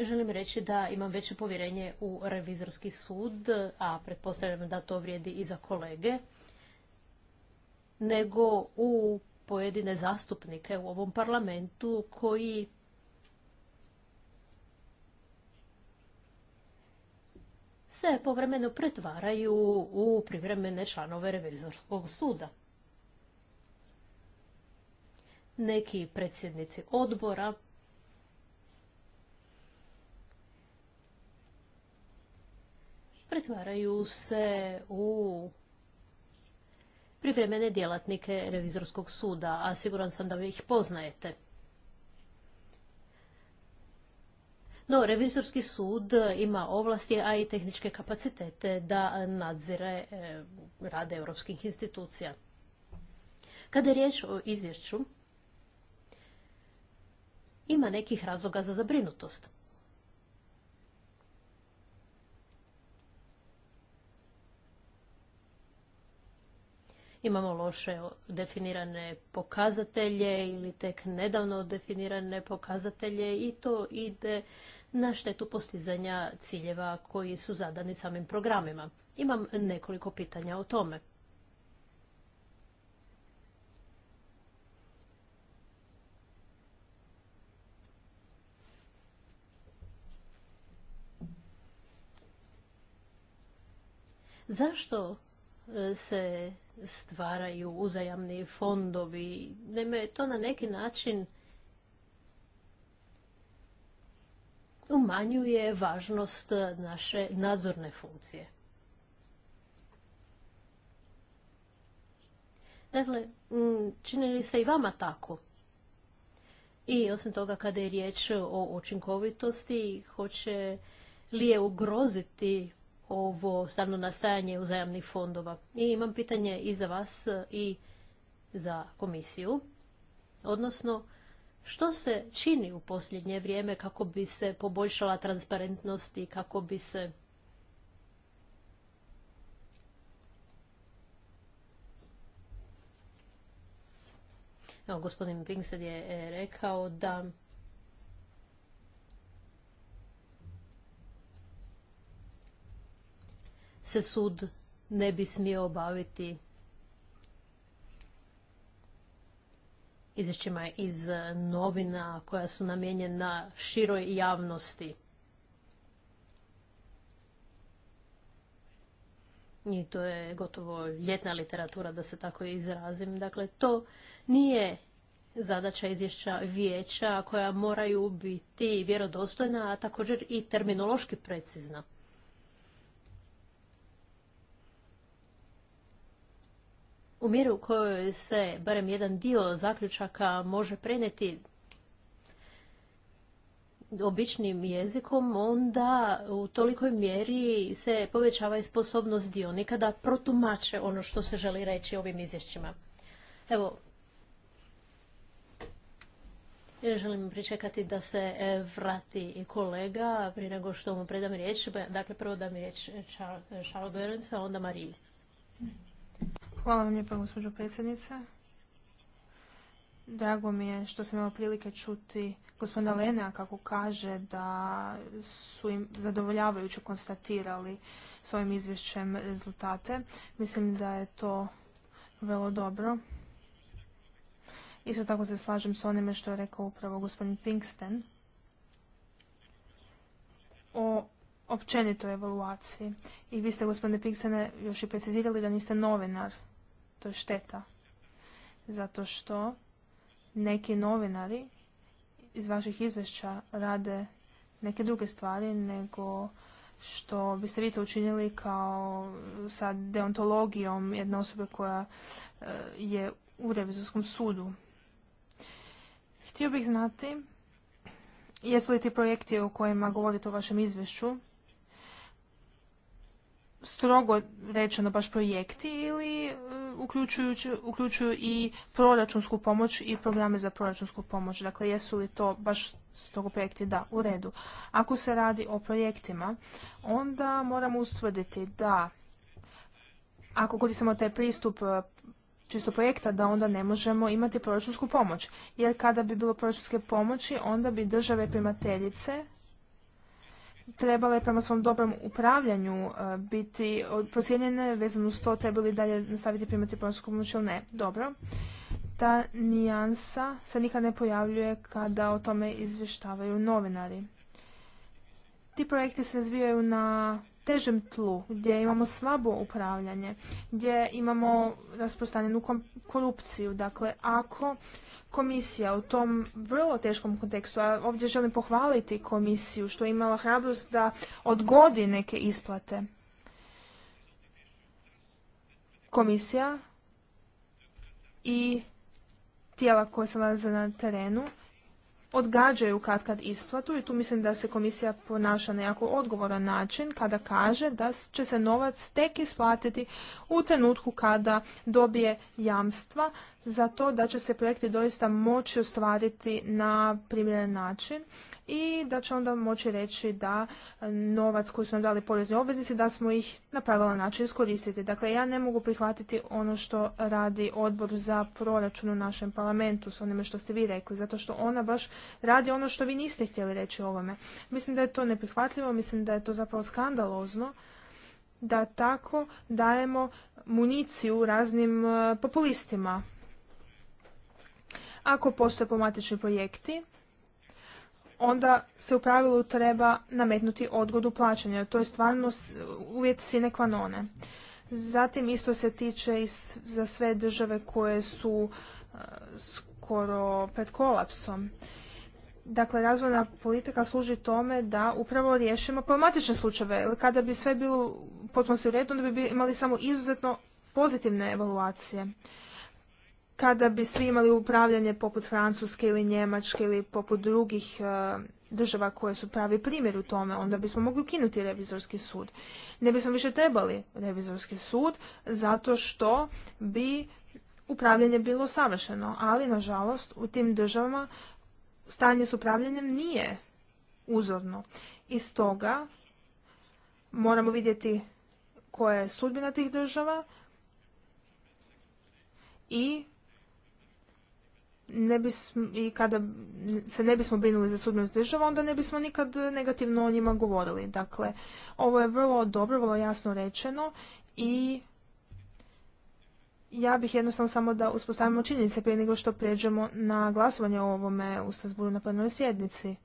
Želim reći da imam veće povjerenje u revizorski sud, a pretpostavljam da to vrijedi i za kolege, nego u pojedine zastupnike u ovom parlamentu koji se povremeno pretvaraju u privremene članove revizorskog suda. Neki predsjednici odbora pretvaraju se u privremene djelatnike revizorskog suda, a siguran sam da vi ih poznajete. No, revizorski sud ima ovlasti, a i tehničke kapacitete da nadzire e, rade europskih institucija. Kada je riječ o izvješću, ima nekih razloga za zabrinutost. Imamo loše definirane pokazatelje ili tek nedavno definirane pokazatelje i to ide na štetu postizanja ciljeva koji su zadani samim programima. Imam nekoliko pitanja o tome. Zašto e, se stvaraju uzajamni fondovi. Naime, to na neki način umanjuje važnost naše nadzorne funkcije. Dakle, čini li se i vama tako? I osim toga, kada je riječ o učinkovitosti, hoće li je ugroziti ovo stavno nastajanje uzajamnih fondova. I imam pitanje i za vas i za komisiju, odnosno što se čini u posljednje vrijeme kako bi se poboljšala transparentnost i kako bi se Evo, gospodin Pinksted je e, rekao da se sud ne bi smio obaviti izvješćima iz novina koja su namijenjena široj javnosti. I to je gotovo ljetna literatura, da se tako izrazim. Dakle, to nije zadaća izvješća vijeća koja moraju biti vjerodostojna, a također i terminološki precizna. u mjeri u kojoj se barem jedan dio zaključaka može preneti običnim jezikom, onda u tolikoj mjeri se povećava i sposobnost dionika da protumače ono što se želi reći ovim izvješćima. Evo, želim pričekati da se e, vrati kolega prije nego što mu predam riječ. Dakle, prvo da mi riječ Charles Berensa a onda Marije. Hvala vam lijepa, gospođo predsjednice. Drago mi je što sam imao prilike čuti gospodina Lena kako kaže da su im zadovoljavajuće konstatirali svojim izvješćem rezultate. Mislim da je to vrlo dobro. Isto tako se slažem s onime što je rekao upravo gospodin Pinksten o općenitoj evaluaciji. I vi ste, gospodine Pinkstene, još i precizirali da niste novinar – to je šteta. Zato što neki novinari iz vaših izvješća rade neke druge stvari nego što biste vi to učinili kao sa deontologijom jedne osobe koja eh, je u revizorskom sudu. Htio bih znati jesu li ti projekti o kojima govorite u vašem izvješću strogo rečeno baš projekti ili e, uključuju i proračunsku pomoć i programe za proračunsku pomoć. Dakle, jesu li to baš strogo projekti? Da, u redu. Ako se radi o projektima, onda moramo ustvrditi da ako koristimo taj pristup e, čisto projekta, da onda ne možemo imati proračunsku pomoć. Jer kada bi bilo proračunske pomoći, onda bi države primateljice trebala je prema svom dobrom upravljanju e, biti procijenjene vezano uz to trebali li dalje nastaviti primati ponosku, pomoć ili ne. Dobro. Ta nijansa se nikad ne pojavljuje kada o tome izvještavaju novinari. Ti projekti se razvijaju na težem tlu, gdje imamo slabo upravljanje, gdje imamo rasprostanjenu korupciju. Dakle, ako komisija u tom vrlo teškom kontekstu, a ovdje želim pohvaliti komisiju što je imala hrabrost da odgodi neke isplate. Komisija i tijela koja se nalaze na terenu odgađaju kad kad isplatu i tu mislim da se komisija ponaša na jako odgovoran način kada kaže da će se novac tek isplatiti u trenutku kada dobije jamstva za to da će se projekti doista moći ostvariti na primjeren način i da će onda moći reći da novac koji su nam dali porezni obveznici da smo ih na pravilan način iskoristiti. Dakle, ja ne mogu prihvatiti ono što radi odbor za proračun u našem parlamentu s onime što ste vi rekli, zato što ona baš radi ono što vi niste htjeli reći ovome. Mislim da je to neprihvatljivo, mislim da je to zapravo skandalozno da tako dajemo municiju raznim eh, populistima. Ako postoje pomatični projekti, onda se u pravilu treba nametnuti odgodu plaćanja. To je stvarno uvjet sine qua Zatim isto se tiče i za sve države koje su e, skoro pred kolapsom. Dakle, razvojna politika služi tome da upravo riješimo problematične slučajeve. Jer kada bi sve bilo potpuno u redu, onda bi imali samo izuzetno pozitivne evaluacije kada bi svi imali upravljanje poput Francuske ili Njemačke ili poput drugih e, država koje su pravi primjer u tome, onda bismo mogli ukinuti revizorski sud. Ne bismo više trebali revizorski sud zato što bi upravljanje bilo savršeno, ali nažalost u tim državama stanje s upravljanjem nije uzorno. I stoga moramo vidjeti koja je sudbina tih država i ne i kada se ne bismo brinuli za sudbenu državu, onda ne bismo nikad negativno o njima govorili. Dakle, ovo je vrlo dobro, vrlo jasno rečeno i ja bih jednostavno samo da uspostavimo činjenice prije nego što pređemo na glasovanje o ovome u Strasburu na plenarnoj sjednici.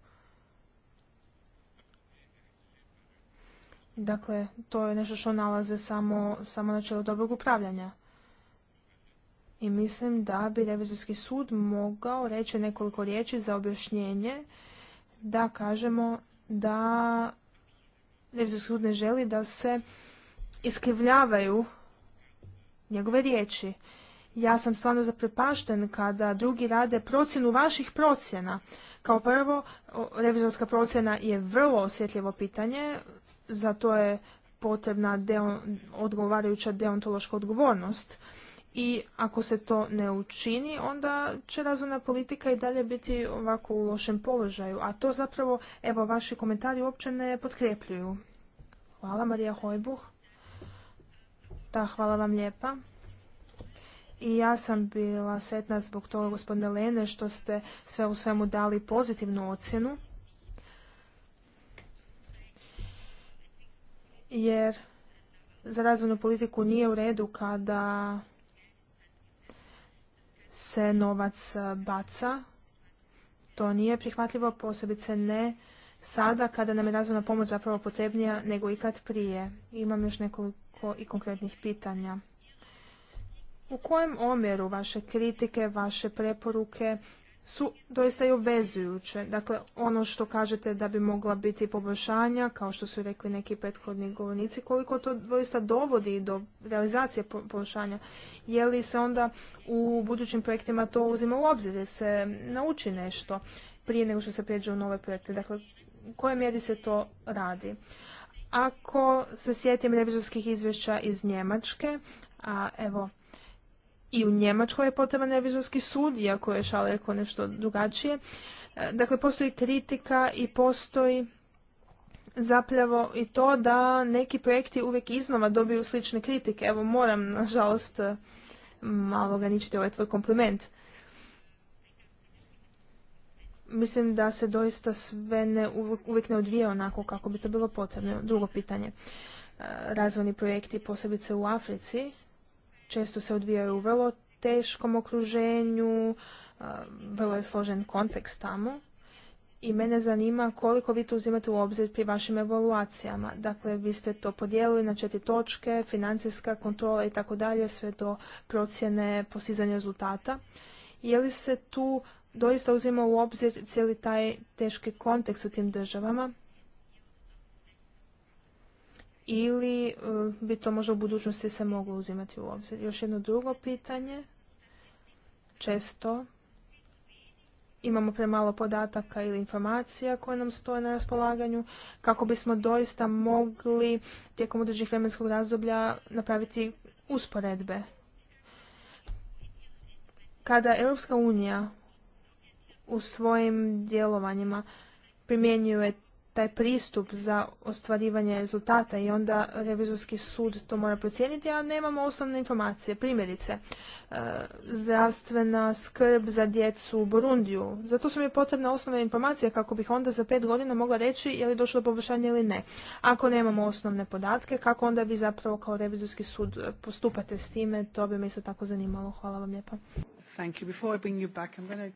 Dakle, to je nešto što nalaze samo, samo načelo dobrog upravljanja i mislim da bi revizorski sud mogao reći nekoliko riječi za objašnjenje da kažemo da revizorski sud ne želi da se iskrivljavaju njegove riječi. Ja sam stvarno zaprepašten kada drugi rade procjenu vaših procjena. Kao prvo, revizorska procjena je vrlo osjetljivo pitanje, zato je potrebna odgovarajuća deontološka odgovornost i ako se to ne učini, onda će razvojna politika i dalje biti ovako u lošem položaju. A to zapravo, evo, vaši komentari uopće ne potkrepljuju. Hvala, Marija Hojbuh. Da, hvala vam lijepa. I ja sam bila sretna zbog toga, gospodine Lene, što ste sve u svemu dali pozitivnu ocjenu. Jer za razvojnu politiku nije u redu kada se novac e, baca. To nije prihvatljivo, posebice ne sada kada nam je razvojna pomoć zapravo potrebnija nego ikad prije. Imam još nekoliko i konkretnih pitanja. U kojem omjeru vaše kritike, vaše preporuke su doista i obvezujuće. Dakle, ono što kažete da bi mogla biti poboljšanja, kao što su rekli neki prethodni govornici, koliko to doista dovodi do realizacije poboljšanja, je li se onda u budućim projektima to uzima u obzir, jer se nauči nešto prije nego što se prijeđe u nove projekte. Dakle, u kojoj mjeri se to radi? Ako se sjetim revizorskih izvješća iz Njemačke, a evo, i u Njemačkoj je potreban revizorski sud, iako je šaleko nešto drugačije. E, dakle, postoji kritika i postoji zapravo i to da neki projekti uvijek iznova dobiju slične kritike. Evo, moram, nažalost, e, malo ograničiti ovaj tvoj kompliment. Mislim da se doista sve ne, uvijek ne odvije onako kako bi to bilo potrebno. Drugo pitanje. E, razvojni projekti, posebice u Africi, često se odvijaju u vrlo teškom okruženju, vrlo je složen kontekst tamo. I mene zanima koliko vi to uzimate u obzir pri vašim evaluacijama. Dakle, vi ste to podijelili na četiri točke, financijska kontrola i tako dalje, sve do procjene posizanja rezultata. Je li se tu doista uzima u obzir cijeli taj teški kontekst u tim državama? ili e, bi to možda u budućnosti se moglo uzimati u obzir. Još jedno drugo pitanje. Često imamo premalo podataka ili informacija koje nam stoje na raspolaganju kako bismo doista mogli tijekom određenih vremenskog razdoblja napraviti usporedbe. Kada Europska unija u svojim djelovanjima primjenjuje taj pristup za ostvarivanje rezultata i onda revizorski sud to mora procijeniti, a nemamo osnovne informacije. Primjerice, e, zdravstvena skrb za djecu u Burundiju. Za su mi potrebna osnovna informacija kako bih onda za pet godina mogla reći je li došlo do poboljšanja ili ne. Ako nemamo osnovne podatke, kako onda bi zapravo kao revizorski sud postupate s time, to bi me isto tako zanimalo. Hvala vam lijepa. Thank you.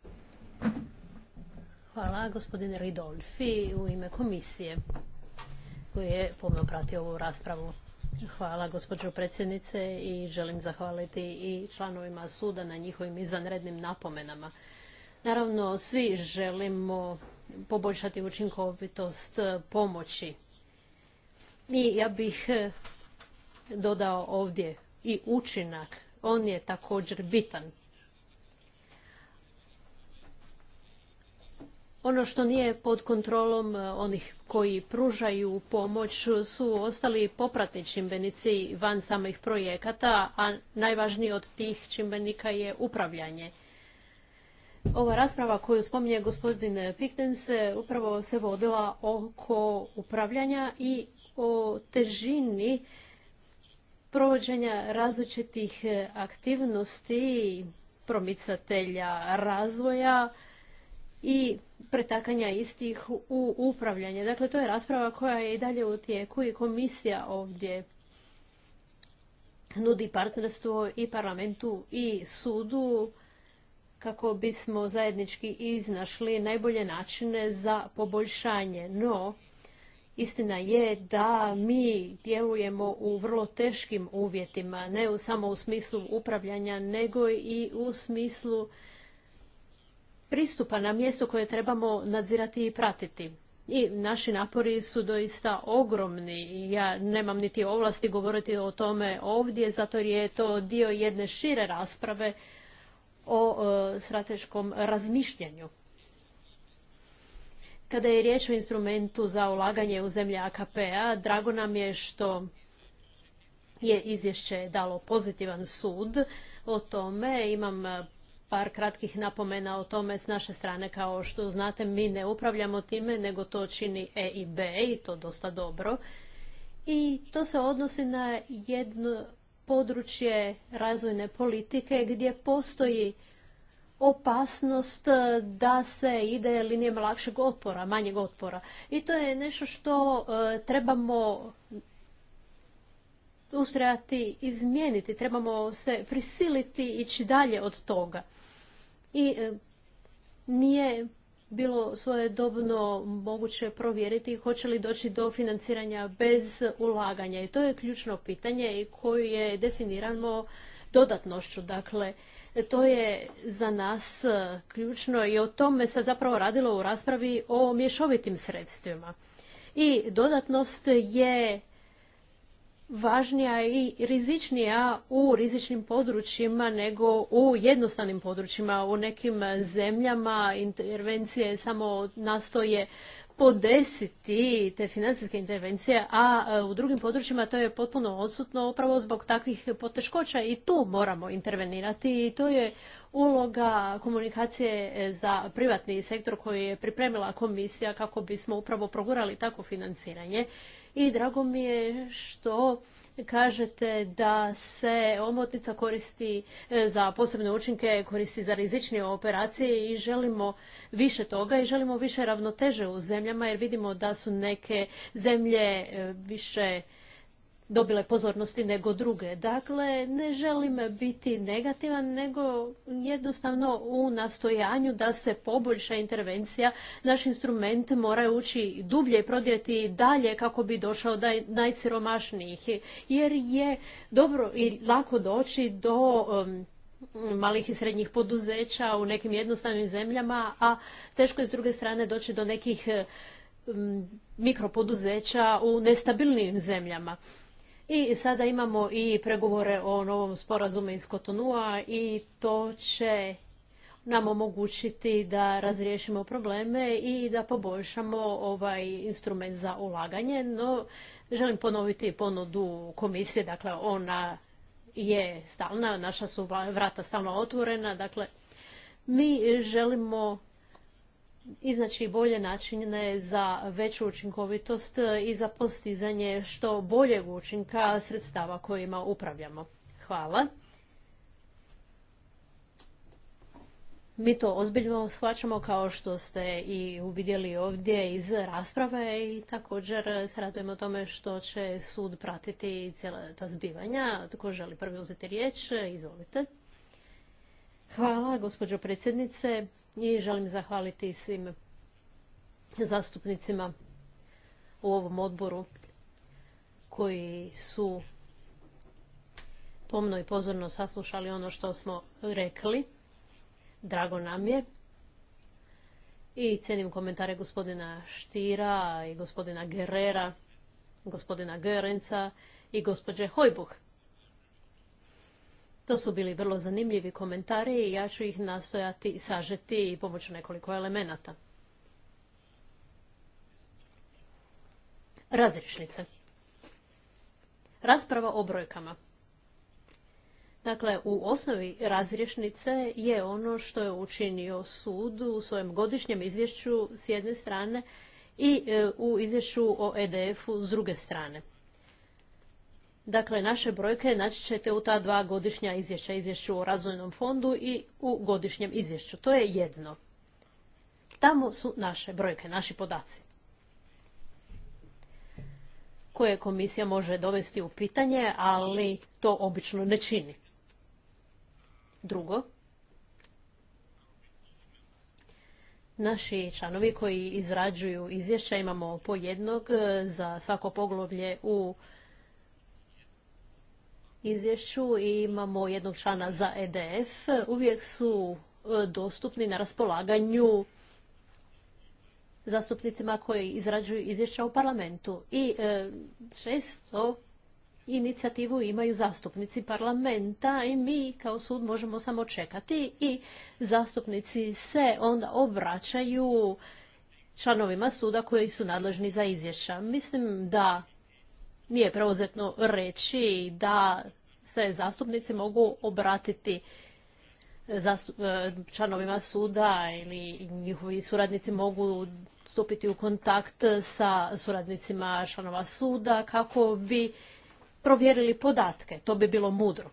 Hvala gospodine Ridolfi u ime komisije koji je pomno pratio ovu raspravu. Hvala gospođo predsjednice i želim zahvaliti i članovima suda na njihovim izvanrednim napomenama. Naravno, svi želimo poboljšati učinkovitost pomoći. I ja bih eh, dodao ovdje i učinak. On je također bitan. Ono što nije pod kontrolom e, onih koji pružaju pomoć su ostali popratni čimbenici van samih projekata, a najvažniji od tih čimbenika je upravljanje. Ova rasprava koju spominje gospodin Piktens e, upravo se vodila oko upravljanja i o težini provođenja različitih e, aktivnosti promicatelja razvoja, i pretakanja istih u upravljanje. Dakle, to je rasprava koja je i dalje u tijeku i komisija ovdje nudi partnerstvo i parlamentu i sudu kako bismo zajednički iznašli najbolje načine za poboljšanje. No, istina je da mi djelujemo u vrlo teškim uvjetima, ne samo u smislu upravljanja, nego i u smislu pristupa na mjesto koje trebamo nadzirati i pratiti. I naši napori su doista ogromni. Ja nemam niti ovlasti govoriti o tome ovdje, zato je to dio jedne šire rasprave o e, strateškom razmišljanju. Kada je riječ o instrumentu za ulaganje u zemlje AKP-a, drago nam je što je izvješće dalo pozitivan sud o tome. Imam par kratkih napomena o tome s naše strane. Kao što znate, mi ne upravljamo time, nego to čini E i B i to dosta dobro. I to se odnosi na jedno područje razvojne politike gdje postoji opasnost da se ide linijama lakšeg otpora, manjeg otpora. I to je nešto što e, trebamo ustrajati, izmijeniti, trebamo se prisiliti ići dalje od toga i e, nije bilo svojedobno moguće provjeriti hoće li doći do financiranja bez ulaganja. I to je ključno pitanje koje je definirano dodatnošću. Dakle, to je za nas e, ključno i o tome se zapravo radilo u raspravi o mješovitim sredstvima. I dodatnost je važnija i rizičnija u rizičnim područjima nego u jednostavnim područjima. U nekim zemljama intervencije samo nastoje podesiti te financijske intervencije, a e, u drugim područjima to je potpuno odsutno upravo zbog takvih poteškoća i tu moramo intervenirati i to je uloga komunikacije e, za privatni sektor koji je pripremila komisija kako bismo upravo progurali takvo financiranje i drago mi je što kažete da se omotnica koristi e, za posebne učinke, koristi za rizične operacije i želimo više toga i želimo više ravnoteže u zemljama jer vidimo da su neke zemlje e, više dobile pozornosti nego druge. Dakle, ne želim biti negativan, nego jednostavno u nastojanju da se poboljša intervencija. Naš instrument mora ući dublje i prodjeti dalje kako bi došao do najsiromašnijih. Jer je dobro i lako doći do um, malih i srednjih poduzeća u nekim jednostavnim zemljama, a teško je s druge strane doći do nekih um, mikropoduzeća u nestabilnim zemljama. I sada imamo i pregovore o novom sporazumu iz Kotonua i to će nam omogućiti da razriješimo probleme i da poboljšamo ovaj instrument za ulaganje. No, želim ponoviti ponudu komisije, dakle ona je stalna, naša su vrata stalno otvorena, dakle mi želimo iznaći bolje načine za veću učinkovitost i za postizanje što boljeg učinka sredstava kojima upravljamo. Hvala. Mi to ozbiljno shvaćamo kao što ste i uvidjeli ovdje iz rasprave i također se radujemo tome što će sud pratiti cijela ta zbivanja. Tko želi prvi uzeti riječ, izvolite. Hvala, gospođo predsjednice i želim zahvaliti svim zastupnicima u ovom odboru koji su pomno i pozorno saslušali ono što smo rekli. Drago nam je. I cijenim komentare gospodina Štira i gospodina Gerera, gospodina Gerenca i gospođe Hojbuh. To su bili vrlo zanimljivi komentari i ja ću ih nastojati sažeti i pomoću nekoliko elemenata. Razrješnice. Rasprava o brojkama. Dakle, u osnovi razrješnice je ono što je učinio sud u svojem godišnjem izvješću s jedne strane i e, u izvješću o EDF-u s druge strane. Dakle, naše brojke naći ćete u ta dva godišnja izvješća, izvješću o razvojnom fondu i u godišnjem izvješću. To je jedno. Tamo su naše brojke, naši podaci. Koje komisija može dovesti u pitanje, ali to obično ne čini. Drugo, Naši članovi koji izrađuju izvješća imamo po jednog e, za svako poglavlje u izvješću imamo jednog člana za EDF. Uvijek su e, dostupni na raspolaganju zastupnicima koji izrađuju izvješća u parlamentu. I e, često inicijativu imaju zastupnici parlamenta i mi kao sud možemo samo čekati i zastupnici se onda obraćaju članovima suda koji su nadležni za izvješća. Mislim da nije preuzetno reći da se zastupnici mogu obratiti e, e, članovima suda ili njihovi suradnici mogu stupiti u kontakt sa suradnicima članova suda kako bi provjerili podatke. To bi bilo mudro.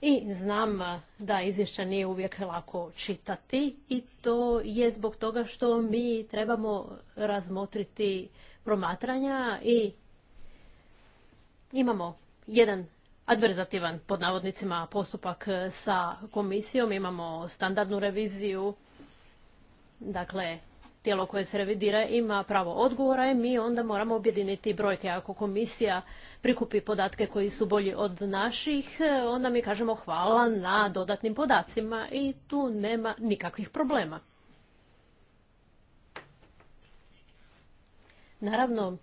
I znam da izvješća nije uvijek lako čitati i to je zbog toga što mi trebamo razmotriti promatranja i imamo jedan adverzativan, pod navodnicima, postupak e, sa komisijom, imamo standardnu reviziju, dakle, tijelo koje se revidira ima pravo odgovora i mi onda moramo objediniti brojke. Ako komisija prikupi podatke koji su bolji od naših, e, onda mi kažemo hvala na dodatnim podacima i tu nema nikakvih problema. Naravno,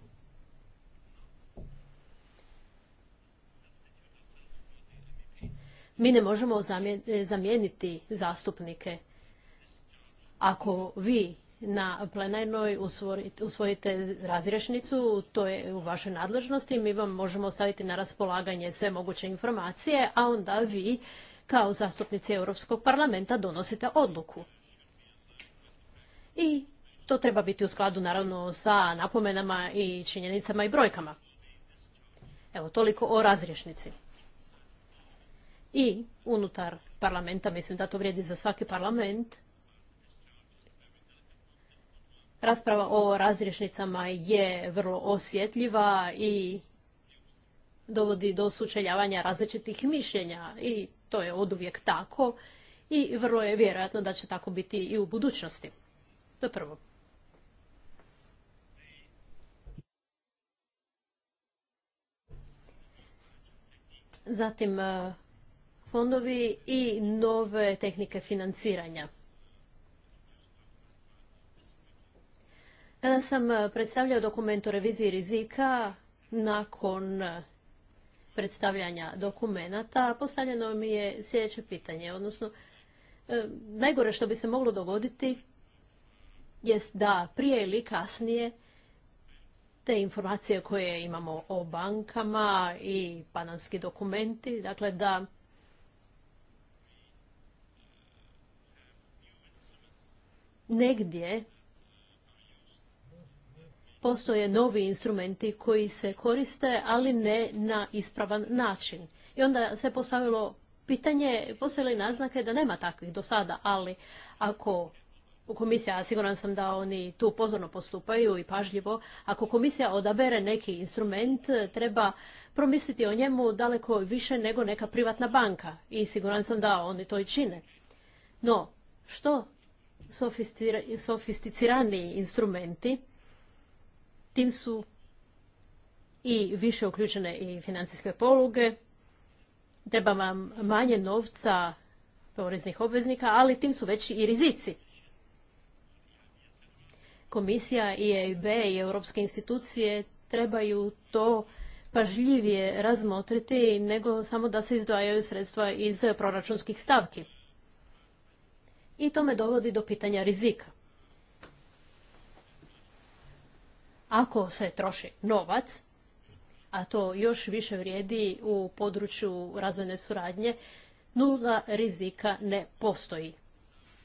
mi ne možemo zamijeniti zastupnike. Ako vi na plenarnoj usvojite razrješnicu, to je u vašoj nadležnosti, mi vam možemo staviti na raspolaganje sve moguće informacije, a onda vi kao zastupnici Europskog parlamenta donosite odluku. I to treba biti u skladu naravno sa napomenama i činjenicama i brojkama. Evo, toliko o razrješnici. I unutar parlamenta, mislim da to vrijedi za svaki parlament, rasprava o razrješnicama je vrlo osjetljiva i dovodi do sučeljavanja različitih mišljenja i to je oduvijek tako i vrlo je vjerojatno da će tako biti i u budućnosti. To je prvo. zatim e, fondovi i nove tehnike financiranja. Kada sam e, predstavljao dokument o reviziji rizika, nakon e, predstavljanja dokumenata, postavljeno mi je sljedeće pitanje, odnosno najgore što bi se moglo dogoditi jest da prije ili kasnije te informacije koje imamo o bankama i panamski dokumenti, dakle da negdje postoje novi instrumenti koji se koriste, ali ne na ispravan način. I onda se postavilo pitanje, postoje li naznake da nema takvih do sada, ali ako komisija, a siguran sam da oni tu pozorno postupaju i pažljivo, ako komisija odabere neki instrument, treba promisliti o njemu daleko više nego neka privatna banka. I siguran sam da oni to i čine. No, što sofisticirani instrumenti, tim su i više uključene i financijske poluge, treba vam manje novca poreznih obveznika, ali tim su veći i rizici komisija i e EIB i europske institucije trebaju to pažljivije razmotriti nego samo da se izdvajaju sredstva iz proračunskih stavki. I to me dovodi do pitanja rizika. Ako se troši novac, a to još više vrijedi u području razvojne suradnje, nula rizika ne postoji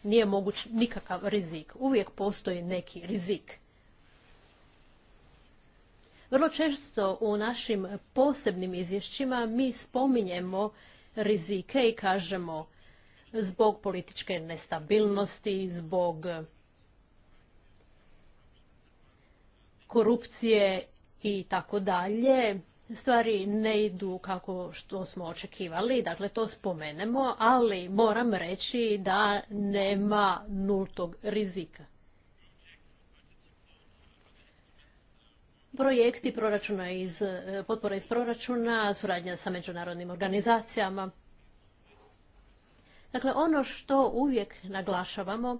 nije moguć nikakav rizik. Uvijek postoji neki rizik. Vrlo često u našim posebnim izvješćima mi spominjemo rizike i kažemo zbog političke nestabilnosti, zbog korupcije i tako dalje, stvari ne idu kako što smo očekivali, dakle to spomenemo, ali moram reći da nema nultog rizika. Projekti proračuna iz, potpora iz proračuna, suradnja sa međunarodnim organizacijama. Dakle, ono što uvijek naglašavamo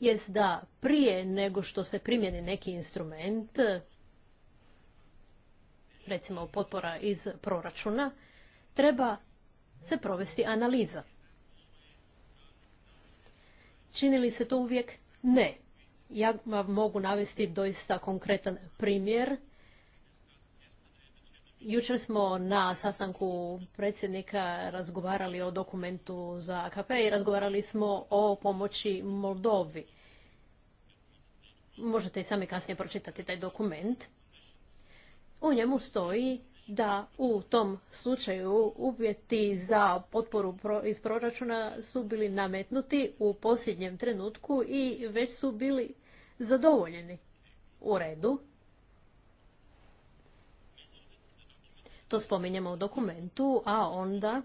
jest da prije nego što se primjeni neki instrument, recimo potpora iz proračuna, treba se provesti analiza. Čini li se to uvijek? Ne. Ja vam mogu navesti doista konkretan primjer. Jučer smo na sastanku predsjednika razgovarali o dokumentu za AKP i razgovarali smo o pomoći Moldovi. Možete i sami kasnije pročitati taj dokument u njemu stoji da u tom slučaju uvjeti za potporu iz proračuna su bili nametnuti u posljednjem trenutku i već su bili zadovoljeni u redu. To spominjemo u dokumentu, a onda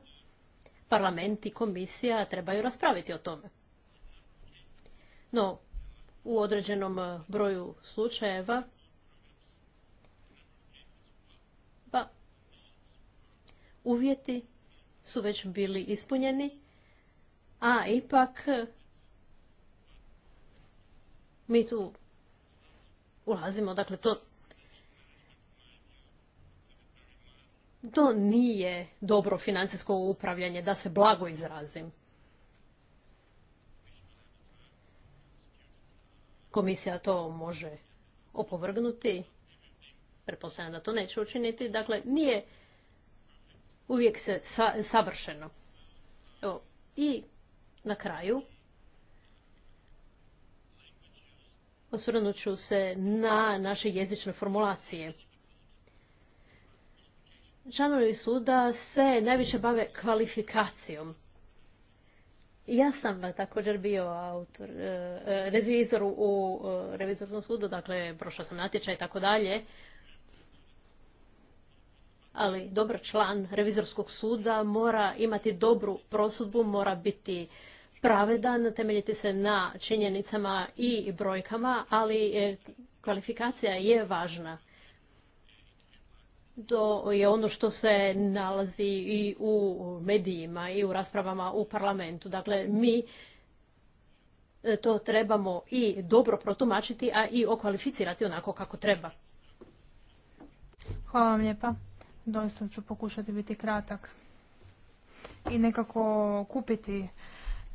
parlament i komisija trebaju raspraviti o tome. No, u određenom broju slučajeva uvjeti su već bili ispunjeni, a ipak eh, mi tu ulazimo, dakle to to nije dobro financijsko upravljanje, da se blago izrazim. Komisija to može opovrgnuti, pretpostavljam da to neće učiniti, dakle nije uvijek se savršeno. Evo, I na kraju osvrnut ću se na naše jezične formulacije. Članovi suda se najviše bave kvalifikacijom. Ja sam također bio autor, e, e, revizor u e, revizornom sudu, dakle prošao sam natječaj i tako dalje ali dobar član revizorskog suda mora imati dobru prosudbu, mora biti pravedan, temeljiti se na činjenicama i brojkama, ali e, kvalifikacija je važna. To je ono što se nalazi i u medijima i u raspravama u parlamentu. Dakle, mi e, to trebamo i dobro protumačiti, a i okvalificirati onako kako treba. Hvala vam lijepa doista ću pokušati biti kratak i nekako kupiti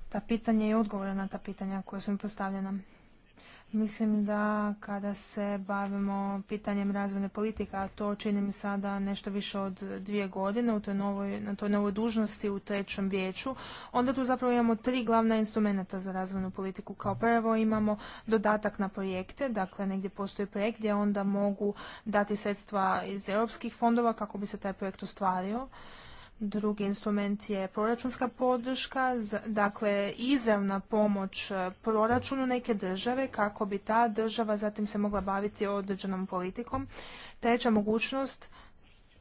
ta pitanja i odgovore na ta pitanja koja su mi postavljena. Mislim da kada se bavimo pitanjem razvojne politike, a to mi sada nešto više od dvije godine u toj novoj, na toj novoj dužnosti u trećem vijeću, onda tu zapravo imamo tri glavna instrumenta za razvojnu politiku. Kao prvo imamo dodatak na projekte, dakle negdje postoji projekt gdje onda mogu dati sredstva iz europskih fondova kako bi se taj projekt ostvario. Drugi instrument je proračunska podrška, dakle izravna pomoć e, proračunu neke države kako bi ta država zatim se mogla baviti određenom politikom. Treća mogućnost,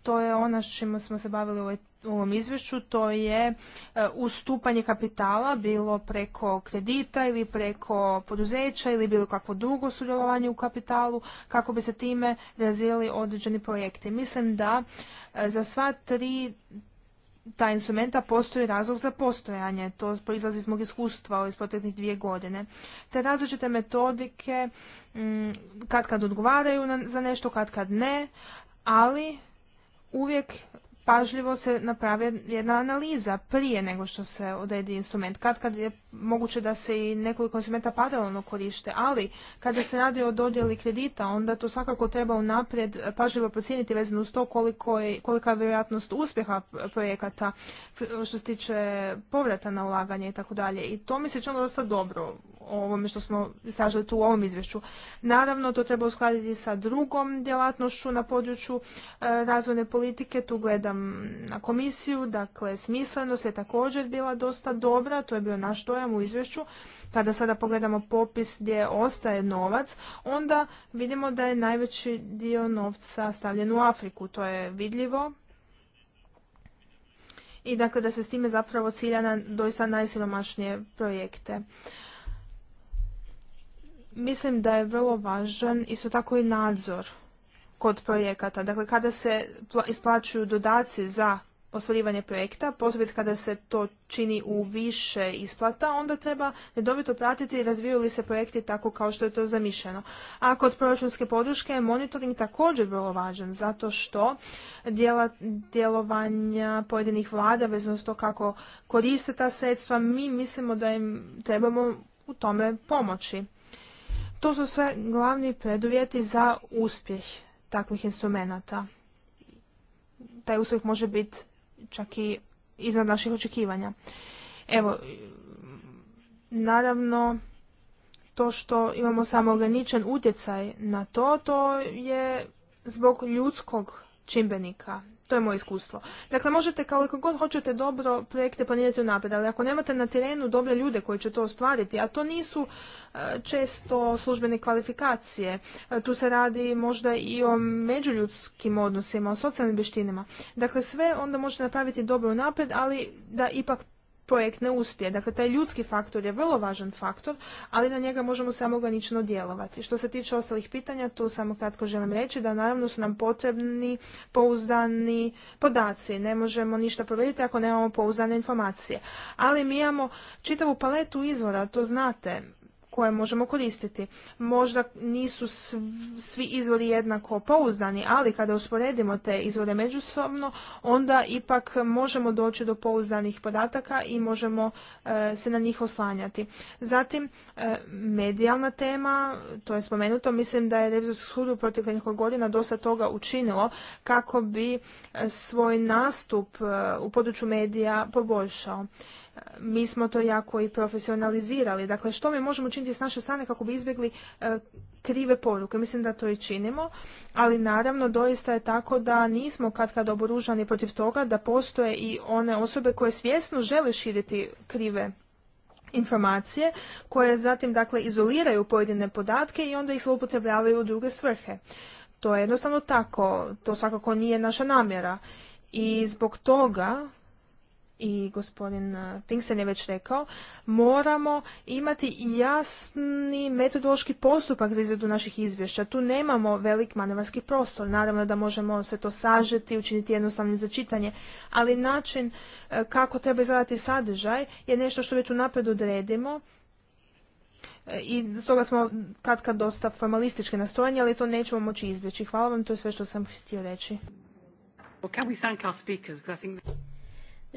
to je ona s čim smo se bavili u ovom izvješću, to je e, ustupanje kapitala, bilo preko kredita ili preko poduzeća ili bilo kakvo drugo sudjelovanje u kapitalu, kako bi se time razvijeli određeni projekti. Mislim da e, za sva tri ta instrumenta postoji razlog za postojanje. To proizlazi iz mog iskustva iz proteklih dvije godine. Te različite metodike mm, kad kad odgovaraju za nešto, kad kad ne, ali uvijek pažljivo se napravi jedna analiza prije nego što se odredi instrument. Kad kad je moguće da se i nekoliko konsumenta paralelno korište, ali kada se radi o dodjeli kredita, onda to svakako treba unaprijed pažljivo procijeniti vezano uz to je, kolika je vjerojatnost uspjeha projekata što se tiče povrata na ulaganje i tako dalje. I to mi se činilo dosta dobro o ovome što smo istražili tu u ovom izvješću. Naravno, to treba uskladiti sa drugom djelatnošću na području e, razvojne politike. Tu gledam na komisiju, dakle, smislenost je također bila dosta dobra, to je bio naš dojam u izvješću, kada sada pogledamo popis gdje ostaje novac, onda vidimo da je najveći dio novca stavljen u Afriku. To je vidljivo. I dakle da se s time zapravo cilja na doista najsiromašnije projekte. Mislim da je vrlo važan isto tako i nadzor kod projekata. Dakle, kada se isplaćuju dodaci za ostvarivanje projekta, posebno kada se to čini u više isplata, onda treba redovito pratiti razvijaju li se projekti tako kao što je to zamišljeno. A kod proračunske podrške monitoring također vrlo važan, zato što djela, djelovanja pojedinih vlada vezano s to kako koriste ta sredstva, mi mislimo da im trebamo u tome pomoći. To su sve glavni preduvjeti za uspjeh takvih instrumenata. Taj uspjeh može biti čak i iznad naših očekivanja. Evo, naravno, to što imamo samo ograničen utjecaj na to, to je zbog ljudskog čimbenika, to je moje iskustvo. Dakle, možete koliko god hoćete dobro projekte planirati unaprijed, ali ako nemate na terenu dobre ljude koji će to ostvariti, a to nisu e, često službene kvalifikacije, e, tu se radi možda i o međuljudskim odnosima, o socijalnim vještinama. Dakle, sve onda možete napraviti dobro napred, ali da ipak projekt ne uspije. Dakle, taj ljudski faktor je vrlo važan faktor, ali na njega možemo samo ograničeno djelovati. Što se tiče ostalih pitanja, tu samo kratko želim reći da naravno su nam potrebni pouzdani podaci. Ne možemo ništa provjeriti ako nemamo pouzdane informacije. Ali mi imamo čitavu paletu izvora, to znate koje možemo koristiti. Možda nisu svi izvori jednako pouzdani, ali kada usporedimo te izvore međusobno, onda ipak možemo doći do pouzdanih podataka i možemo e, se na njih oslanjati. Zatim, e, medijalna tema, to je spomenuto, mislim da je Revizorski sud u proteklih nekoliko godina dosta toga učinilo kako bi e, svoj nastup u području medija poboljšao mi smo to jako i profesionalizirali. Dakle, što mi možemo učiniti s naše strane kako bi izbjegli e, krive poruke? Mislim da to i činimo, ali naravno doista je tako da nismo kad kad oboružani protiv toga da postoje i one osobe koje svjesno žele širiti krive informacije koje zatim dakle izoliraju pojedine podatke i onda ih zloupotrebljavaju u druge svrhe. To je jednostavno tako, to svakako nije naša namjera. I zbog toga i gospodin eh, Pinksen je već rekao, moramo imati jasni metodološki postupak za izradu naših izvješća. Tu nemamo velik manevarski prostor. Naravno da možemo sve to sažeti, učiniti jednostavnim za čitanje, ali način eh, kako treba izgledati sadržaj je nešto što već unaprijed odredimo eh, i stoga smo kad kad dosta formalističke nastojanje, ali to nećemo moći izbjeći. Hvala vam, to je sve što sam htio reći.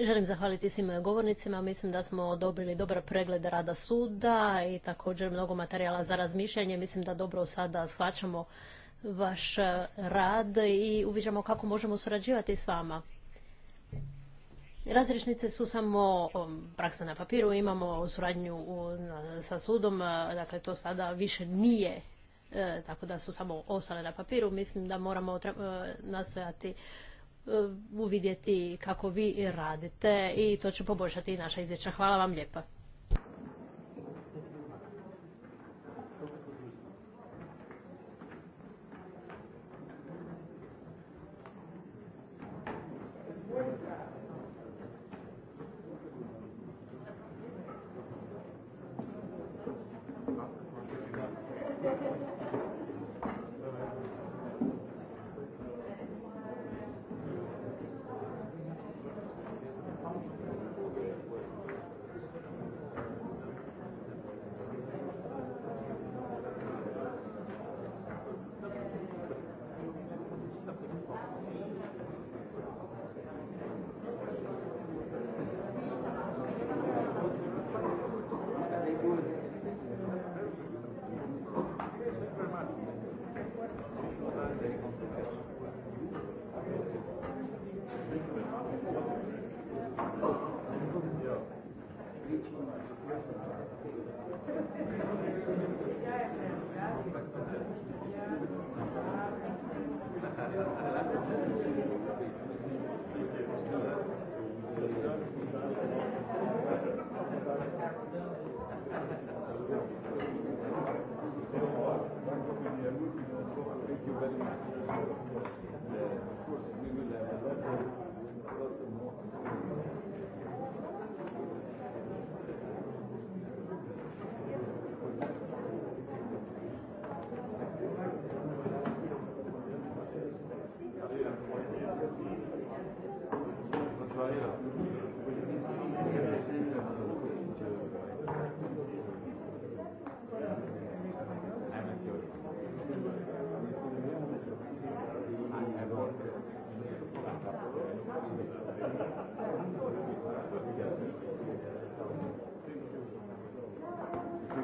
Želim zahvaliti svim govornicima. Mislim da smo dobili dobar pregled rada suda i također mnogo materijala za razmišljanje. Mislim da dobro sada shvaćamo vaš rad i uviđamo kako možemo surađivati s vama. Razrišnice su samo um, praksa na papiru, imamo suradnju sa sudom, dakle to sada više nije, e, tako da su samo ostale na papiru. Mislim da moramo treba, e, nastojati E, uvidjeti kako vi radite i to će poboljšati i naša izvješća. Hvala vam lijepa.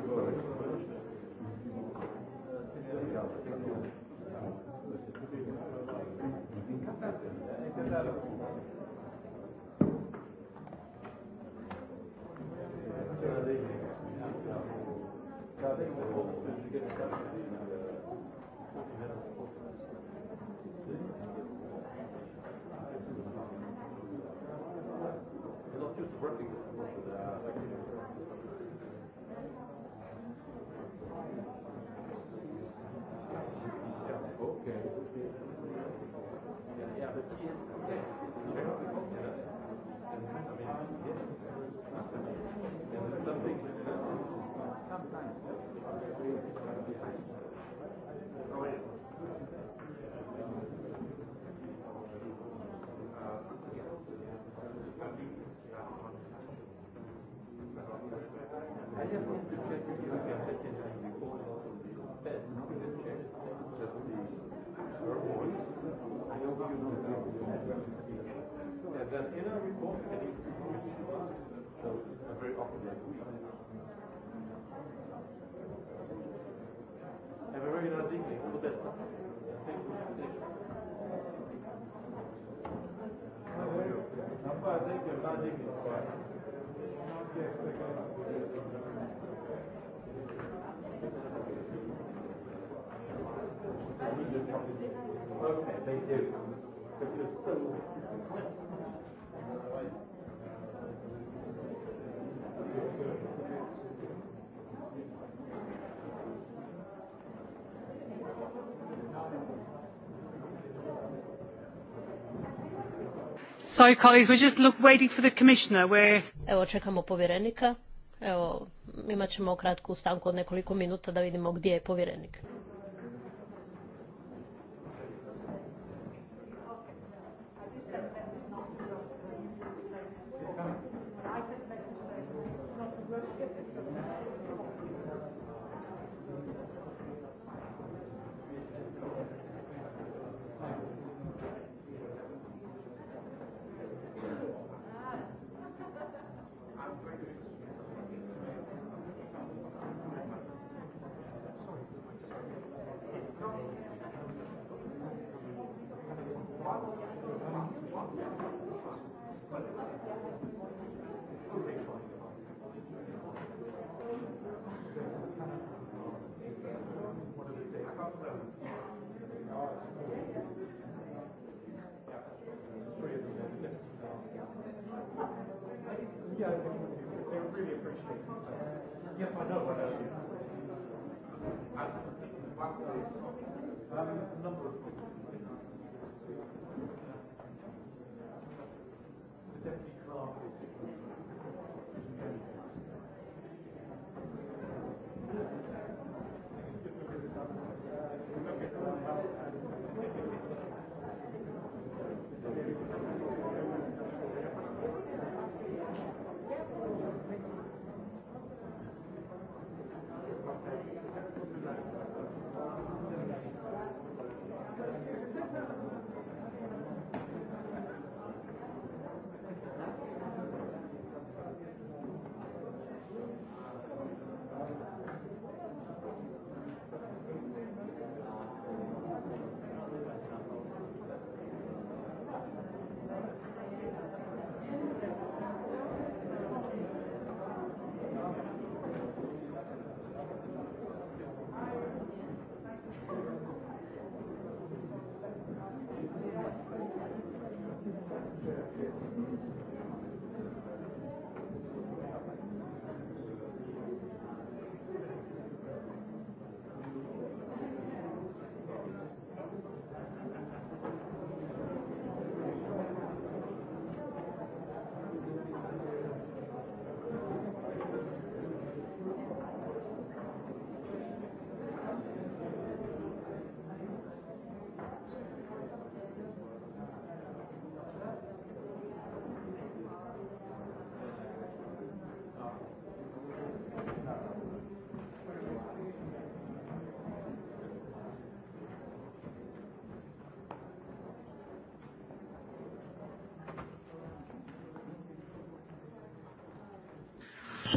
Hvala Thank you. Sorry, colleagues, we're just look, waiting for the commissioner. We're... Evo, čekamo povjerenika. Evo, imat ćemo kratku stanku od nekoliko minuta da vidimo gdje je povjerenik. je Yeah, they really appreciate it. Yes, I know, I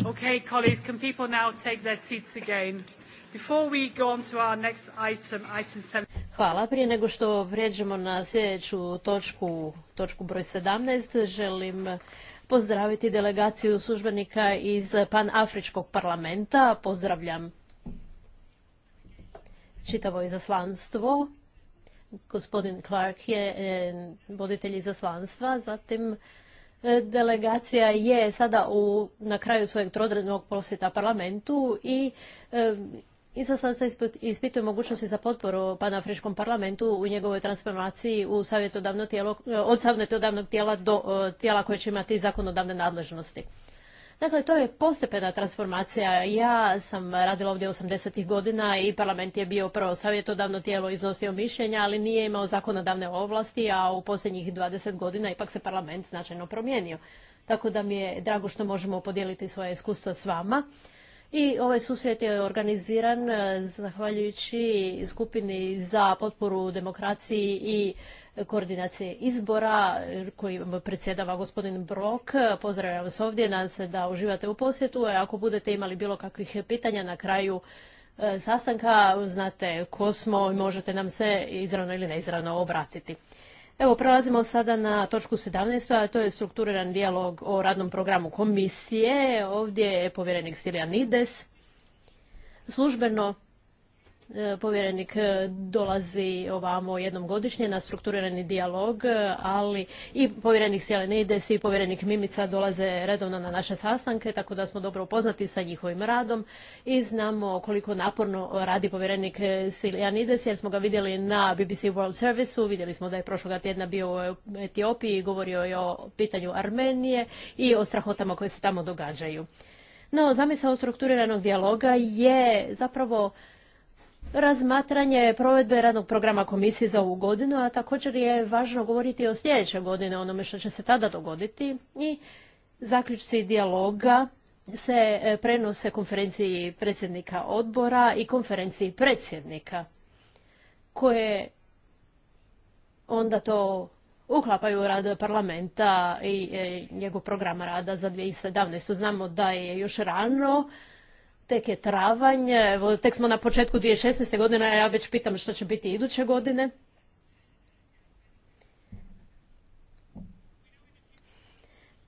Okay, colleagues, can people now take their seats again? Before we go on to our next item, item 7... Hvala. Prije nego što prijeđemo na sljedeću točku, točku broj 17, želim pozdraviti delegaciju službenika iz Panafričkog parlamenta. Pozdravljam čitavo izaslanstvo. Gospodin Clark je eh, voditelj izaslanstva, zatim E, delegacija je sada na kraju svojeg trodrednog posjeta parlamentu i e, sam se ispituje mogućnosti za potporu panafriškom parlamentu u njegovoj transformaciji u savjetodavno tijelo, e, od savjetodavnog tijela do e, tijela koje će imati zakonodavne nadležnosti. Dakle, to je postepena transformacija. Ja sam radila ovdje 80. godina i parlament je bio prvo savjetodavno tijelo iznosio mišljenja, ali nije imao zakonodavne ovlasti, a u posljednjih 20 godina ipak se parlament značajno promijenio. Tako da mi je drago što možemo podijeliti svoje iskustva s vama. I ovaj susret je organiziran e, zahvaljujući skupini za potporu demokraciji i koordinacije izbora kojim predsjedava gospodin Brok. Pozdravljam vas ovdje, nadam se da uživate u posjetu. E, ako budete imali bilo kakvih pitanja na kraju e, sastanka, znate ko smo i možete nam se izravno ili neizravno obratiti. Evo, prelazimo sada na točku 17, a to je strukturiran dijalog o radnom programu komisije. Ovdje je povjerenik Stiljan Nides. Službeno E, povjerenik e, dolazi ovamo jednom godišnje na strukturirani dijalog, e, ali i povjerenik Sjelenides i povjerenik Mimica dolaze redovno na naše sastanke, tako da smo dobro upoznati sa njihovim radom i znamo koliko naporno radi povjerenik Siljanides, jer smo ga vidjeli na BBC World Serviceu, vidjeli smo da je prošloga tjedna bio u Etiopiji i govorio je o pitanju Armenije i o strahotama koje se tamo događaju. No, zamisao strukturiranog dijaloga je zapravo razmatranje provedbe radnog programa komisije za ovu godinu, a također je važno govoriti o sljedećoj godini, onome što će se tada dogoditi i zaključci dijaloga se e, prenose konferenciji predsjednika odbora i konferenciji predsjednika koje onda to uklapaju rad parlamenta i e, njegov programa rada za 2017. Znamo da je još rano, tek je travanj, tek smo na početku 2016. godine, a ja već pitam što će biti iduće godine.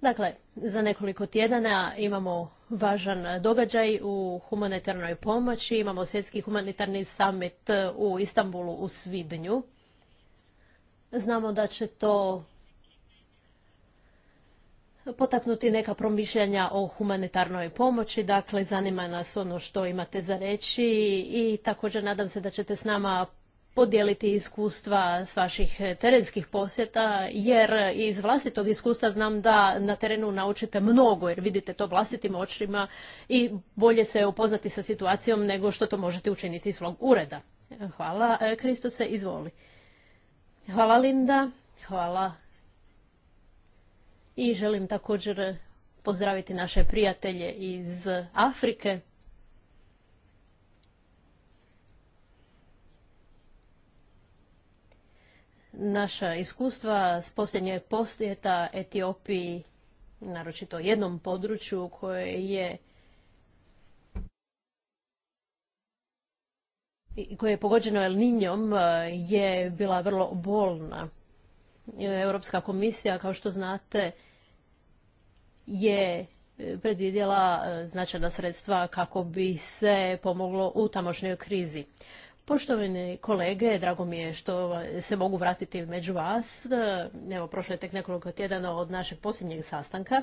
Dakle, za nekoliko tjedana imamo važan događaj u humanitarnoj pomoći. Imamo svjetski humanitarni summit u Istanbulu u Svibnju. Znamo da će to potaknuti neka promišljanja o humanitarnoj pomoći. Dakle, zanima nas ono što imate za reći i također nadam se da ćete s nama podijeliti iskustva s vaših terenskih posjeta, jer iz vlastitog iskustva znam da na terenu naučite mnogo, jer vidite to vlastitim očima i bolje se upoznati sa situacijom nego što to možete učiniti iz svog ureda. Hvala, e, se izvoli. Hvala, Linda. Hvala i želim također pozdraviti naše prijatelje iz Afrike. Naša iskustva s posljednje posljeta Etiopiji, naročito jednom području koje je koje je pogođeno El Ninjom je bila vrlo bolna. E, Europska komisija, kao što znate, je e, predvidjela e, značajna sredstva kako bi se pomoglo u tamošnjoj krizi. Poštovani kolege, drago mi je što se mogu vratiti među vas. Evo, prošlo je tek nekoliko tjedana od našeg posljednjeg sastanka.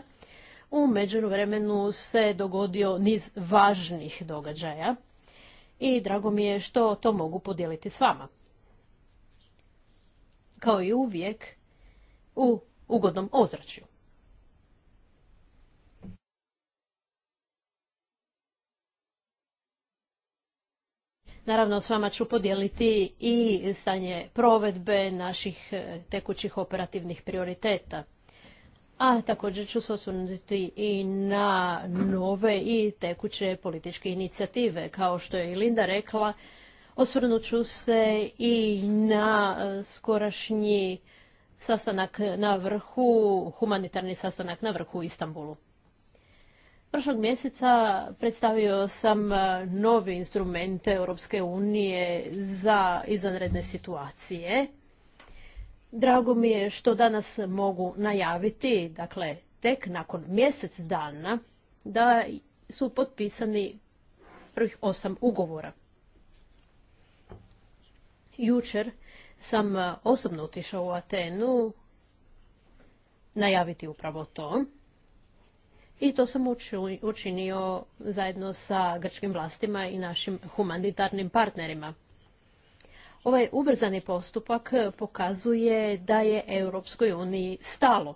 U vremenu se dogodio niz važnih događaja i drago mi je što to mogu podijeliti s vama kao i uvijek, u ugodnom ozračju. Naravno, s vama ću podijeliti i stanje provedbe naših e, tekućih operativnih prioriteta. A također ću se osvrnuti i na nove i tekuće političke inicijative. Kao što je i Linda rekla, Osvrnut ću se i na e, skorašnji sastanak na vrhu, humanitarni sastanak na vrhu u Istanbulu. Prošlog mjeseca predstavio sam e, novi instrumente Europske unije za izvanredne situacije. Drago mi je što danas mogu najaviti, dakle tek nakon mjesec dana, da su potpisani prvih osam ugovora. Jučer sam e, osobno otišao u Atenu najaviti upravo to. I to sam učinio zajedno sa grčkim vlastima i našim humanitarnim partnerima. Ovaj ubrzani postupak pokazuje da je Europskoj uniji stalo.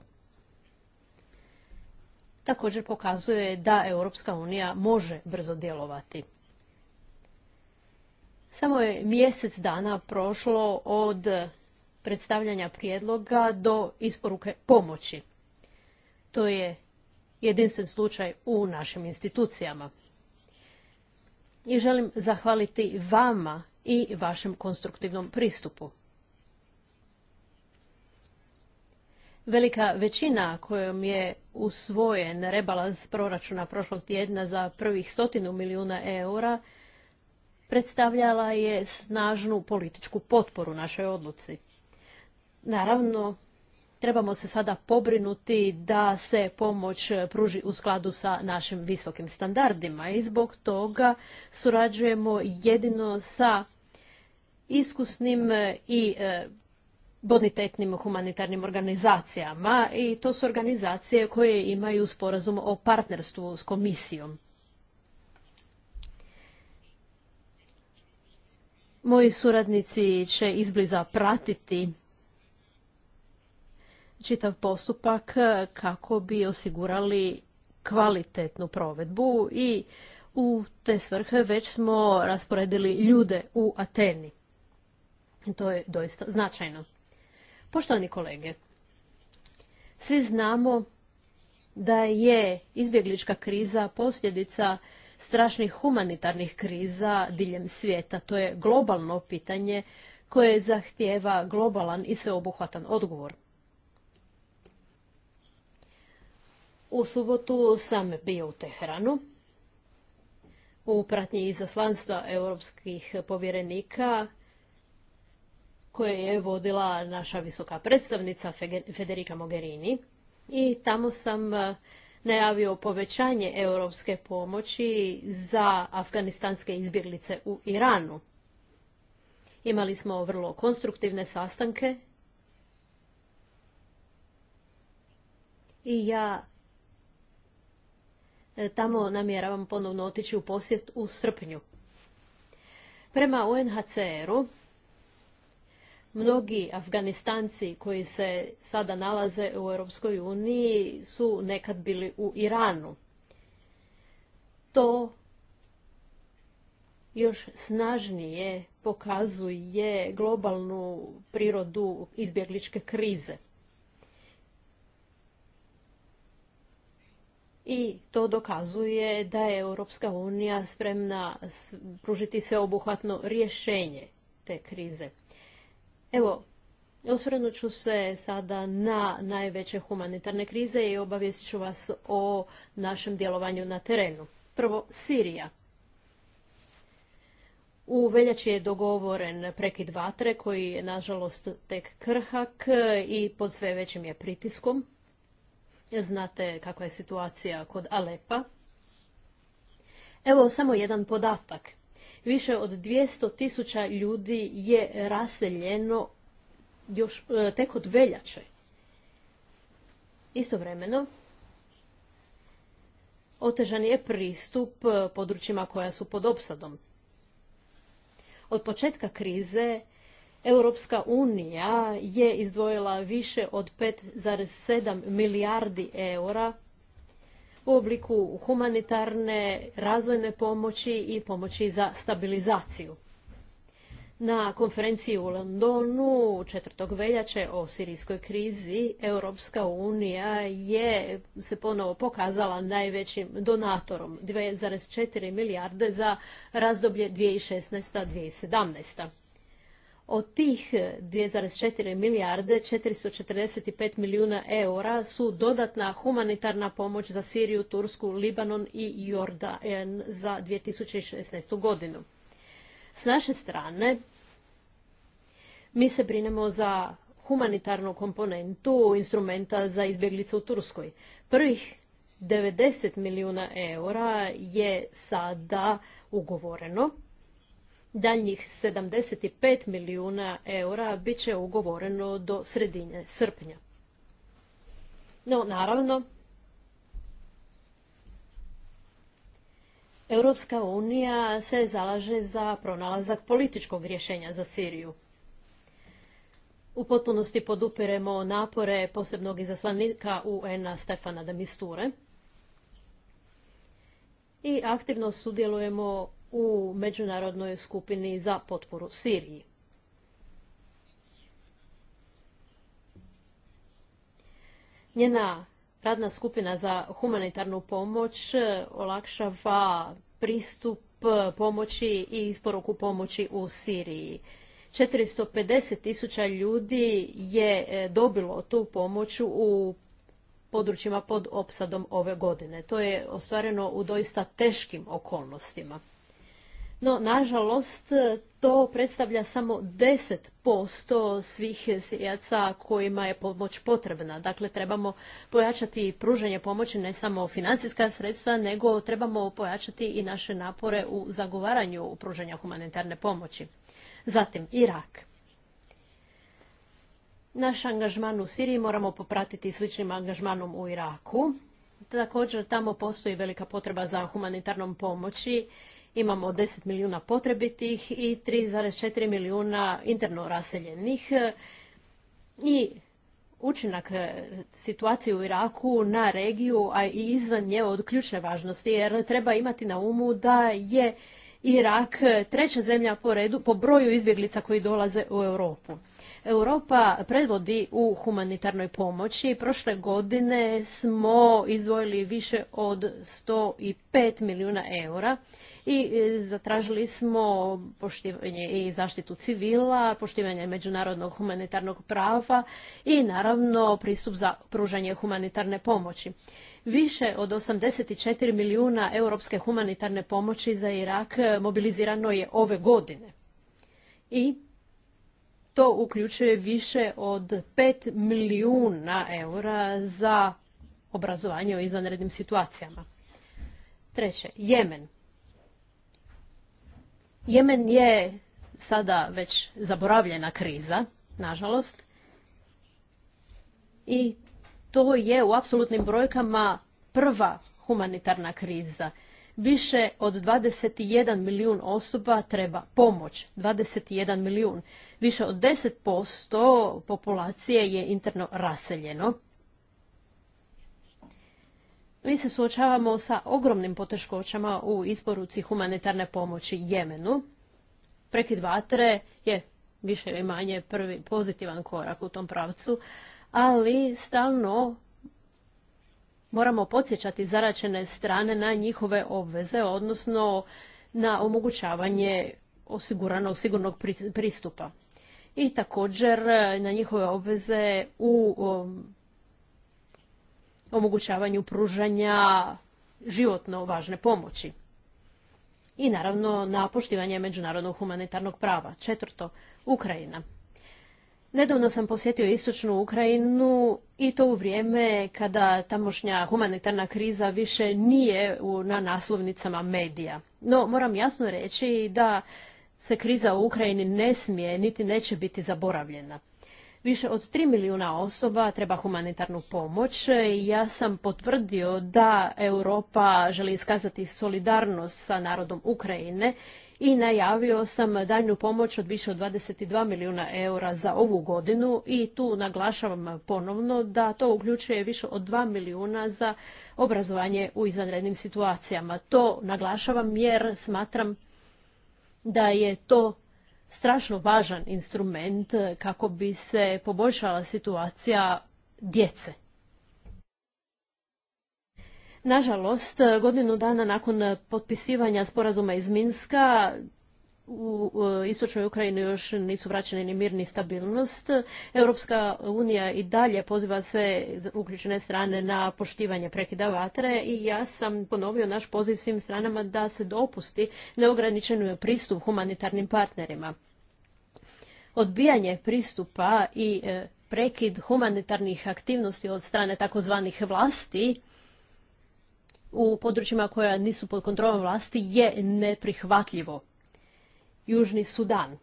Također pokazuje da Europska unija može brzo djelovati. Samo je mjesec dana prošlo od predstavljanja prijedloga do isporuke pomoći. To je jedinstven slučaj u našim institucijama. I želim zahvaliti vama i vašem konstruktivnom pristupu. Velika većina kojom je usvojen rebalans proračuna prošlog tjedna za prvih stotinu milijuna eura predstavljala je snažnu političku potporu našoj odluci. Naravno, trebamo se sada pobrinuti da se pomoć pruži u skladu sa našim visokim standardima i zbog toga surađujemo jedino sa iskusnim i e, bonitetnim humanitarnim organizacijama i to su organizacije koje imaju sporazum o partnerstvu s komisijom. Moji suradnici će izbliza pratiti čitav postupak kako bi osigurali kvalitetnu provedbu i u te svrhe već smo rasporedili ljude u Ateni. To je doista značajno. Poštovani kolege, svi znamo da je izbjeglička kriza posljedica strašnih humanitarnih kriza diljem svijeta. To je globalno pitanje koje zahtijeva globalan i sveobuhvatan odgovor. U subotu sam bio u Tehranu, u pratnji izaslanstva europskih povjerenika koje je vodila naša visoka predstavnica Federica Mogherini i tamo sam najavio povećanje europske pomoći za afganistanske izbjeglice u Iranu. Imali smo vrlo konstruktivne sastanke i ja e, tamo namjeravam ponovno otići u posjet u srpnju. Prema UNHCR-u Mnogi Afganistanci koji se sada nalaze u Europskoj uniji su nekad bili u Iranu. To još snažnije pokazuje globalnu prirodu izbjegličke krize. I to dokazuje da je Europska unija spremna pružiti sveobuhvatno rješenje te krize. Evo, osvrnut ću se sada na najveće humanitarne krize i obavijestit ću vas o našem djelovanju na terenu. Prvo, Sirija. U veljači je dogovoren prekid vatre koji je nažalost tek krhak i pod sve većim je pritiskom. Znate kakva je situacija kod Alepa. Evo samo jedan podatak. Više od 200 tisuća ljudi je raseljeno još e, tek od veljače. Istovremeno, otežan je pristup e, područjima koja su pod opsadom. Od početka krize Europska unija je izdvojila više od 5,7 milijardi eura u obliku humanitarne, razvojne pomoći i pomoći za stabilizaciju. Na konferenciji u Londonu 4. veljače o sirijskoj krizi Europska unija je se ponovo pokazala najvećim donatorom 2,4 milijarde za razdoblje 2016-2017. Od tih 2,4 e, milijarde 445 milijuna eura su dodatna humanitarna pomoć za Siriju, Tursku, Libanon i Jordan za 2016. godinu. S naše strane mi se brinemo za humanitarnu komponentu instrumenta za izbjeglice u Turskoj. Prvih 90 milijuna eura je sada ugovoreno Daljnjih 75 milijuna eura bit će ugovoreno do sredine srpnja. No, naravno, Europska unija se zalaže za pronalazak političkog rješenja za Siriju. U potpunosti podupiremo napore posebnog izaslanika UN-a Stefana de Misture i aktivno sudjelujemo u međunarodnoj skupini za potporu Siriji. Njena radna skupina za humanitarnu pomoć olakšava pristup pomoći i isporuku pomoći u Siriji. 450 tisuća ljudi je e, dobilo tu pomoć u područjima pod opsadom ove godine. To je ostvareno u doista teškim okolnostima. No, nažalost, to predstavlja samo 10% svih sirijaca kojima je pomoć potrebna. Dakle, trebamo pojačati pružanje pomoći, ne samo financijska sredstva, nego trebamo pojačati i naše napore u zagovaranju pružanja humanitarne pomoći. Zatim, Irak. Naš angažman u Siriji moramo popratiti sličnim angažmanom u Iraku. Također, tamo postoji velika potreba za humanitarnom pomoći Imamo 10 milijuna potrebitih i 3,4 milijuna interno raseljenih i učinak e, situacije u Iraku na regiju, a i izvan nje od ključne važnosti, jer treba imati na umu da je Irak treća zemlja po redu po broju izbjeglica koji dolaze u Europu. Europa predvodi u humanitarnoj pomoći. Prošle godine smo izdvojili više od 105 milijuna eura i e, zatražili smo poštivanje i zaštitu civila, poštivanje međunarodnog humanitarnog prava i naravno pristup za pružanje humanitarne pomoći. Više od 84 milijuna europske humanitarne pomoći za Irak mobilizirano je ove godine. I to uključuje više od 5 milijuna eura za obrazovanje u izvanrednim situacijama. Treće, Jemen. Jemen je sada već zaboravljena kriza, nažalost, i to je u apsolutnim brojkama prva humanitarna kriza. Više od 21 milijun osoba treba pomoć, 21 milijun. Više od 10% populacije je interno raseljeno mi se suočavamo sa ogromnim poteškoćama u isporuci humanitarne pomoći Jemenu. Prekid vatre je više ili manje prvi pozitivan korak u tom pravcu, ali stalno moramo podsjećati zaračene strane na njihove obveze, odnosno na omogućavanje osiguranog sigurnog pristupa. I također na njihove obveze u um, omogućavanju pružanja životno važne pomoći. I naravno na poštivanje međunarodnog humanitarnog prava. Četvrto, Ukrajina. Nedavno sam posjetio istočnu Ukrajinu i to u vrijeme kada tamošnja humanitarna kriza više nije na naslovnicama medija. No, moram jasno reći da se kriza u Ukrajini ne smije niti neće biti zaboravljena. Više od 3 milijuna osoba treba humanitarnu pomoć. Ja sam potvrdio da Europa želi iskazati solidarnost sa narodom Ukrajine i najavio sam daljnju pomoć od više od 22 milijuna eura za ovu godinu i tu naglašavam ponovno da to uključuje više od 2 milijuna za obrazovanje u izvanrednim situacijama. To naglašavam jer smatram da je to strašno važan instrument kako bi se poboljšala situacija djece. Nažalost, godinu dana nakon potpisivanja sporazuma iz Minska u istočnoj Ukrajini još nisu vraćeni ni mir ni stabilnost. Europska unija i dalje poziva sve uključene strane na poštivanje prekida vatre i ja sam ponovio naš poziv svim stranama da se dopusti neograničen pristup humanitarnim partnerima. Odbijanje pristupa i e, prekid humanitarnih aktivnosti od strane takozvanih vlasti u područjima koja nisu pod kontrolom vlasti je neprihvatljivo. Južni Sudan.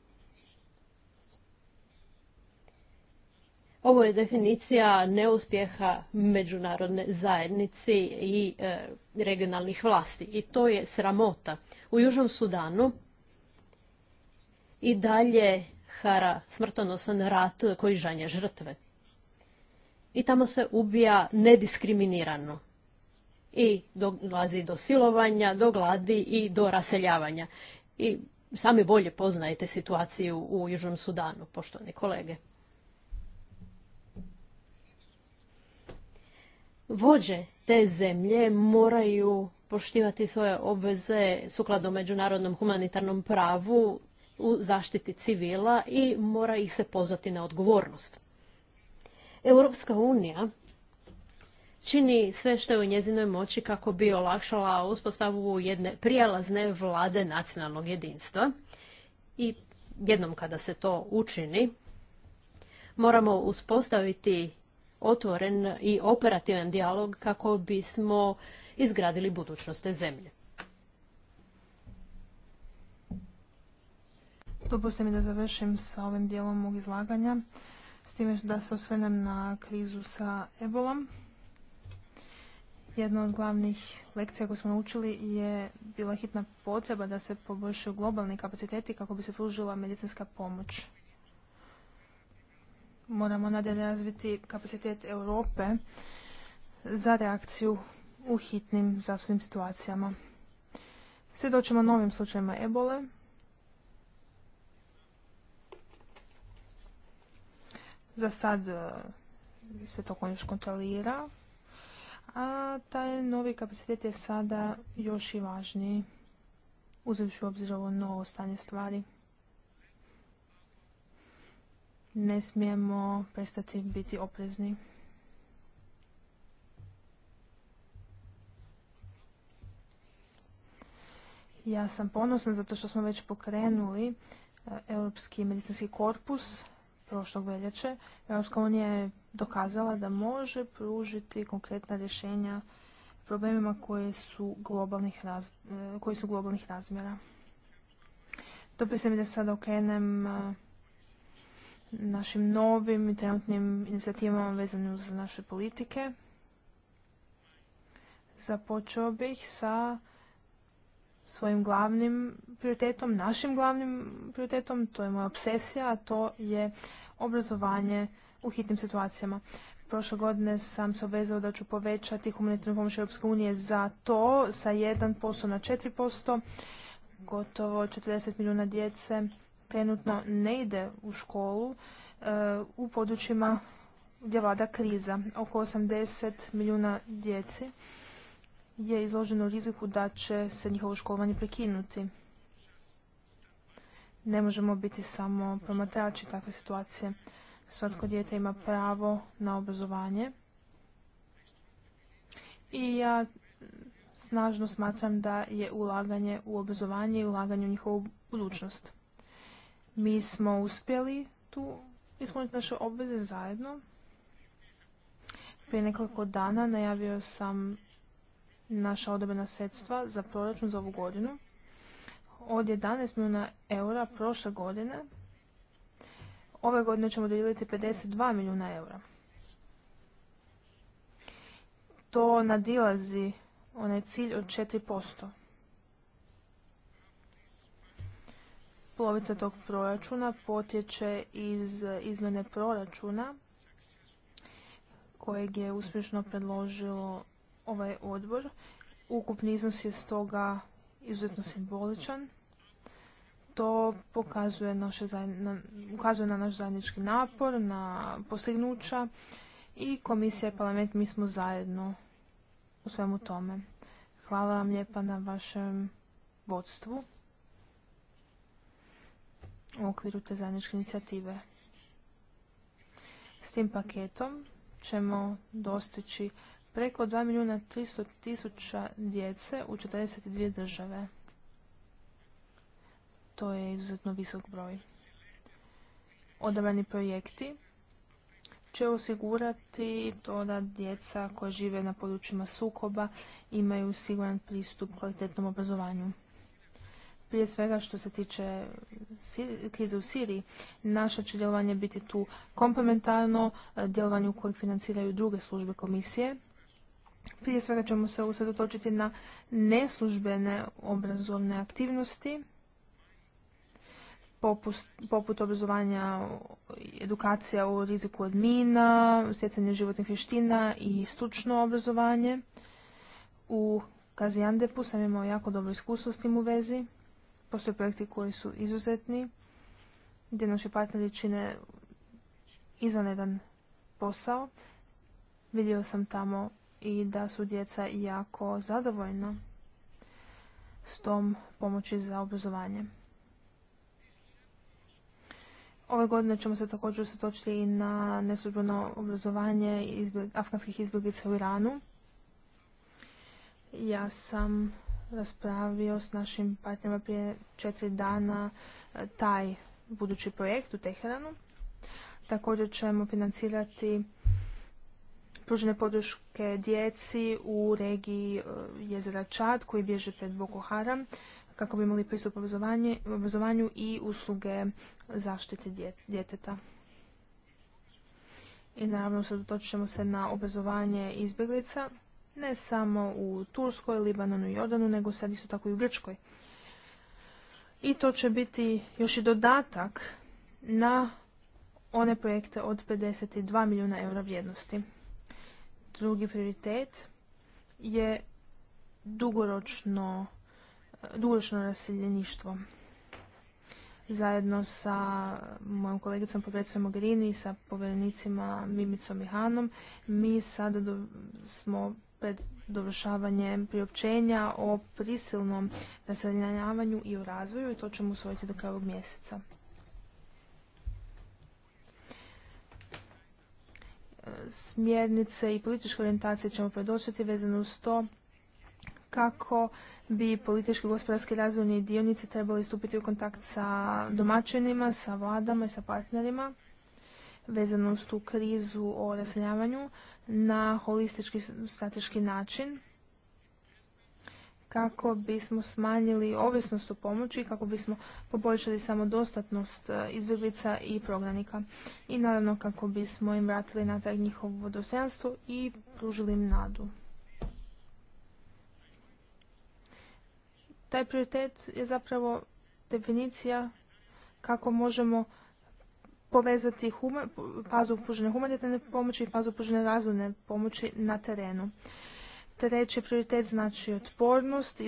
Ovo je definicija neuspjeha međunarodne zajednici i e, regionalnih vlasti i to je sramota. U Južnom Sudanu i dalje hara smrtonosan rat koji žanje žrtve. I tamo se ubija nediskriminirano. I dolazi do silovanja, do gladi i do raseljavanja. I sami bolje poznajete situaciju u Južnom Sudanu, poštovani kolege. Vođe te zemlje moraju poštivati svoje obveze sukladno međunarodnom humanitarnom pravu u zaštiti civila i mora ih se pozvati na odgovornost. Europska unija čini sve što je u njezinoj moći kako bi olakšala uspostavu jedne prijelazne vlade nacionalnog jedinstva. I jednom kada se to učini, moramo uspostaviti otvoren i operativan dijalog kako bismo izgradili budućnost te zemlje. Dopustite mi da završim sa ovim dijelom mog izlaganja, s time da se osvenem na krizu sa ebolom. Jedna od glavnih lekcija koju smo učili je bila hitna potreba da se poboljšaju globalni kapaciteti kako bi se pružila medicinska pomoć. Moramo nadalje razviti kapacitet Europe za reakciju u hitnim zdravstvenim situacijama. Svjedočimo novim slučajima ebole. Za sad eh, se to konjiš kontrolira, a taj novi kapacitet je sada još i važniji, uzevši u obzir ovo novo stanje stvari. Ne smijemo prestati biti oprezni. Ja sam ponosna zato što smo već pokrenuli e, Europski medicinski korpus prošlog veljače. Europska unija je dokazala da može pružiti konkretna rješenja problemima koje su globalnih, eh, koji su globalnih razmjera. Dopisem mi da sada okrenem eh, našim novim i trenutnim inicijativama vezanim uz naše politike. Započeo bih sa svojim glavnim prioritetom, našim glavnim prioritetom, to je moja obsesija, a to je obrazovanje u hitnim situacijama. Prošle godine sam se obvezao da ću povećati humanitarnu pomoć Europske unije za to sa 1% na 4%. Gotovo 40 milijuna djece trenutno ne ide u školu e, u područjima gdje vlada kriza. Oko 80 milijuna djeci je izloženo riziku da će se njihovo školovanje prekinuti. Ne možemo biti samo promatrači takve situacije svatko dijete ima pravo na obrazovanje. I ja snažno smatram da je ulaganje u obrazovanje i ulaganje u njihovu budućnost. Mi smo uspjeli tu ispuniti naše obveze zajedno. Prije nekoliko dana najavio sam naša odobrena sredstva za proračun za ovu godinu od 11 milijuna eura prošle godine Ove godine ćemo dodijeliti 52 milijuna eura. To nadilazi onaj cilj od 4%. Polovica tog proračuna potječe iz izmjene proračuna kojeg je uspješno predložilo ovaj odbor. Ukupni iznos je stoga izuzetno simboličan to pokazuje, naše, ukazuje na naš zajednički napor, na postignuća i komisija i parlament, mi smo zajedno u svemu tome. Hvala vam lijepa na vašem vodstvu u okviru te zajedničke inicijative. S tim paketom ćemo dostići preko 2 milijuna 300 tisuća djece u 42 države. To je izuzetno visok broj. Odabrani projekti će osigurati to da djeca koja žive na područjima sukoba imaju siguran pristup kvalitetnom obrazovanju. Prije svega što se tiče krize u Siriji, naše će djelovanje biti tu komplementarno e, djelovanju kojeg financiraju druge službe komisije. Prije svega ćemo se usredotočiti na neslužbene obrazovne aktivnosti poput obrazovanja, edukacija u riziku od mina, stjecanje životnih vještina i stručno obrazovanje. U Kazijandepu sam imao jako dobro iskustvo s tim u vezi. Postoje projekti koji su izuzetni, gdje naši partneri čine jedan posao. Vidio sam tamo i da su djeca jako zadovoljna s tom pomoći za obrazovanje. Ove godine ćemo se također usatočiti i na nesudbeno obrazovanje afganskih izbjeglica u Iranu. Ja sam raspravio s našim partnerima prije četiri dana e, taj budući projekt u Teheranu. Također ćemo financirati pružene podrške djeci u regiji e, jezera Čad koji bježe pred Boko Haram kako bi imali pristup obrazovanju i usluge zaštite djeteta. I naravno se ćemo se na obrazovanje izbjeglica, ne samo u Turskoj, Libanonu i Jordanu, nego sad isto tako i u Grčkoj. I to će biti još i dodatak na one projekte od 52 milijuna eura vrijednosti. Drugi prioritet je dugoročno dugoročno naseljeništvo. Zajedno sa mojom kolegicom Pogrecom Mogherini i sa povjerenicima Mimicom i Hanom, mi sada smo pred dovršavanjem priopćenja o prisilnom naseljenjavanju i o razvoju i to ćemo usvojiti do kraja mjeseca. Smjernice i političke orijentacije ćemo predočiti vezano uz to kako bi politički gospodarski razvojni dionice trebali stupiti u kontakt sa domaćinima, sa vladama i sa partnerima vezano uz tu krizu o raseljavanju na holistički strateški način kako bismo smanjili ovisnost o pomoći, kako bismo poboljšali samodostatnost e, izbjeglica i prognanika. I naravno kako bismo im vratili natrag njihovo dostojanstvo i pružili im nadu. Taj prioritet je zapravo definicija kako možemo povezati fazu pružene humanitarne pomoći i fazu pružene razvojne pomoći na terenu. Treći prioritet znači otpornost,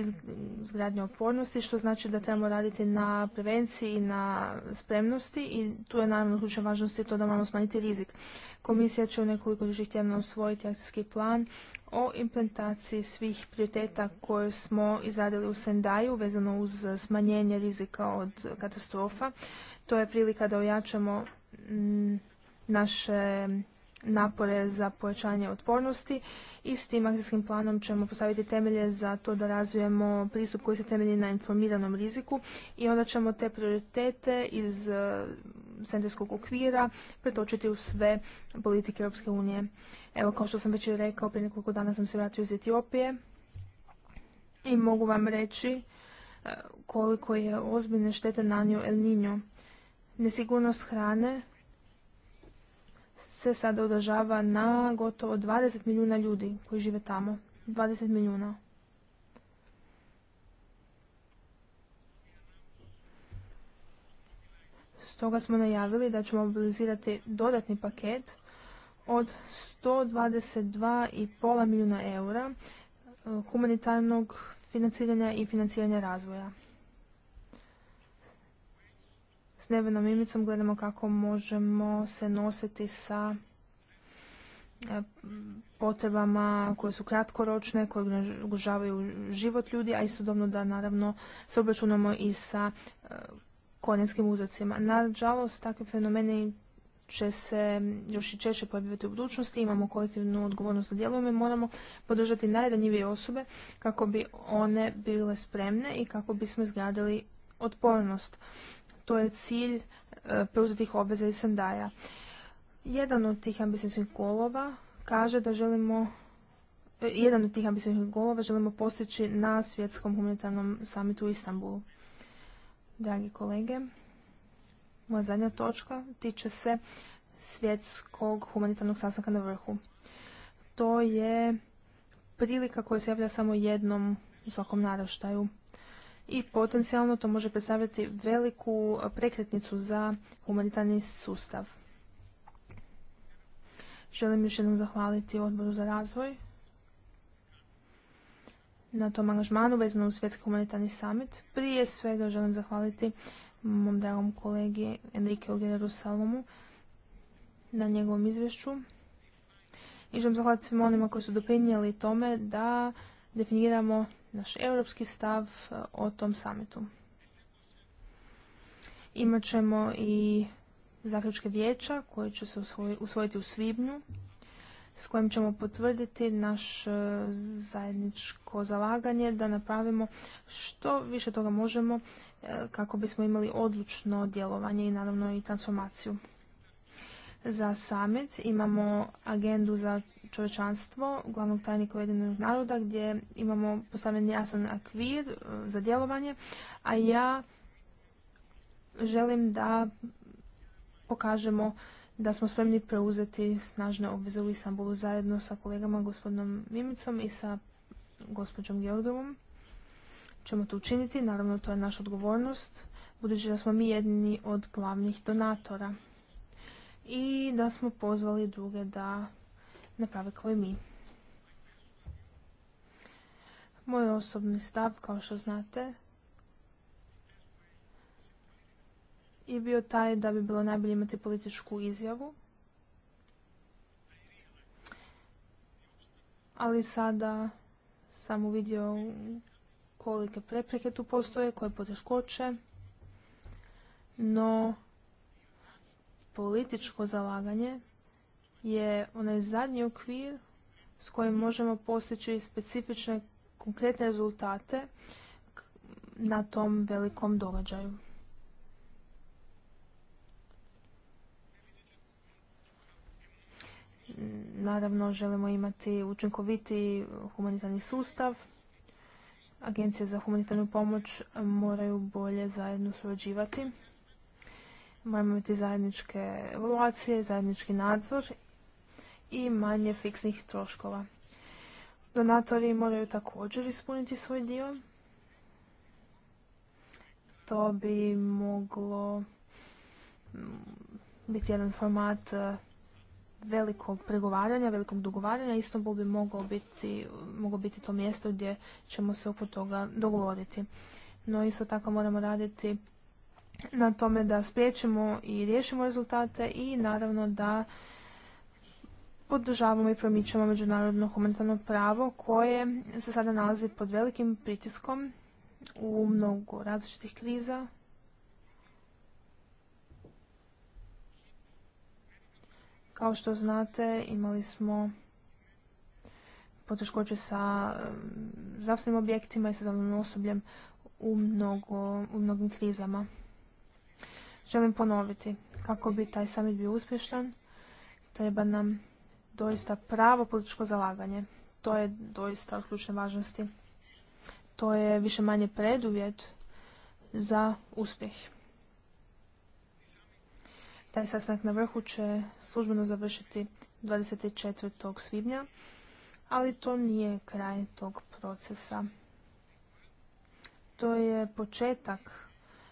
izgradnja otpornosti, što znači da trebamo raditi na prevenciji i na spremnosti i tu je naravno ključna važnost je to da moramo smanjiti rizik. Komisija će u nekoliko ljudi tjedana usvojiti akcijski plan o implementaciji svih prioriteta koje smo izradili u Sendaju vezano uz smanjenje rizika od katastrofa. To je prilika da ojačamo mm, naše napore za pojačanje otpornosti i s tim akcijskim planom ćemo postaviti temelje za to da razvijemo pristup koji se temelji na informiranom riziku i onda ćemo te prioritete iz e, senderskog okvira pretočiti u sve politike Europske unije. Evo, kao što sam već i rekao, prije nekoliko dana sam se vratio iz Etiopije i mogu vam reći e, koliko je ozbiljne štete nanio El Niño. Nesigurnost hrane se sada održava na gotovo 20 milijuna ljudi koji žive tamo. 20 milijuna. Stoga smo najavili da ćemo mobilizirati dodatni paket od 122,5 milijuna eura e, humanitarnog financiranja i financiranja razvoja s nevenom imicom gledamo kako možemo se nositi sa e, potrebama koje su kratkoročne, koje ugrožavaju život ljudi, a istodobno da naravno se obračunamo i sa e, korijenskim uzrocima. Nažalost, takvi fenomeni će se još i češće pojaviti u budućnosti, imamo kolektivnu odgovornost za djelujemo i moramo podržati najranjivije osobe kako bi one bile spremne i kako bismo izgradili otpornost to je cilj e, preuzetih obveza iz Sandaja. Jedan od tih ambicijskih golova kaže da želimo e, jedan od tih ambisnih golova želimo postići na svjetskom humanitarnom samitu u Istanbulu. Dragi kolege, moja zadnja točka tiče se svjetskog humanitarnog sastanka na vrhu. To je prilika koja se javlja samo jednom u svakom naraštaju i potencijalno to može predstavljati veliku e, prekretnicu za humanitarni sustav. Želim još jednom zahvaliti odboru za razvoj na tom angažmanu vezano u Svjetski humanitarni summit. Prije svega želim zahvaliti mom dragom kolegi Enrique Ogreru Salomu na njegovom izvješću. I želim zahvaliti svima onima koji su doprinijeli tome da definiramo naš europski stav e, o tom samitu. Imat ćemo i zaključke vijeća koje će se usvojiti u svibnju s kojim ćemo potvrditi naš e, zajedničko zalaganje da napravimo što više toga možemo e, kako bismo imali odlučno djelovanje i naravno i transformaciju za summit. Imamo agendu za čovječanstvo glavnog tajnika Ujedinog naroda gdje imamo postavljen jasan akvir e, za djelovanje, a ja želim da pokažemo da smo spremni preuzeti snažne obveze u Istanbulu zajedno sa kolegama gospodinom Mimicom i sa gospođom Georgovom. Čemo to učiniti, naravno to je naša odgovornost, budući da smo mi jedni od glavnih donatora i da smo pozvali druge da naprave kao i mi. Moj osobni stav, kao što znate, je bio taj da bi bilo najbolje imati političku izjavu. Ali sada sam uvidio kolike prepreke tu postoje, koje poteškoće, no političko zalaganje je onaj zadnji okvir s kojim možemo postići specifične konkretne rezultate na tom velikom događaju. Naravno, želimo imati učinkoviti humanitarni sustav. Agencije za humanitarnu pomoć moraju bolje zajedno surađivati. Moramo imati zajedničke evaluacije, zajednički nadzor i manje fiksnih troškova. Donatori moraju također ispuniti svoj dio. To bi moglo mm, biti jedan format e, velikog pregovaranja, velikog dogovaranja. Istanbul bi mogao biti, moglo biti to mjesto gdje ćemo se oko toga dogovoriti. No isto tako moramo raditi na tome da spriječimo i riješimo rezultate i naravno da podržavamo i promičemo međunarodno humanitarno pravo koje se sada nalazi pod velikim pritiskom u mnogo različitih kriza. Kao što znate, imali smo poteškoće sa um, zdravstvenim objektima i sa zdravstvenim osobljem u, u mnogim krizama. Želim ponoviti, kako bi taj summit bio uspješan, treba nam doista pravo političko zalaganje. To je doista od ključne važnosti. To je više manje preduvjet za uspjeh. Taj sastanak na vrhu će službeno završiti 24. svibnja, ali to nije kraj tog procesa. To je početak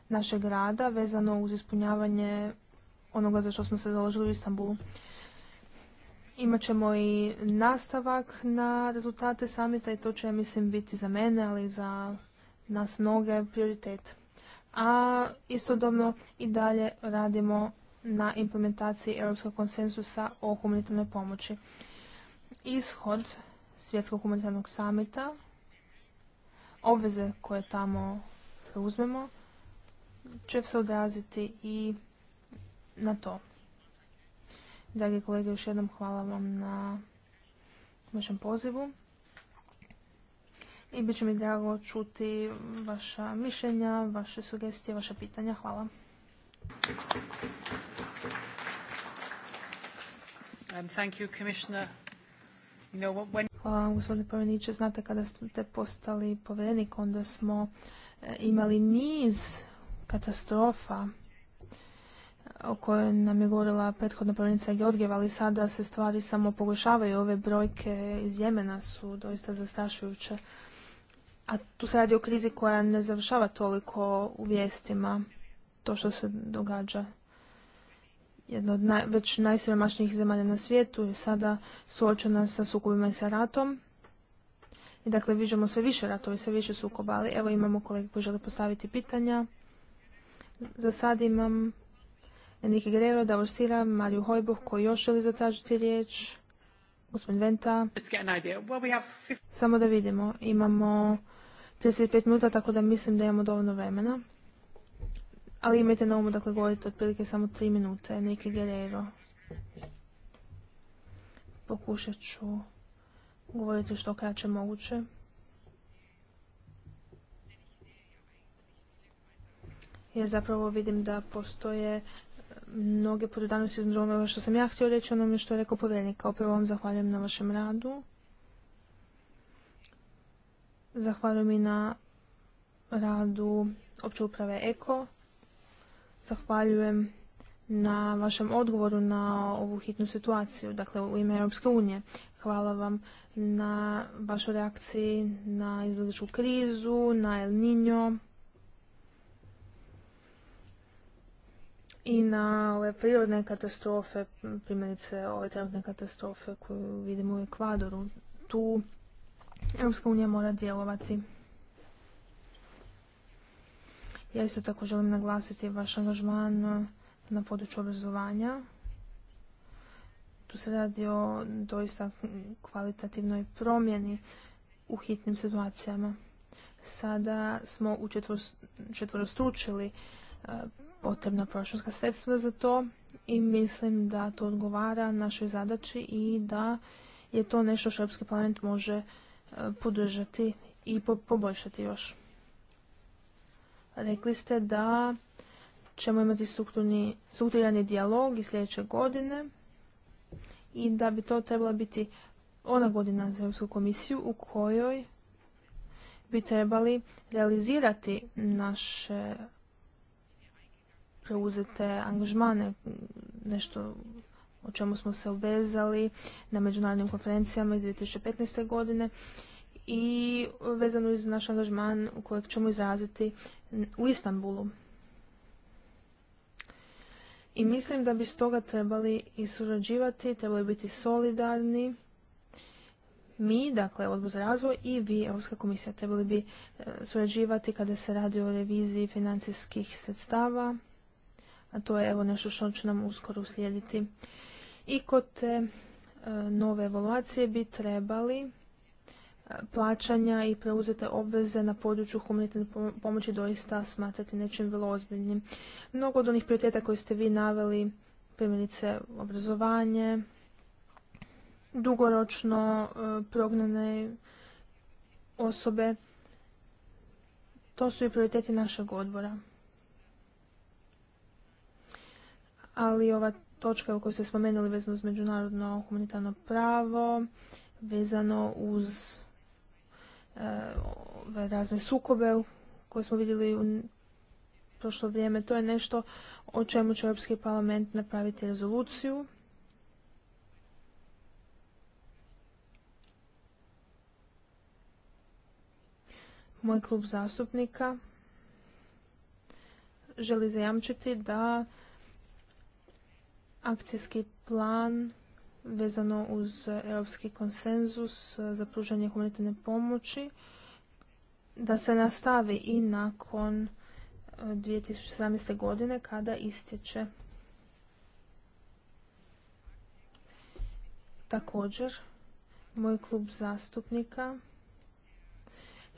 našeg rada vezano uz ispunjavanje onoga za što smo se založili u Istanbulu. Imaćemo i nastavak na rezultate samita i to će, mislim, biti za mene, ali i za nas mnoge prioritet. A istodobno i dalje radimo na implementaciji Europskog konsensusa o humanitarnoj pomoći. Ishod Svjetskog humanitarnog samita, obveze koje tamo preuzmemo, će se odraziti i na to. Dragi kolege, još jednom hvala vam na vašem pozivu. I bit će mi drago čuti vaša mišljenja, vaše sugestije, vaše pitanja. Hvala. Hvala vam, gospodine povjereniče. Znate, kada ste postali povjenik, onda smo e, imali niz katastrofa o kojoj nam je govorila prethodna pravnica Georgijeva, ali sada se stvari samo pogoršavaju. Ove brojke iz Jemena su doista zastrašujuće. A tu se radi o krizi koja ne završava toliko u vijestima, to što se događa. Jedna od već najsiromašnijih zemalja na svijetu je sada suočena sa sukobima i sa ratom. I dakle, viđamo sve više ratova i sve više sukoba, ali evo imamo kolege koji žele postaviti pitanja. Za sad imam Enrique Guerrero, Davor Sira, Mariju Hojbuh, koji još želi zatražiti riječ. Gospodin Venta. Samo da vidimo. Imamo 35 minuta, tako da mislim da imamo dovoljno vremena. Ali imajte na umu, dakle, govorite otprilike samo 3 minute. Enrique Guerrero. Pokušat ću govoriti što kraće moguće. jer zapravo vidim da postoje e, mnoge podudanosti između onoga što sam ja htio reći onome što je rekao povjerenik. Kao prvo vam zahvaljujem na vašem radu. Zahvaljujem i na radu opće uprave EKO. Zahvaljujem na vašem odgovoru na ovu hitnu situaciju, dakle u ime Europske unije. Hvala vam na vašoj reakciji na izbjegličku krizu, na El Niño i na ove prirodne katastrofe, primjerice ove trenutne katastrofe koju vidimo u Ekvadoru. Tu Europska unija mora djelovati. Ja isto tako želim naglasiti vaš angažman na području obrazovanja. Tu se radi o doista kvalitativnoj promjeni u hitnim situacijama. Sada smo učetvorostručili potrebna proračunska sredstva za to i mislim da to odgovara našoj zadaći i da je to nešto što Europski parlament može e, podržati i poboljšati još. Rekli ste da ćemo imati strukturni, strukturirani dijalog i sljedeće godine i da bi to trebala biti ona godina za Europsku komisiju u kojoj bi trebali realizirati naše preuzete angažmane, nešto o čemu smo se obvezali na međunarodnim konferencijama iz 2015. godine i vezano iz naš angažman u kojeg ćemo izraziti u Istanbulu. I mislim da bi stoga trebali i surađivati, trebali biti solidarni. Mi, dakle, odbor za razvoj i vi, Europska komisija, trebali bi e, surađivati kada se radi o reviziji financijskih sredstava a to je evo nešto što će nam uskoro uslijediti. I kod te e, nove evaluacije bi trebali e, plaćanja i preuzete obveze na području humanitarne pomoći doista smatrati nečim vrlo ozbiljnim. Mnogo od onih prioriteta koje ste vi naveli, primjerice obrazovanje, dugoročno e, prognane osobe, to su i prioriteti našeg odbora. ali ova točka kojoj ste spomenuli vezano uz međunarodno humanitarno pravo, vezano uz e, razne sukobe koje smo vidjeli u prošlo vrijeme, to je nešto o čemu će Europski parlament napraviti rezoluciju. Moj klub zastupnika želi zajamčiti da akcijski plan vezano uz europski konsenzus za pružanje humanitarne pomoći da se nastavi i nakon 2017. E, godine kada istječe. Također, moj klub zastupnika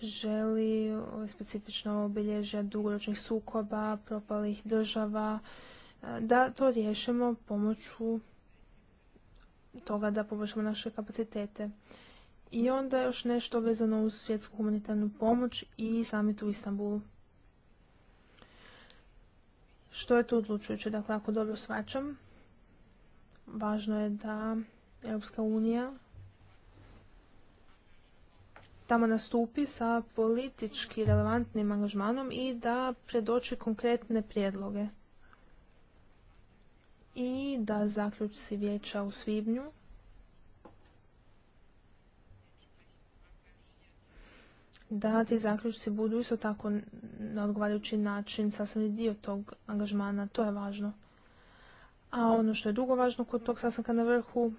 želi e, specifično obilježja dugoročnih sukoba, propalih država, da to riješimo pomoću toga da poboljšamo naše kapacitete. I onda još nešto vezano uz svjetsku humanitarnu pomoć i samit u Istanbulu. Što je to odlučujuće? Dakle, ako dobro svačam, važno je da Europska unija tamo nastupi sa politički relevantnim angažmanom i da predoči konkretne prijedloge i da zaključci vijeća u svibnju da ti zaključci budu isto tako na odgovarajući način sastavni dio tog angažmana. To je važno. A ono što je drugo važno kod tog sastanka na vrhu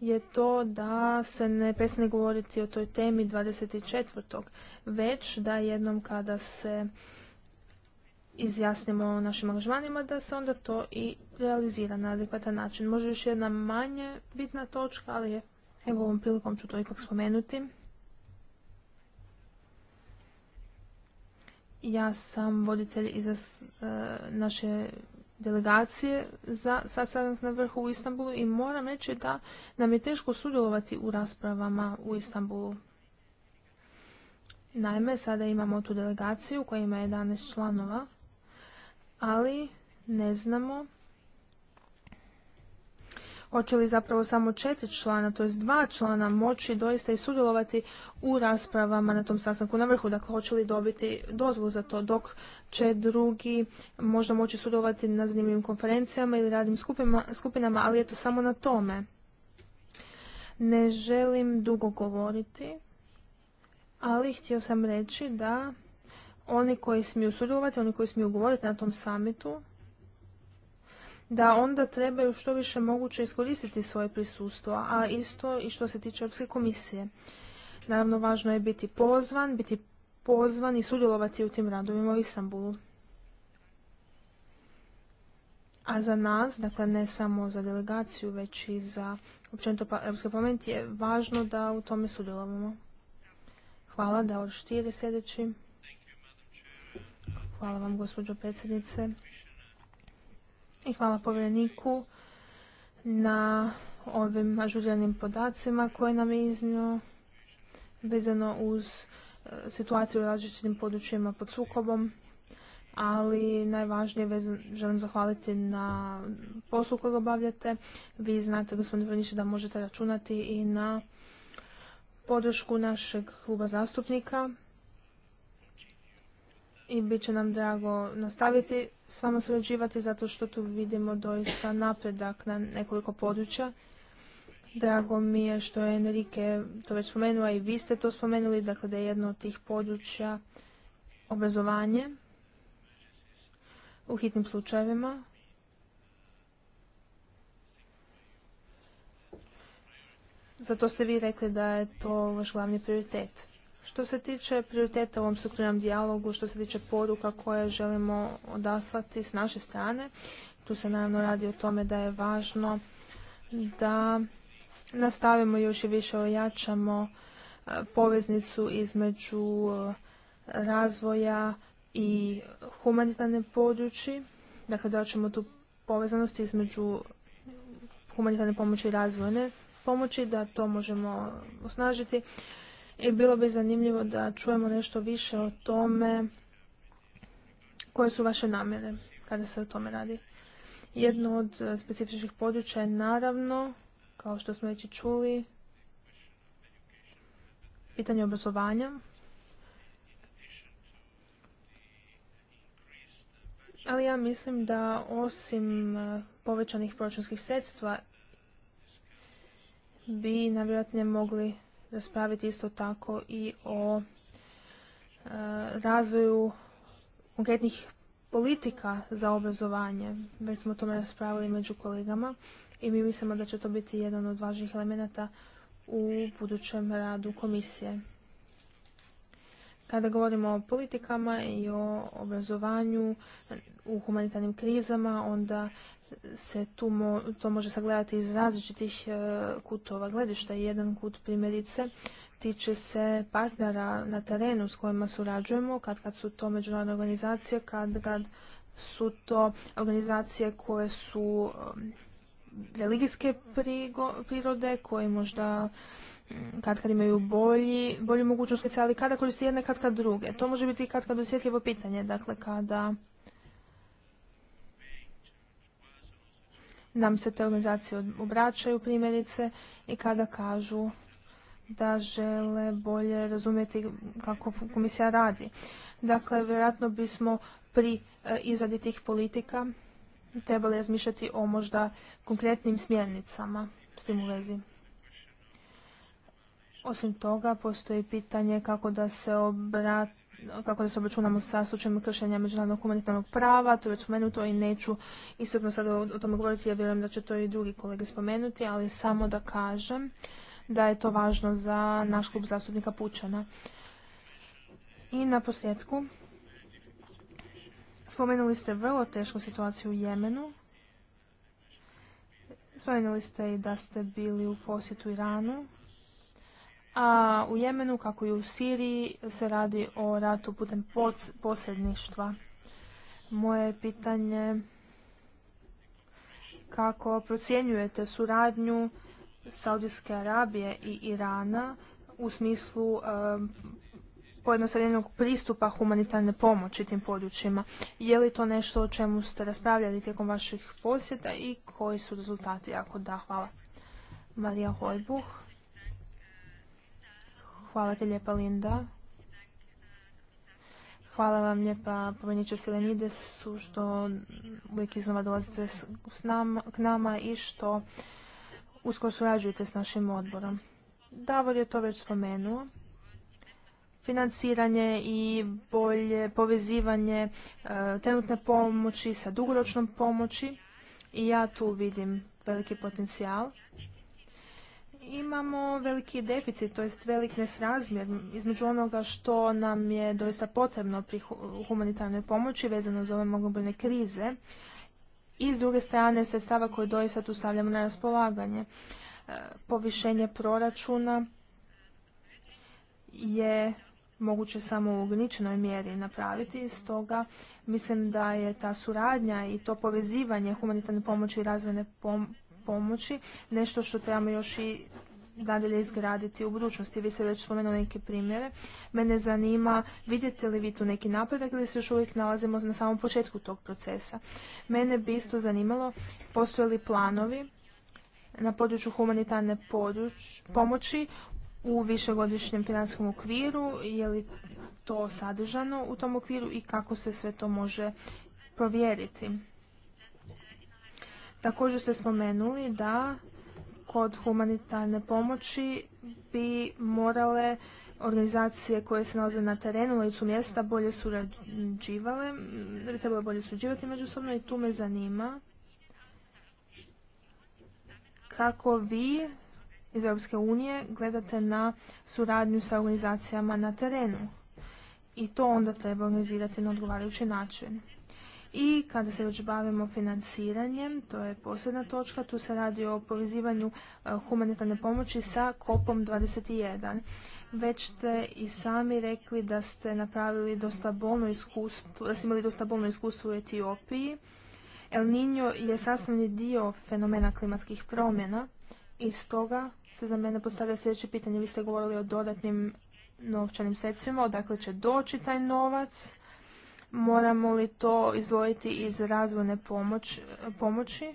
je to da se ne prestane govoriti o toj temi 24. već da jednom kada se izjasnimo o našim angažmanima, da se onda to i realizira na adekvatan način. Može još jedna manje bitna točka, ali je, evo ovom prilikom ću to ipak spomenuti. Ja sam voditelj iza e, naše delegacije za sastanak na vrhu u Istanbulu i moram reći da nam je teško sudjelovati u raspravama u Istanbulu. Naime, sada imamo tu delegaciju koja ima 11 članova ali ne znamo hoće li zapravo samo četiri člana, to jest dva člana, moći doista i sudjelovati u raspravama na tom sastanku na vrhu. Dakle, hoće li dobiti dozvolu za to, dok će drugi možda moći sudjelovati na zanimljivim konferencijama ili radnim skupinama, ali je to samo na tome. Ne želim dugo govoriti, ali htio sam reći da oni koji smiju sudjelovati, oni koji smiju govoriti na tom samitu, da onda trebaju što više moguće iskoristiti svoje prisustvo, a isto i što se tiče Europske komisije. Naravno, važno je biti pozvan, biti pozvan i sudjelovati u tim radovima u Istanbulu. A za nas, dakle ne samo za delegaciju, već i za općenito pa- Europski parlament je važno da u tome sudjelovamo. Hvala, da Stier je sljedeći. Hvala vam, gospođo predsjednice. I hvala povjereniku na ovim ažuriranim podacima koje nam je iznio vezano uz e, situaciju u različitim područjima pod sukobom, ali najvažnije želim zahvaliti na poslu koju obavljate. Vi znate, gospodine Vrniče, da možete računati i na podršku našeg kluba zastupnika i bit će nam drago nastaviti s vama surađivati zato što tu vidimo doista napredak na nekoliko područja. Drago mi je što je Enrique to već spomenuo, i vi ste to spomenuli, dakle da je jedno od tih područja obrazovanje u hitnim slučajevima. Zato ste vi rekli da je to vaš glavni prioritet. Što se tiče prioriteta u ovom strukturnom dijalogu, što se tiče poruka koje želimo odaslati s naše strane, tu se naravno radi o tome da je važno da nastavimo još i više ojačamo poveznicu između razvoja i humanitarne područje, dakle da ćemo tu povezanost između humanitarne pomoći i razvojne pomoći, da to možemo osnažiti i bilo bi zanimljivo da čujemo nešto više o tome koje su vaše namjere kada se o tome radi. Jedno od e, specifičnih područja je naravno, kao što smo već i čuli, pitanje obrazovanja. Ali ja mislim da osim e, povećanih proračunskih sredstva bi navjerojatnije mogli raspraviti isto tako i o e, razvoju konkretnih politika za obrazovanje. Već smo o tome raspravili među kolegama i mi mislimo da će to biti jedan od važnijih elemenata u budućem radu komisije. Kada govorimo o politikama i o obrazovanju u humanitarnim krizama, onda se tu mo, to može sagledati iz različitih e, kutova gledišta. Jedan kut primjerice tiče se partnera na terenu s kojima surađujemo, kad kad su to međunarodne organizacije, kad kad su to organizacije koje su e, religijske prirode, koje možda kad kad imaju bolji, bolju mogućnost utjecaja, ali kada koriste jedne, kad kad druge. To može biti kad kad osjetljivo pitanje, dakle kada nam se te organizacije obraćaju primjerice i kada kažu da žele bolje razumjeti kako komisija radi. Dakle, vjerojatno bismo pri e, izradi tih politika trebali razmišljati o možda konkretnim smjernicama s tim u vezi. Osim toga, postoji pitanje kako da se obrati kako da se obračunamo sa slučajem kršenja međunarodnog humanitarnog prava, to je već spomenuto i neću istupno sad o, tome govoriti, ja vjerujem da će to i drugi kolege spomenuti, ali samo da kažem da je to važno za naš klub zastupnika Pučana. I na posljedku, spomenuli ste vrlo tešku situaciju u Jemenu, spomenuli ste i da ste bili u posjetu Iranu, a u Jemenu, kako i u Siriji, se radi o ratu putem posredništva. Moje pitanje kako procjenjujete suradnju Saudijske Arabije i Irana u smislu pojednostavljenog pristupa humanitarne pomoći tim područjima. Je li to nešto o čemu ste raspravljali tijekom vaših posjeta i koji su rezultati? Ako da, hvala. Marija Hojbuh. Hvala ti lijepa, Linda. Hvala vam lijepa, pomeniče Selenidesu, što uvijek iznova dolazite s k nama i što uskoro surađujete s našim odborom. Davor je to već spomenuo. Financiranje i bolje povezivanje e, trenutne pomoći sa dugoročnom pomoći i ja tu vidim veliki potencijal imamo veliki deficit, to jest velik nesrazmjer između onoga što nam je doista potrebno pri humanitarnoj pomoći vezano za ove mogobilne krize i s druge strane sredstava koje doista tu stavljamo na raspolaganje. E, povišenje proračuna je moguće samo u ograničenoj mjeri napraviti. Stoga mislim da je ta suradnja i to povezivanje humanitarne pomoći i razvojne pomoći, nešto što trebamo još i nadalje izgraditi u budućnosti. Vi ste već spomenuli neke primjere. Mene zanima, vidite li vi tu neki napredak ili se još uvijek nalazimo na samom početku tog procesa? Mene bi isto zanimalo, postoje li planovi na području humanitarne pomoći u višegodišnjem financijskom okviru, je li to sadržano u tom okviru i kako se sve to može provjeriti. Također ste spomenuli da kod humanitarne pomoći bi morale organizacije koje se nalaze na terenu ili su mjesta bolje surađivale, da bi trebalo bolje surađivati međusobno i tu me zanima kako vi iz Europske unije gledate na suradnju sa organizacijama na terenu i to onda treba organizirati na odgovarajući način. I kada se već bavimo financiranjem, to je posljedna točka, tu se radi o povezivanju e, humanitarne pomoći sa kopom 21. Već ste i sami rekli da ste napravili dosta bolno iskustvo, da ste imali dosta bolno iskustvo u Etiopiji. El Niño je sastavni dio fenomena klimatskih promjena i stoga se za mene postavlja sljedeće pitanje. Vi ste govorili o dodatnim novčanim sredstvima, odakle će doći taj novac Moramo li to izdvojiti iz razvojne pomoći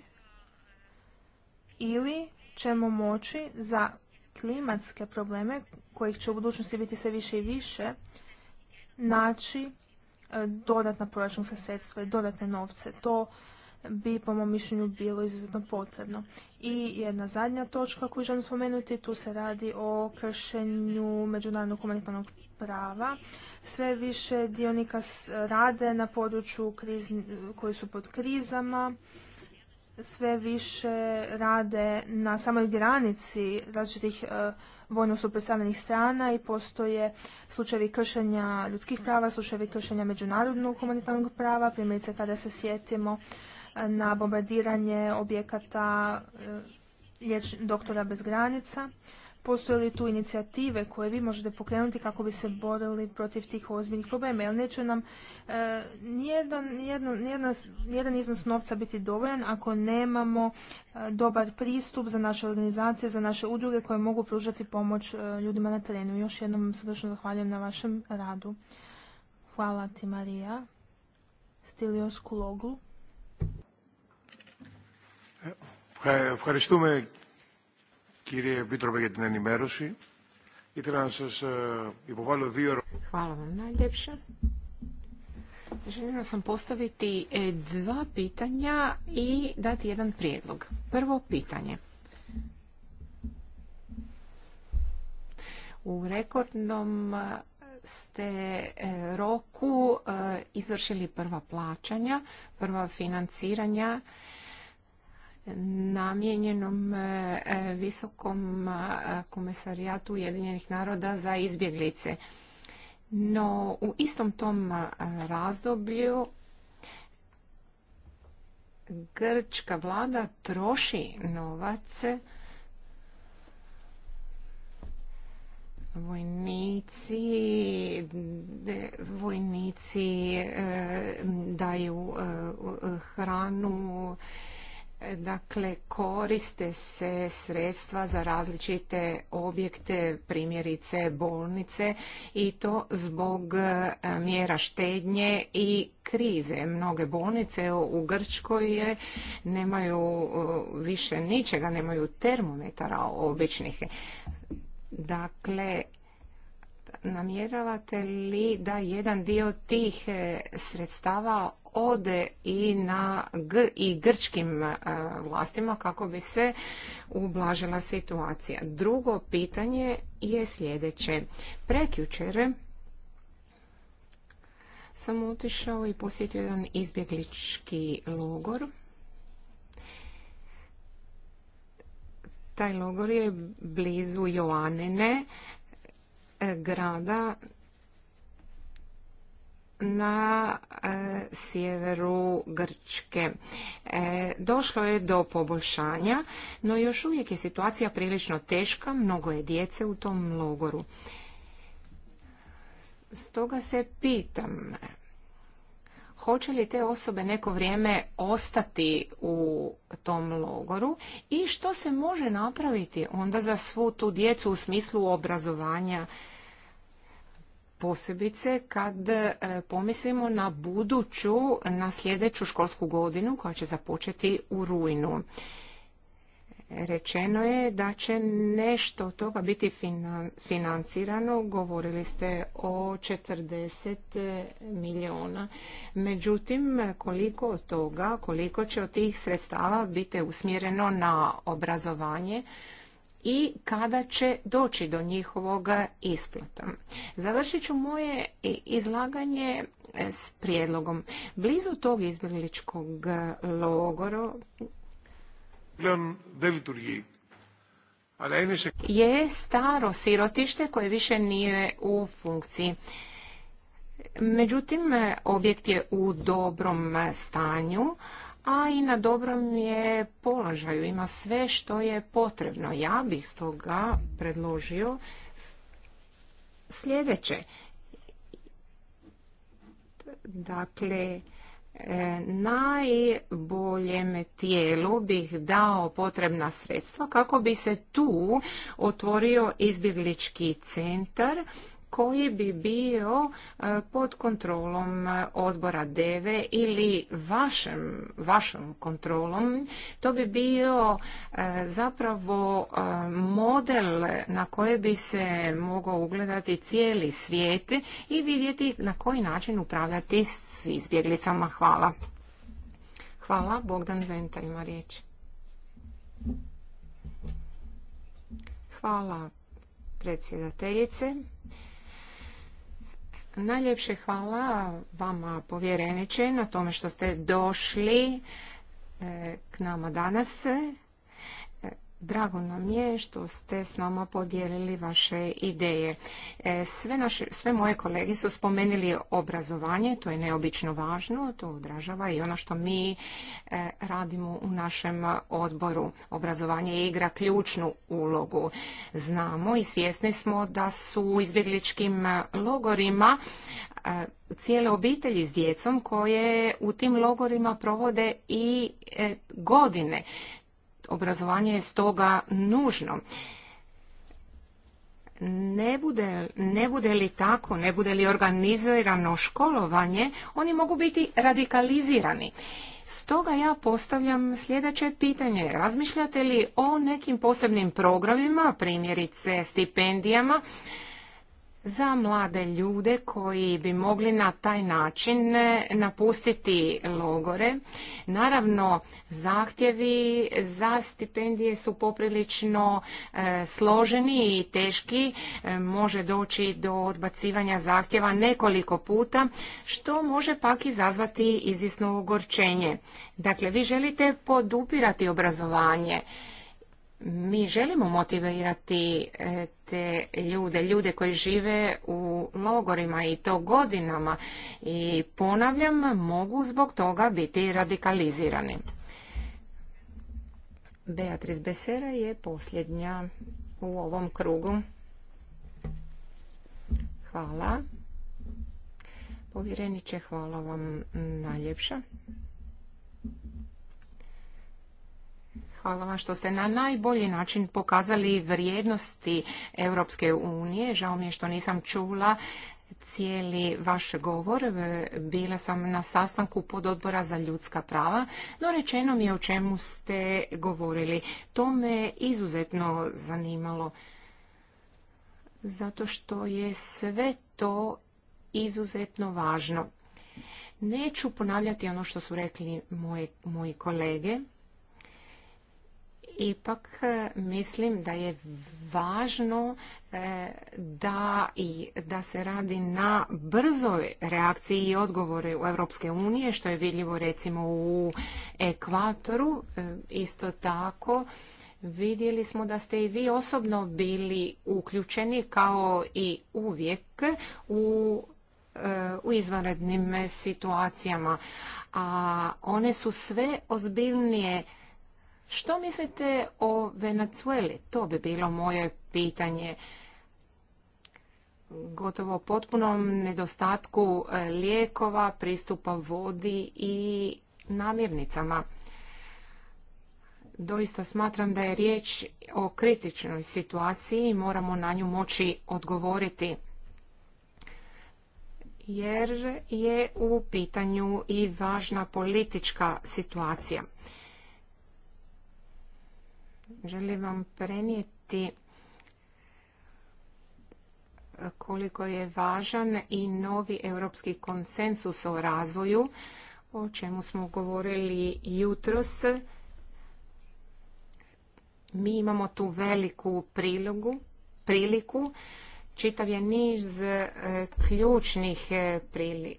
ili ćemo moći za klimatske probleme, kojih će u budućnosti biti sve više i više, naći e, dodatna proračunska sredstva i dodatne novce. To bi po mom mišljenju bilo izuzetno potrebno. I jedna zadnja točka koju želim spomenuti, tu se radi o kršenju međunarodnog humanitarnog prava. Sve više dionika rade na području koji su pod krizama, sve više rade na samoj granici različitih vojno e, vojno suprotstavljenih strana i postoje slučajevi kršenja ljudskih prava, slučajevi kršenja međunarodnog humanitarnog prava, primjerice kada se sjetimo e, na bombardiranje objekata e, doktora bez granica. Postoje li tu inicijative koje vi možete pokrenuti kako bi se borili protiv tih ozbiljnih problema? Jer neće nam e, nijedan, iznos novca biti dovoljan ako nemamo e, dobar pristup za naše organizacije, za naše udruge koje mogu pružati pomoć e, ljudima na terenu. Još jednom vam srdečno zahvaljujem na vašem radu. Hvala ti Marija. Stilios Kuloglu. Κύριε Επίτροπε για την ενημέρωση, ήθελα να σας υποβάλω δύο Hvala vam najljepše. Željela sam postaviti e, dva pitanja i dati jedan prijedlog. Prvo pitanje. U rekordnom e, ste e, roku izvršili prva plaćanja, prva financiranja namijenjenom e, e, visokom e, komesarijatu Ujedinjenih naroda za izbjeglice. No, u istom tom razdoblju grčka vlada troši novace. vojnici vojnici daju hranu Dakle, koriste se sredstva za različite objekte, primjerice bolnice i to zbog e, mjera štednje i krize. Mnoge bolnice u Grčkoj je, nemaju e, više ničega, nemaju termometara običnih. Dakle, namjeravate li da jedan dio tih e, sredstava ode i na i grčkim e, vlastima kako bi se ublažila situacija. Drugo pitanje je sljedeće. Prekjučer sam otišao i posjetio jedan izbjeglički logor. Taj logor je blizu Joanene, e, grada na e, sjeveru Grčke. E, došlo je do poboljšanja, no još uvijek je situacija prilično teška, mnogo je djece u tom logoru. Stoga se pitam, hoće li te osobe neko vrijeme ostati u tom logoru i što se može napraviti onda za svu tu djecu u smislu obrazovanja posebice kad e, pomislimo na buduću, na sljedeću školsku godinu koja će započeti u rujnu. Rečeno je da će nešto od toga biti financirano, govorili ste o 40 milijuna. Međutim, koliko od toga, koliko će od tih sredstava biti usmjereno na obrazovanje, i kada će doći do njihovog isplata. Završit ću moje izlaganje s prijedlogom. Blizu tog izbjegličkog logora je staro sirotište koje više nije u funkciji. Međutim, objekt je u dobrom stanju, a i na dobrom je položaju, ima sve što je potrebno. Ja bih stoga predložio sljedeće. Dakle, e, najboljem tijelu bih dao potrebna sredstva kako bi se tu otvorio izbjeglički centar koji bi bio e, pod kontrolom e, odbora DEVE ili vašem, vašom kontrolom. To bi bio e, zapravo model na koje bi se mogao ugledati cijeli svijet i vidjeti na koji način upravljati s izbjeglicama. Hvala. Hvala. Bogdan Venta ima riječ. Hvala predsjedateljice. Najljepše hvala vama povjereniče na tome što ste došli eh, k nama danas Drago nam je što ste s nama podijelili vaše ideje. E, sve, naše, sve moje kolege su spomenuli obrazovanje, to je neobično važno, to odražava i ono što mi e, radimo u našem odboru. Obrazovanje igra ključnu ulogu. Znamo i svjesni smo da su u izbjegličkim logorima e, cijele obitelji s djecom koje u tim logorima provode i godine obrazovanje je stoga nužno. Ne bude, ne bude li tako, ne bude li organizirano školovanje, oni mogu biti radikalizirani. Stoga ja postavljam sljedeće pitanje. Razmišljate li o nekim posebnim programima, primjerice stipendijama, za mlade ljude koji bi mogli na taj način e, napustiti logore. Naravno, zahtjevi za stipendije su poprilično e, složeni i teški. E, može doći do odbacivanja zahtjeva nekoliko puta, što može pak izazvati izisno ogorčenje. Dakle, vi želite podupirati obrazovanje mi želimo motivirati e, te ljude, ljude koji žive u logorima i to godinama i ponavljam, mogu zbog toga biti radikalizirani. Beatriz Besera je posljednja u ovom krugu. Hvala. Povjereniče, hvala vam najljepša. Hvala vam što ste na najbolji način pokazali vrijednosti Europske unije. Žao mi je što nisam čula cijeli vaš govor. Bila sam na sastanku pod odbora za ljudska prava, no rečeno mi je o čemu ste govorili. To me izuzetno zanimalo, zato što je sve to izuzetno važno. Neću ponavljati ono što su rekli moji kolege, ipak e, mislim da je važno e, da, i, da se radi na brzoj reakciji i odgovore u Europske unije, što je vidljivo recimo u ekvatoru. E, isto tako, Vidjeli smo da ste i vi osobno bili uključeni kao i uvijek u, u izvanrednim situacijama, a one su sve ozbiljnije što mislite o Venezueli? To bi bilo moje pitanje gotovo potpunom nedostatku e, lijekova, pristupa vodi i namirnicama. Doista smatram da je riječ o kritičnoj situaciji i moramo na nju moći odgovoriti. Jer je u pitanju i važna politička situacija. Želim vam prenijeti koliko je važan i novi europski konsensus o razvoju, o čemu smo govorili jutros. Mi imamo tu veliku prilogu, priliku, čitav je niz e, ključnih e, prili,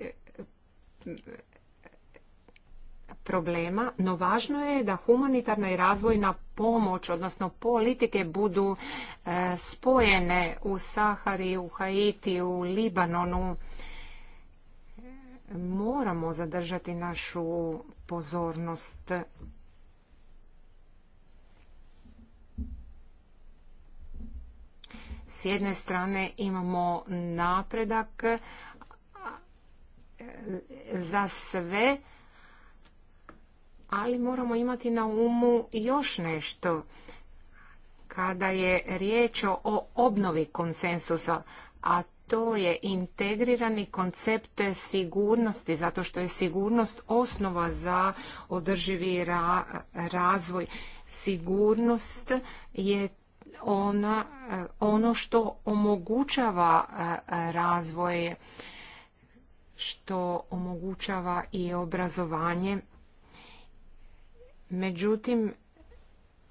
problema, no važno je da humanitarna i razvojna pomoć, odnosno politike budu e, spojene u Sahari, u Haiti, u Libanonu. Moramo zadržati našu pozornost s jedne strane imamo napredak e, za sve ali moramo imati na umu još nešto kada je riječ o obnovi konsensusa, a to je integrirani koncept sigurnosti, zato što je sigurnost osnova za održivi razvoj. Sigurnost je ona, ono što omogućava e, razvoj, što omogućava i obrazovanje Međutim,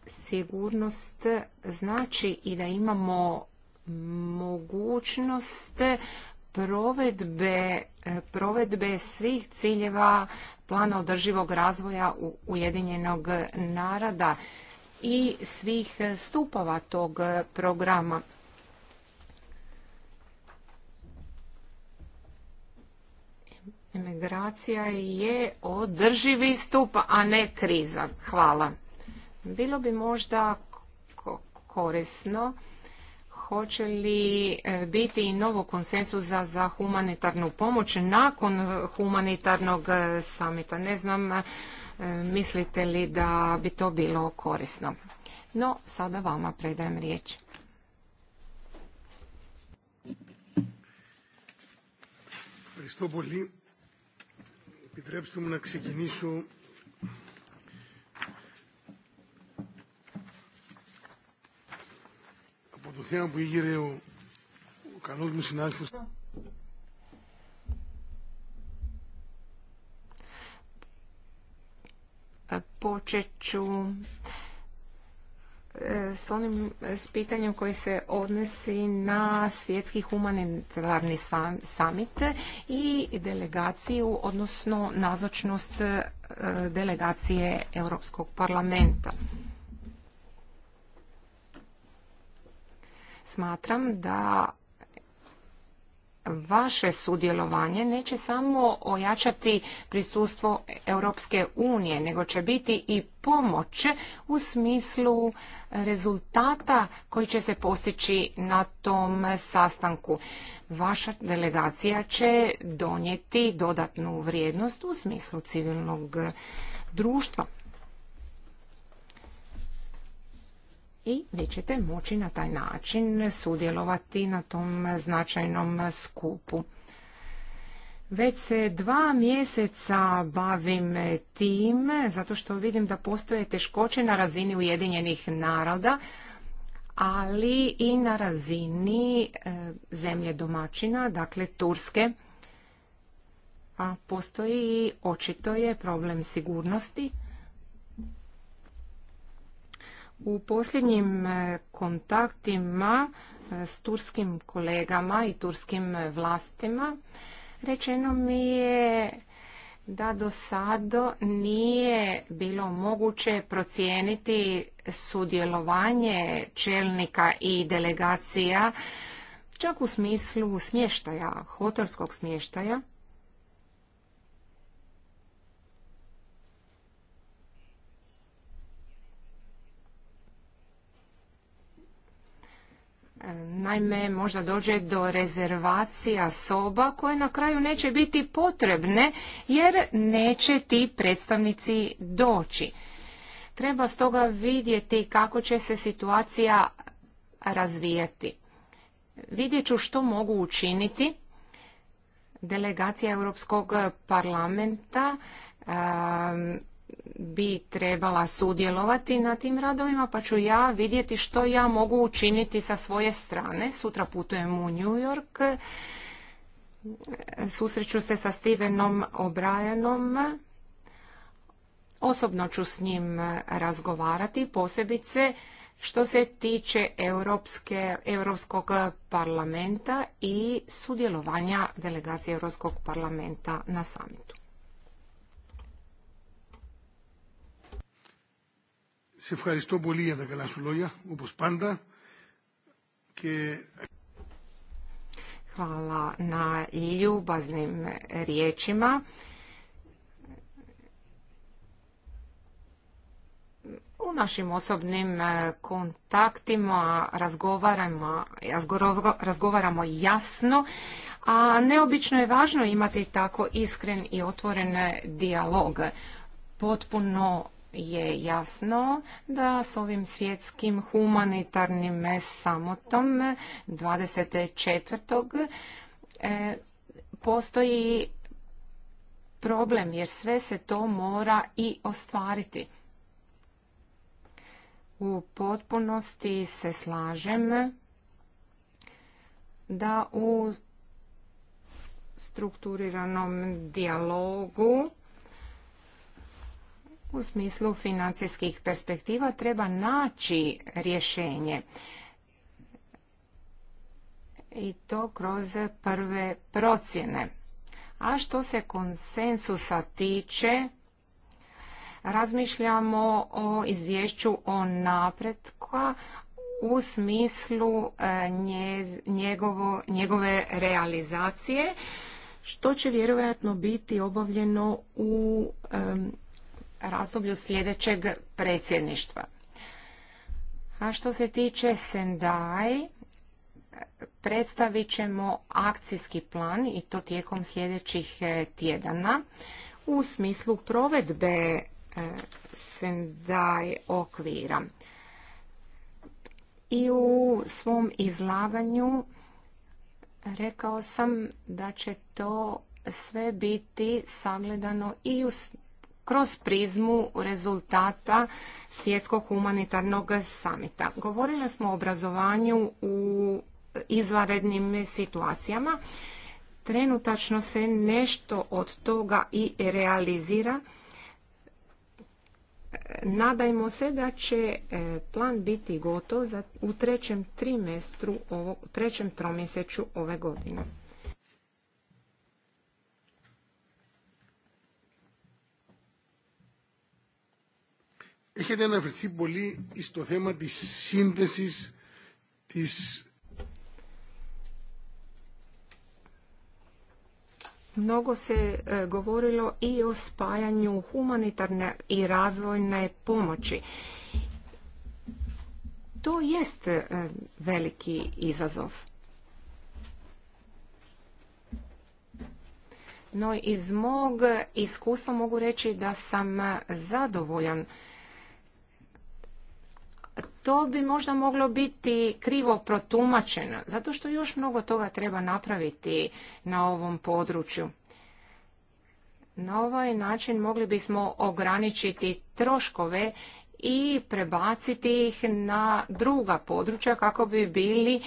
sigurnost znači i da imamo mogućnost provedbe, provedbe svih ciljeva plana održivog razvoja Ujedinjenog narada i svih stupova tog programa. Migracija je održivi stup, a ne kriza. Hvala. Bilo bi možda korisno hoće li e, biti i novo konsensus za humanitarnu pomoć nakon humanitarnog e, samita. Ne znam, e, mislite li da bi to bilo korisno. No, sada vama predajem riječ. Επιτρέψτε μου να ξεκινήσω από το θέμα που ήγερε ο, ο καλός μου συνάδελφος. Počet ću s onim s pitanjem koji se odnosi na svjetski humanitarni summit i delegaciju, odnosno nazočnost e, delegacije Europskog parlamenta. Smatram da vaše sudjelovanje neće samo ojačati prisustvo Europske unije, nego će biti i pomoć u smislu rezultata koji će se postići na tom sastanku. Vaša delegacija će donijeti dodatnu vrijednost u smislu civilnog društva. i vi ćete moći na taj način sudjelovati na tom značajnom skupu. Već se dva mjeseca bavim tim, zato što vidim da postoje teškoće na razini Ujedinjenih naroda, ali i na razini e, zemlje domaćina, dakle Turske. A postoji očito je problem sigurnosti u posljednjim e, kontaktima e, s turskim kolegama i turskim vlastima rečeno mi je da do sada nije bilo moguće procijeniti sudjelovanje čelnika i delegacija čak u smislu smještaja, hotelskog smještaja. Naime, možda dođe do rezervacija soba koje na kraju neće biti potrebne jer neće ti predstavnici doći. Treba stoga vidjeti kako će se situacija razvijati. Vidjet ću što mogu učiniti. Delegacija Europskog parlamenta bi trebala sudjelovati na tim radovima, pa ću ja vidjeti što ja mogu učiniti sa svoje strane. Sutra putujem u New York, susreću se sa Stevenom O'Brienom, osobno ću s njim razgovarati, posebice što se tiče Europske, Europskog parlamenta i sudjelovanja delegacije Europskog parlamenta na samitu. Σε ευχαριστώ πολύ για τα καλά σου λόγια, Hvala na ljubaznim riječima. U našim osobnim e, kontaktima razgovaramo, razgovaramo jasno, a neobično je važno imati tako iskren i otvoren dijalog. Potpuno je jasno da s ovim svjetskim humanitarnim samotom 24. E, postoji problem jer sve se to mora i ostvariti. U potpunosti se slažem da u strukturiranom dijalogu u smislu financijskih perspektiva treba naći rješenje i to kroz prve procjene. A što se konsensusa tiče, razmišljamo o izvješću o napretku u smislu e, njegove realizacije, što će vjerojatno biti obavljeno u razdoblju sljedećeg predsjedništva. A što se tiče Sendai, predstavit ćemo akcijski plan i to tijekom sljedećih e, tjedana u smislu provedbe e, Sendai okvira. I u svom izlaganju rekao sam da će to sve biti sagledano i u kroz prizmu rezultata svjetskog humanitarnog samita. Govorili smo o obrazovanju u izvanrednim situacijama. Trenutačno se nešto od toga i realizira. Nadajmo se da će e, plan biti gotov u trećem trimestru, u trećem tromjeseću ove godine. Έχετε αναφερθεί πολύ στο θέμα της Mnogo se e, govorilo i o spajanju humanitarne i razvojne pomoći. To jest e, veliki izazov. No iz mog iskustva mogu reći da sam e, zadovoljan to bi možda moglo biti krivo protumačeno, zato što još mnogo toga treba napraviti na ovom području. Na ovaj način mogli bismo ograničiti troškove i prebaciti ih na druga područja kako bi bili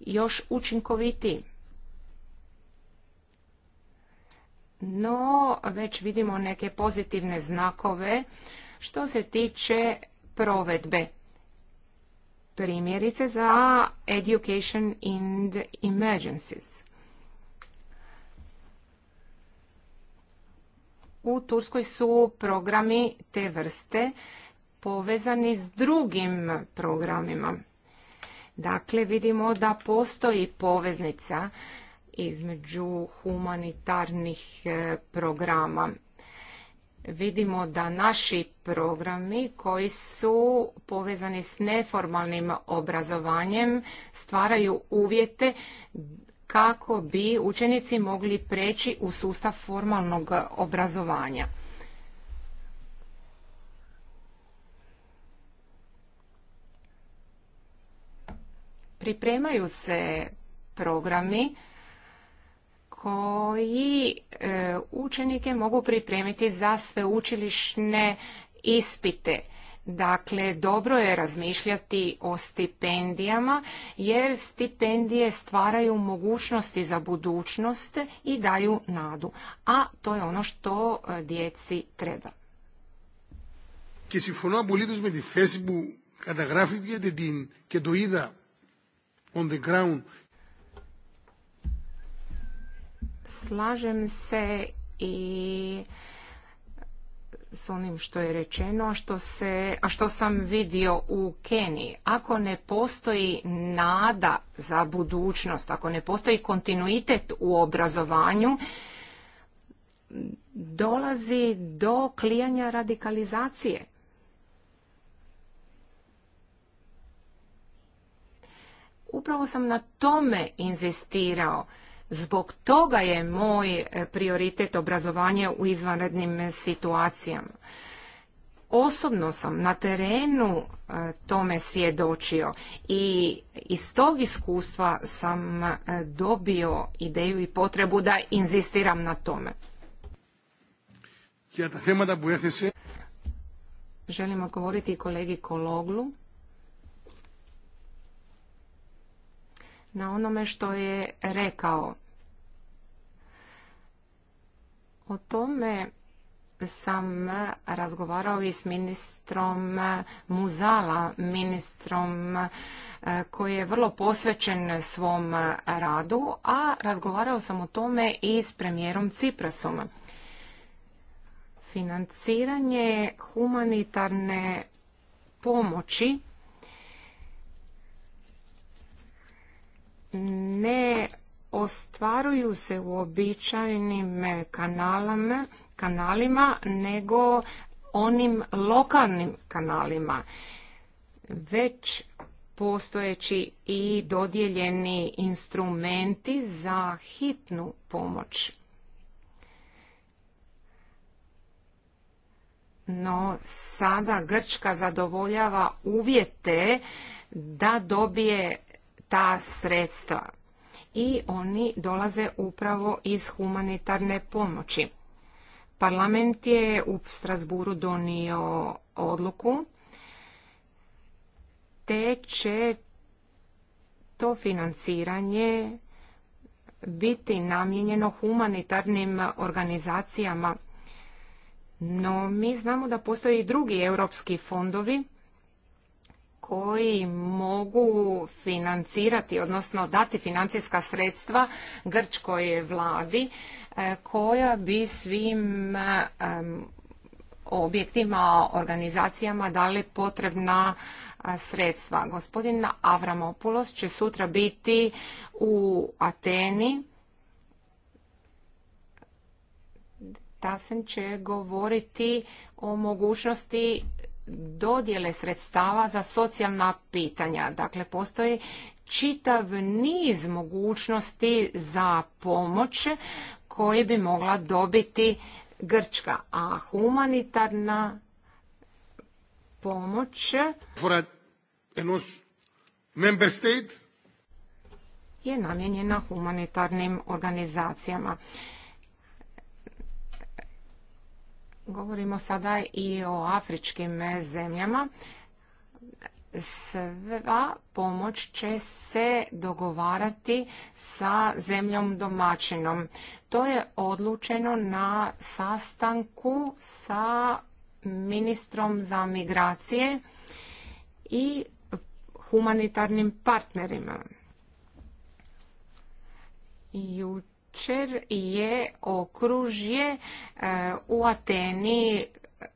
još učinkovitiji. No, već vidimo neke pozitivne znakove što se tiče provedbe primjerice za Education in the Emergencies. U Turskoj su programi te vrste povezani s drugim programima. Dakle, vidimo da postoji poveznica između humanitarnih eh, programa vidimo da naši programi koji su povezani s neformalnim obrazovanjem stvaraju uvjete kako bi učenici mogli preći u sustav formalnog obrazovanja. Pripremaju se programi koji e, učenike mogu pripremiti za sve učilišne ispite. Dakle, dobro je razmišljati o stipendijama jer stipendije stvaraju mogućnosti za budućnost i daju nadu. A to je ono što e, djeci treba. Και συμφωνώ απολύτω με τη θέση που καταγράφηκε και on the ground Slažem se i s onim što je rečeno, a što, se, a što sam vidio u Keniji. Ako ne postoji nada za budućnost, ako ne postoji kontinuitet u obrazovanju, dolazi do klijanja radikalizacije. Upravo sam na tome inzistirao Zbog toga je moj e, prioritet obrazovanje u izvanrednim situacijama. Osobno sam na terenu e, tome svjedočio i iz tog iskustva sam e, dobio ideju i potrebu da inzistiram na tome. Želim odgovoriti kolegi Kologlu. na onome što je rekao. O tome sam razgovarao i s ministrom Muzala, ministrom e, koji je vrlo posvećen svom radu, a razgovarao sam o tome i s premijerom Ciprasom. Financiranje humanitarne pomoći ne ostvaruju se uobičajenim običajnim eh, kanalima, nego onim lokalnim kanalima. Već postojeći i dodijeljeni instrumenti za hitnu pomoć. No, sada Grčka zadovoljava uvjete da dobije ta sredstva i oni dolaze upravo iz humanitarne pomoći. Parlament je u Strasburu donio odluku te će to financiranje biti namijenjeno humanitarnim organizacijama. No mi znamo da postoje i drugi europski fondovi koji mogu financirati, odnosno dati financijska sredstva grčkoj vladi e, koja bi svim objektima, organizacijama dali potrebna sredstva. Gospodin Avramopoulos će sutra biti u Ateni. Tasen će govoriti o mogućnosti dodjele sredstava za socijalna pitanja. Dakle, postoji čitav niz mogućnosti za pomoć koje bi mogla dobiti Grčka, a humanitarna pomoć je namijenjena humanitarnim organizacijama. Govorimo sada i o afričkim zemljama. Sva pomoć će se dogovarati sa zemljom domaćinom. To je odlučeno na sastanku sa ministrom za migracije i humanitarnim partnerima. Jučer je okružje eh, u Ateni eh,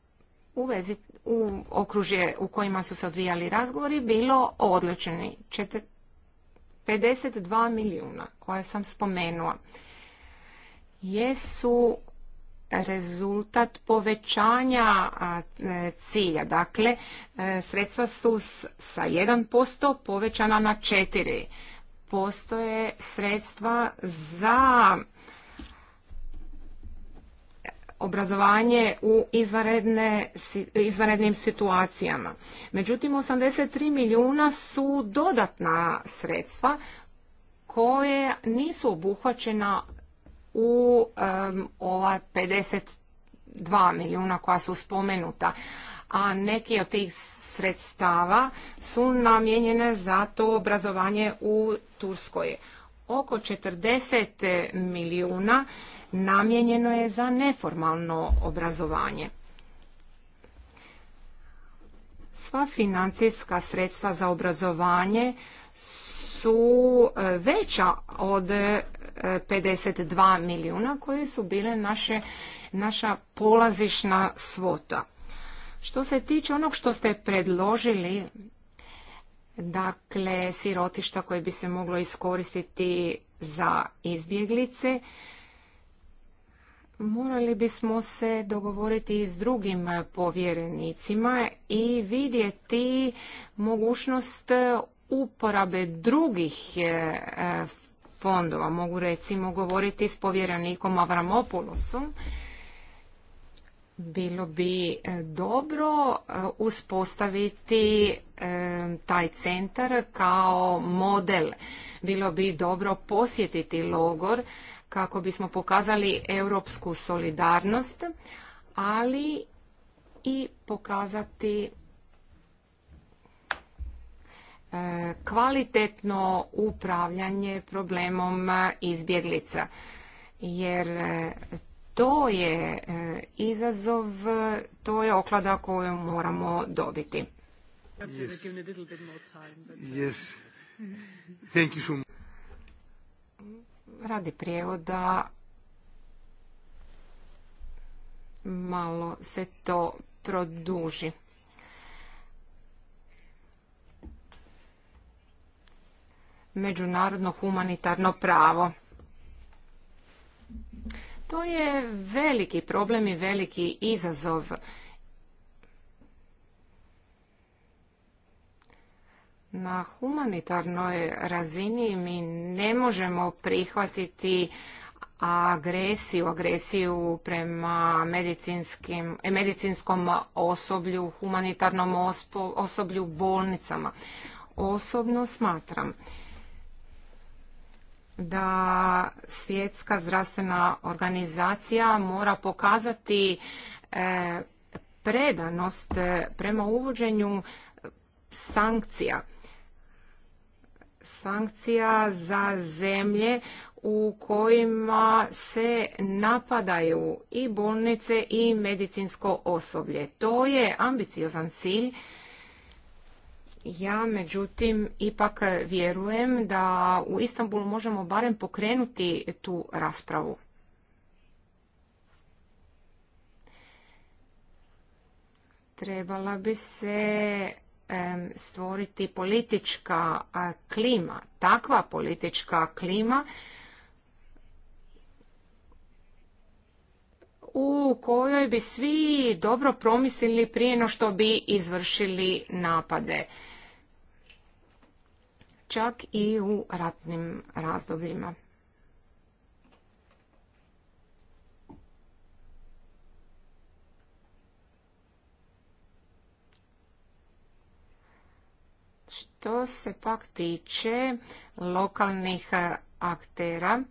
u vezi u okružje u kojima su se odvijali razgovori bilo odlični 52 milijuna koje sam spomenula jesu rezultat povećanja eh, cilja. Dakle, sredstva su sa 1% povećana na 4% postoje sredstva za obrazovanje u izvanredne, izvanrednim situacijama. Međutim, 83 milijuna su dodatna sredstva koje nisu obuhvaćena u um, ova 52 milijuna koja su spomenuta, a neki od tih sredstava su namjenjene za to obrazovanje u Turskoj. Oko 40 milijuna namijenjeno je za neformalno obrazovanje. Sva financijska sredstva za obrazovanje su e, veća od 52 e, milijuna koje su bile naša polazišna svota. Što se tiče onog što ste predložili, dakle sirotišta koje bi se moglo iskoristiti za izbjeglice, morali bismo se dogovoriti s drugim povjerenicima i vidjeti mogućnost uporabe drugih e, fondova. Mogu recimo govoriti s povjerenikom Avramopulosom bilo bi e, dobro e, uspostaviti e, taj centar kao model. Bilo bi dobro posjetiti logor kako bismo pokazali europsku solidarnost, ali i pokazati kvalitetno upravljanje problemom izbjeglica jer to je e, izazov, to je oklada koju moramo dobiti. Uh, Radi prijevoda malo se to produži. Međunarodno humanitarno pravo. To je veliki problem i veliki izazov. Na humanitarnoj razini mi ne možemo prihvatiti agresiju, agresiju prema e, medicinskom osoblju, humanitarnom osoblju, bolnicama. Osobno smatram da svjetska zdravstvena organizacija mora pokazati e, predanost e, prema uvođenju sankcija sankcija za zemlje u kojima se napadaju i bolnice i medicinsko osoblje. To je ambiciozan cilj ja međutim ipak vjerujem da u Istanbulu možemo barem pokrenuti tu raspravu. Trebala bi se stvoriti politička klima, takva politička klima u kojoj bi svi dobro promislili prije no što bi izvršili napade čak i u ratnim razdobljima. Što se pak tiče lokalnih aktera,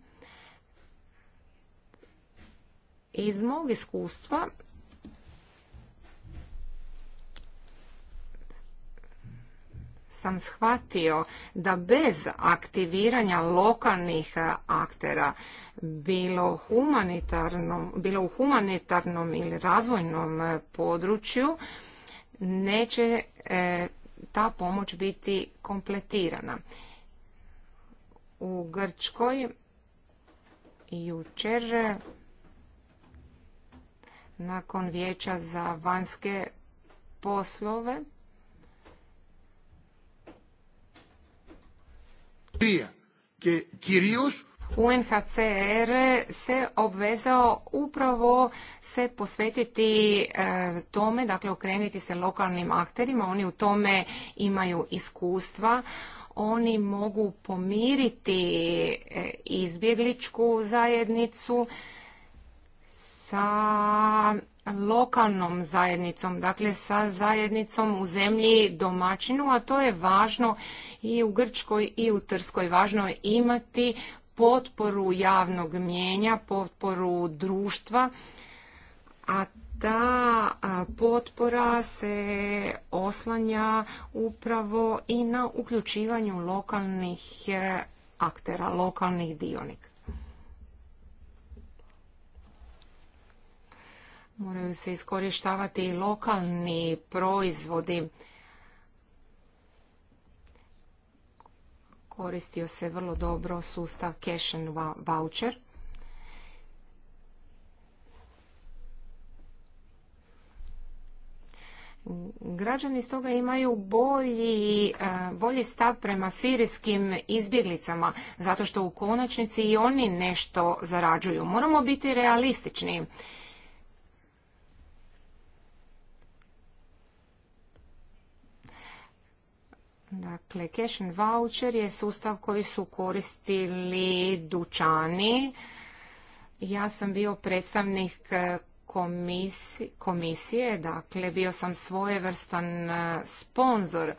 iz mog iskustva sam shvatio da bez aktiviranja lokalnih aktera, bilo, humanitarnom, bilo u humanitarnom ili razvojnom e, području, neće e, ta pomoć biti kompletirana. U Grčkoj jučer e, nakon vijeća za vanjske poslove και κυρίως UNHCR se obvezao upravo se posvetiti e, tome, dakle okrenuti se lokalnim akterima, oni u tome imaju iskustva, oni mogu pomiriti e, izbjegličku zajednicu sa lokalnom zajednicom, dakle sa zajednicom u zemlji domaćinu, a to je važno i u Grčkoj i u Trskoj. Važno je imati potporu javnog mijenja, potporu društva, a ta potpora se oslanja upravo i na uključivanju lokalnih e, aktera, lokalnih dionika. moraju se iskorištavati i lokalni proizvodi. Koristio se vrlo dobro sustav cash and voucher. Građani stoga imaju bolji, e, bolji stav prema sirijskim izbjeglicama, zato što u konačnici i oni nešto zarađuju. Moramo biti realistični. Dakle, cash and voucher je sustav koji su koristili dućani. Ja sam bio predstavnik eh, komisije, komisije dakle, bio sam svojevrstan eh, sponzor.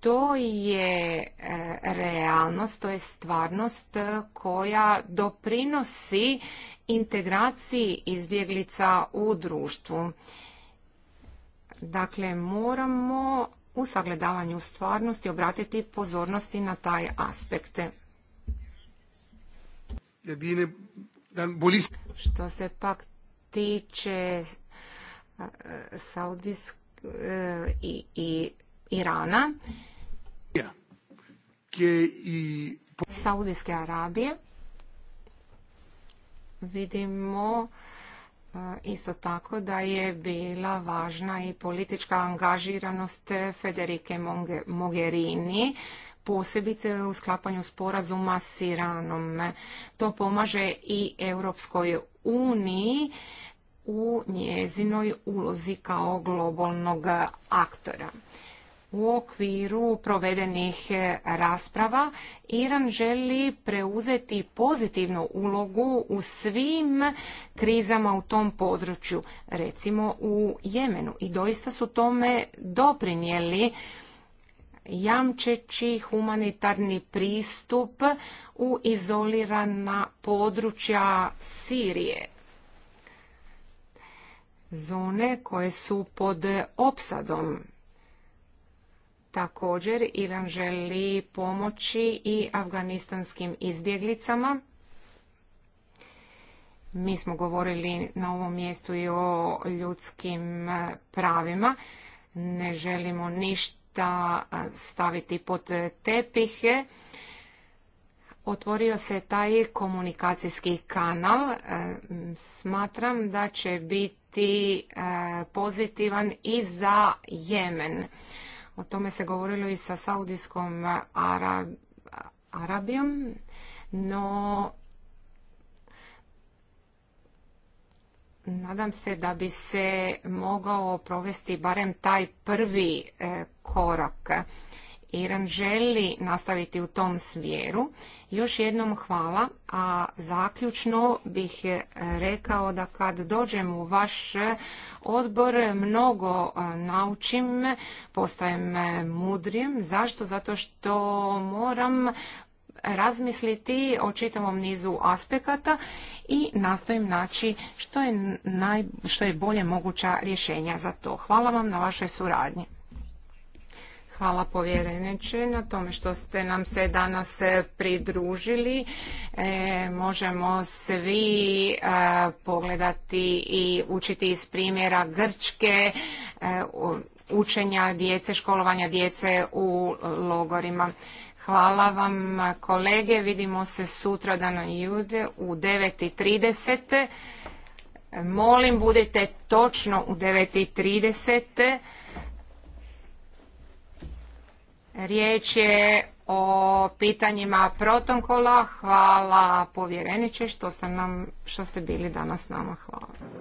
To je eh, realnost, to je stvarnost koja doprinosi integraciji izbjeglica u društvu. Dakle, moramo u sagledavanju stvarnosti obratiti pozornosti na taj aspekte. Što se pak tiče e, Saudijsk e, i, i Irana, Saudijske Arabije, vidimo isto tako da je bila važna i politička angažiranost Federike Mogherini, posebice u sklapanju sporazuma s Iranom. To pomaže i Europskoj uniji u njezinoj ulozi kao globalnog aktora. U okviru provedenih e, rasprava Iran želi preuzeti pozitivnu ulogu u svim krizama u tom području, recimo u Jemenu. I doista su tome doprinijeli jamčeći humanitarni pristup u izolirana područja Sirije. Zone koje su pod opsadom Također, Iran želi pomoći i afganistanskim izbjeglicama. Mi smo govorili na ovom mjestu i o ljudskim pravima. Ne želimo ništa staviti pod tepihe. Otvorio se taj komunikacijski kanal. Smatram da će biti e, pozitivan i za Jemen. O tome se govorilo i sa Saudijskom Arabijom, no nadam se da bi se mogao provesti barem taj prvi e, korak Iran želi nastaviti u tom smjeru. Još jednom hvala, a zaključno bih rekao da kad dođem u vaš odbor mnogo e, naučim, postajem e, mudrijem. Zašto? Zato što moram razmisliti o čitavom nizu aspekata i nastojim naći što je, što je bolje moguća rješenja za to. Hvala vam na vašoj suradnji. Hvala povjereniče na tome što ste nam se danas e, pridružili. E, možemo svi e, pogledati i učiti iz primjera Grčke, učenja djece, školovanja djece u logorima. Hvala vam kolege, vidimo se sutra dana jude u 9.30. Molim, budite točno u 9.30 Riječ je o pitanjima protokola. Hvala povjereniče što ste, nam, što ste bili danas s nama. Hvala.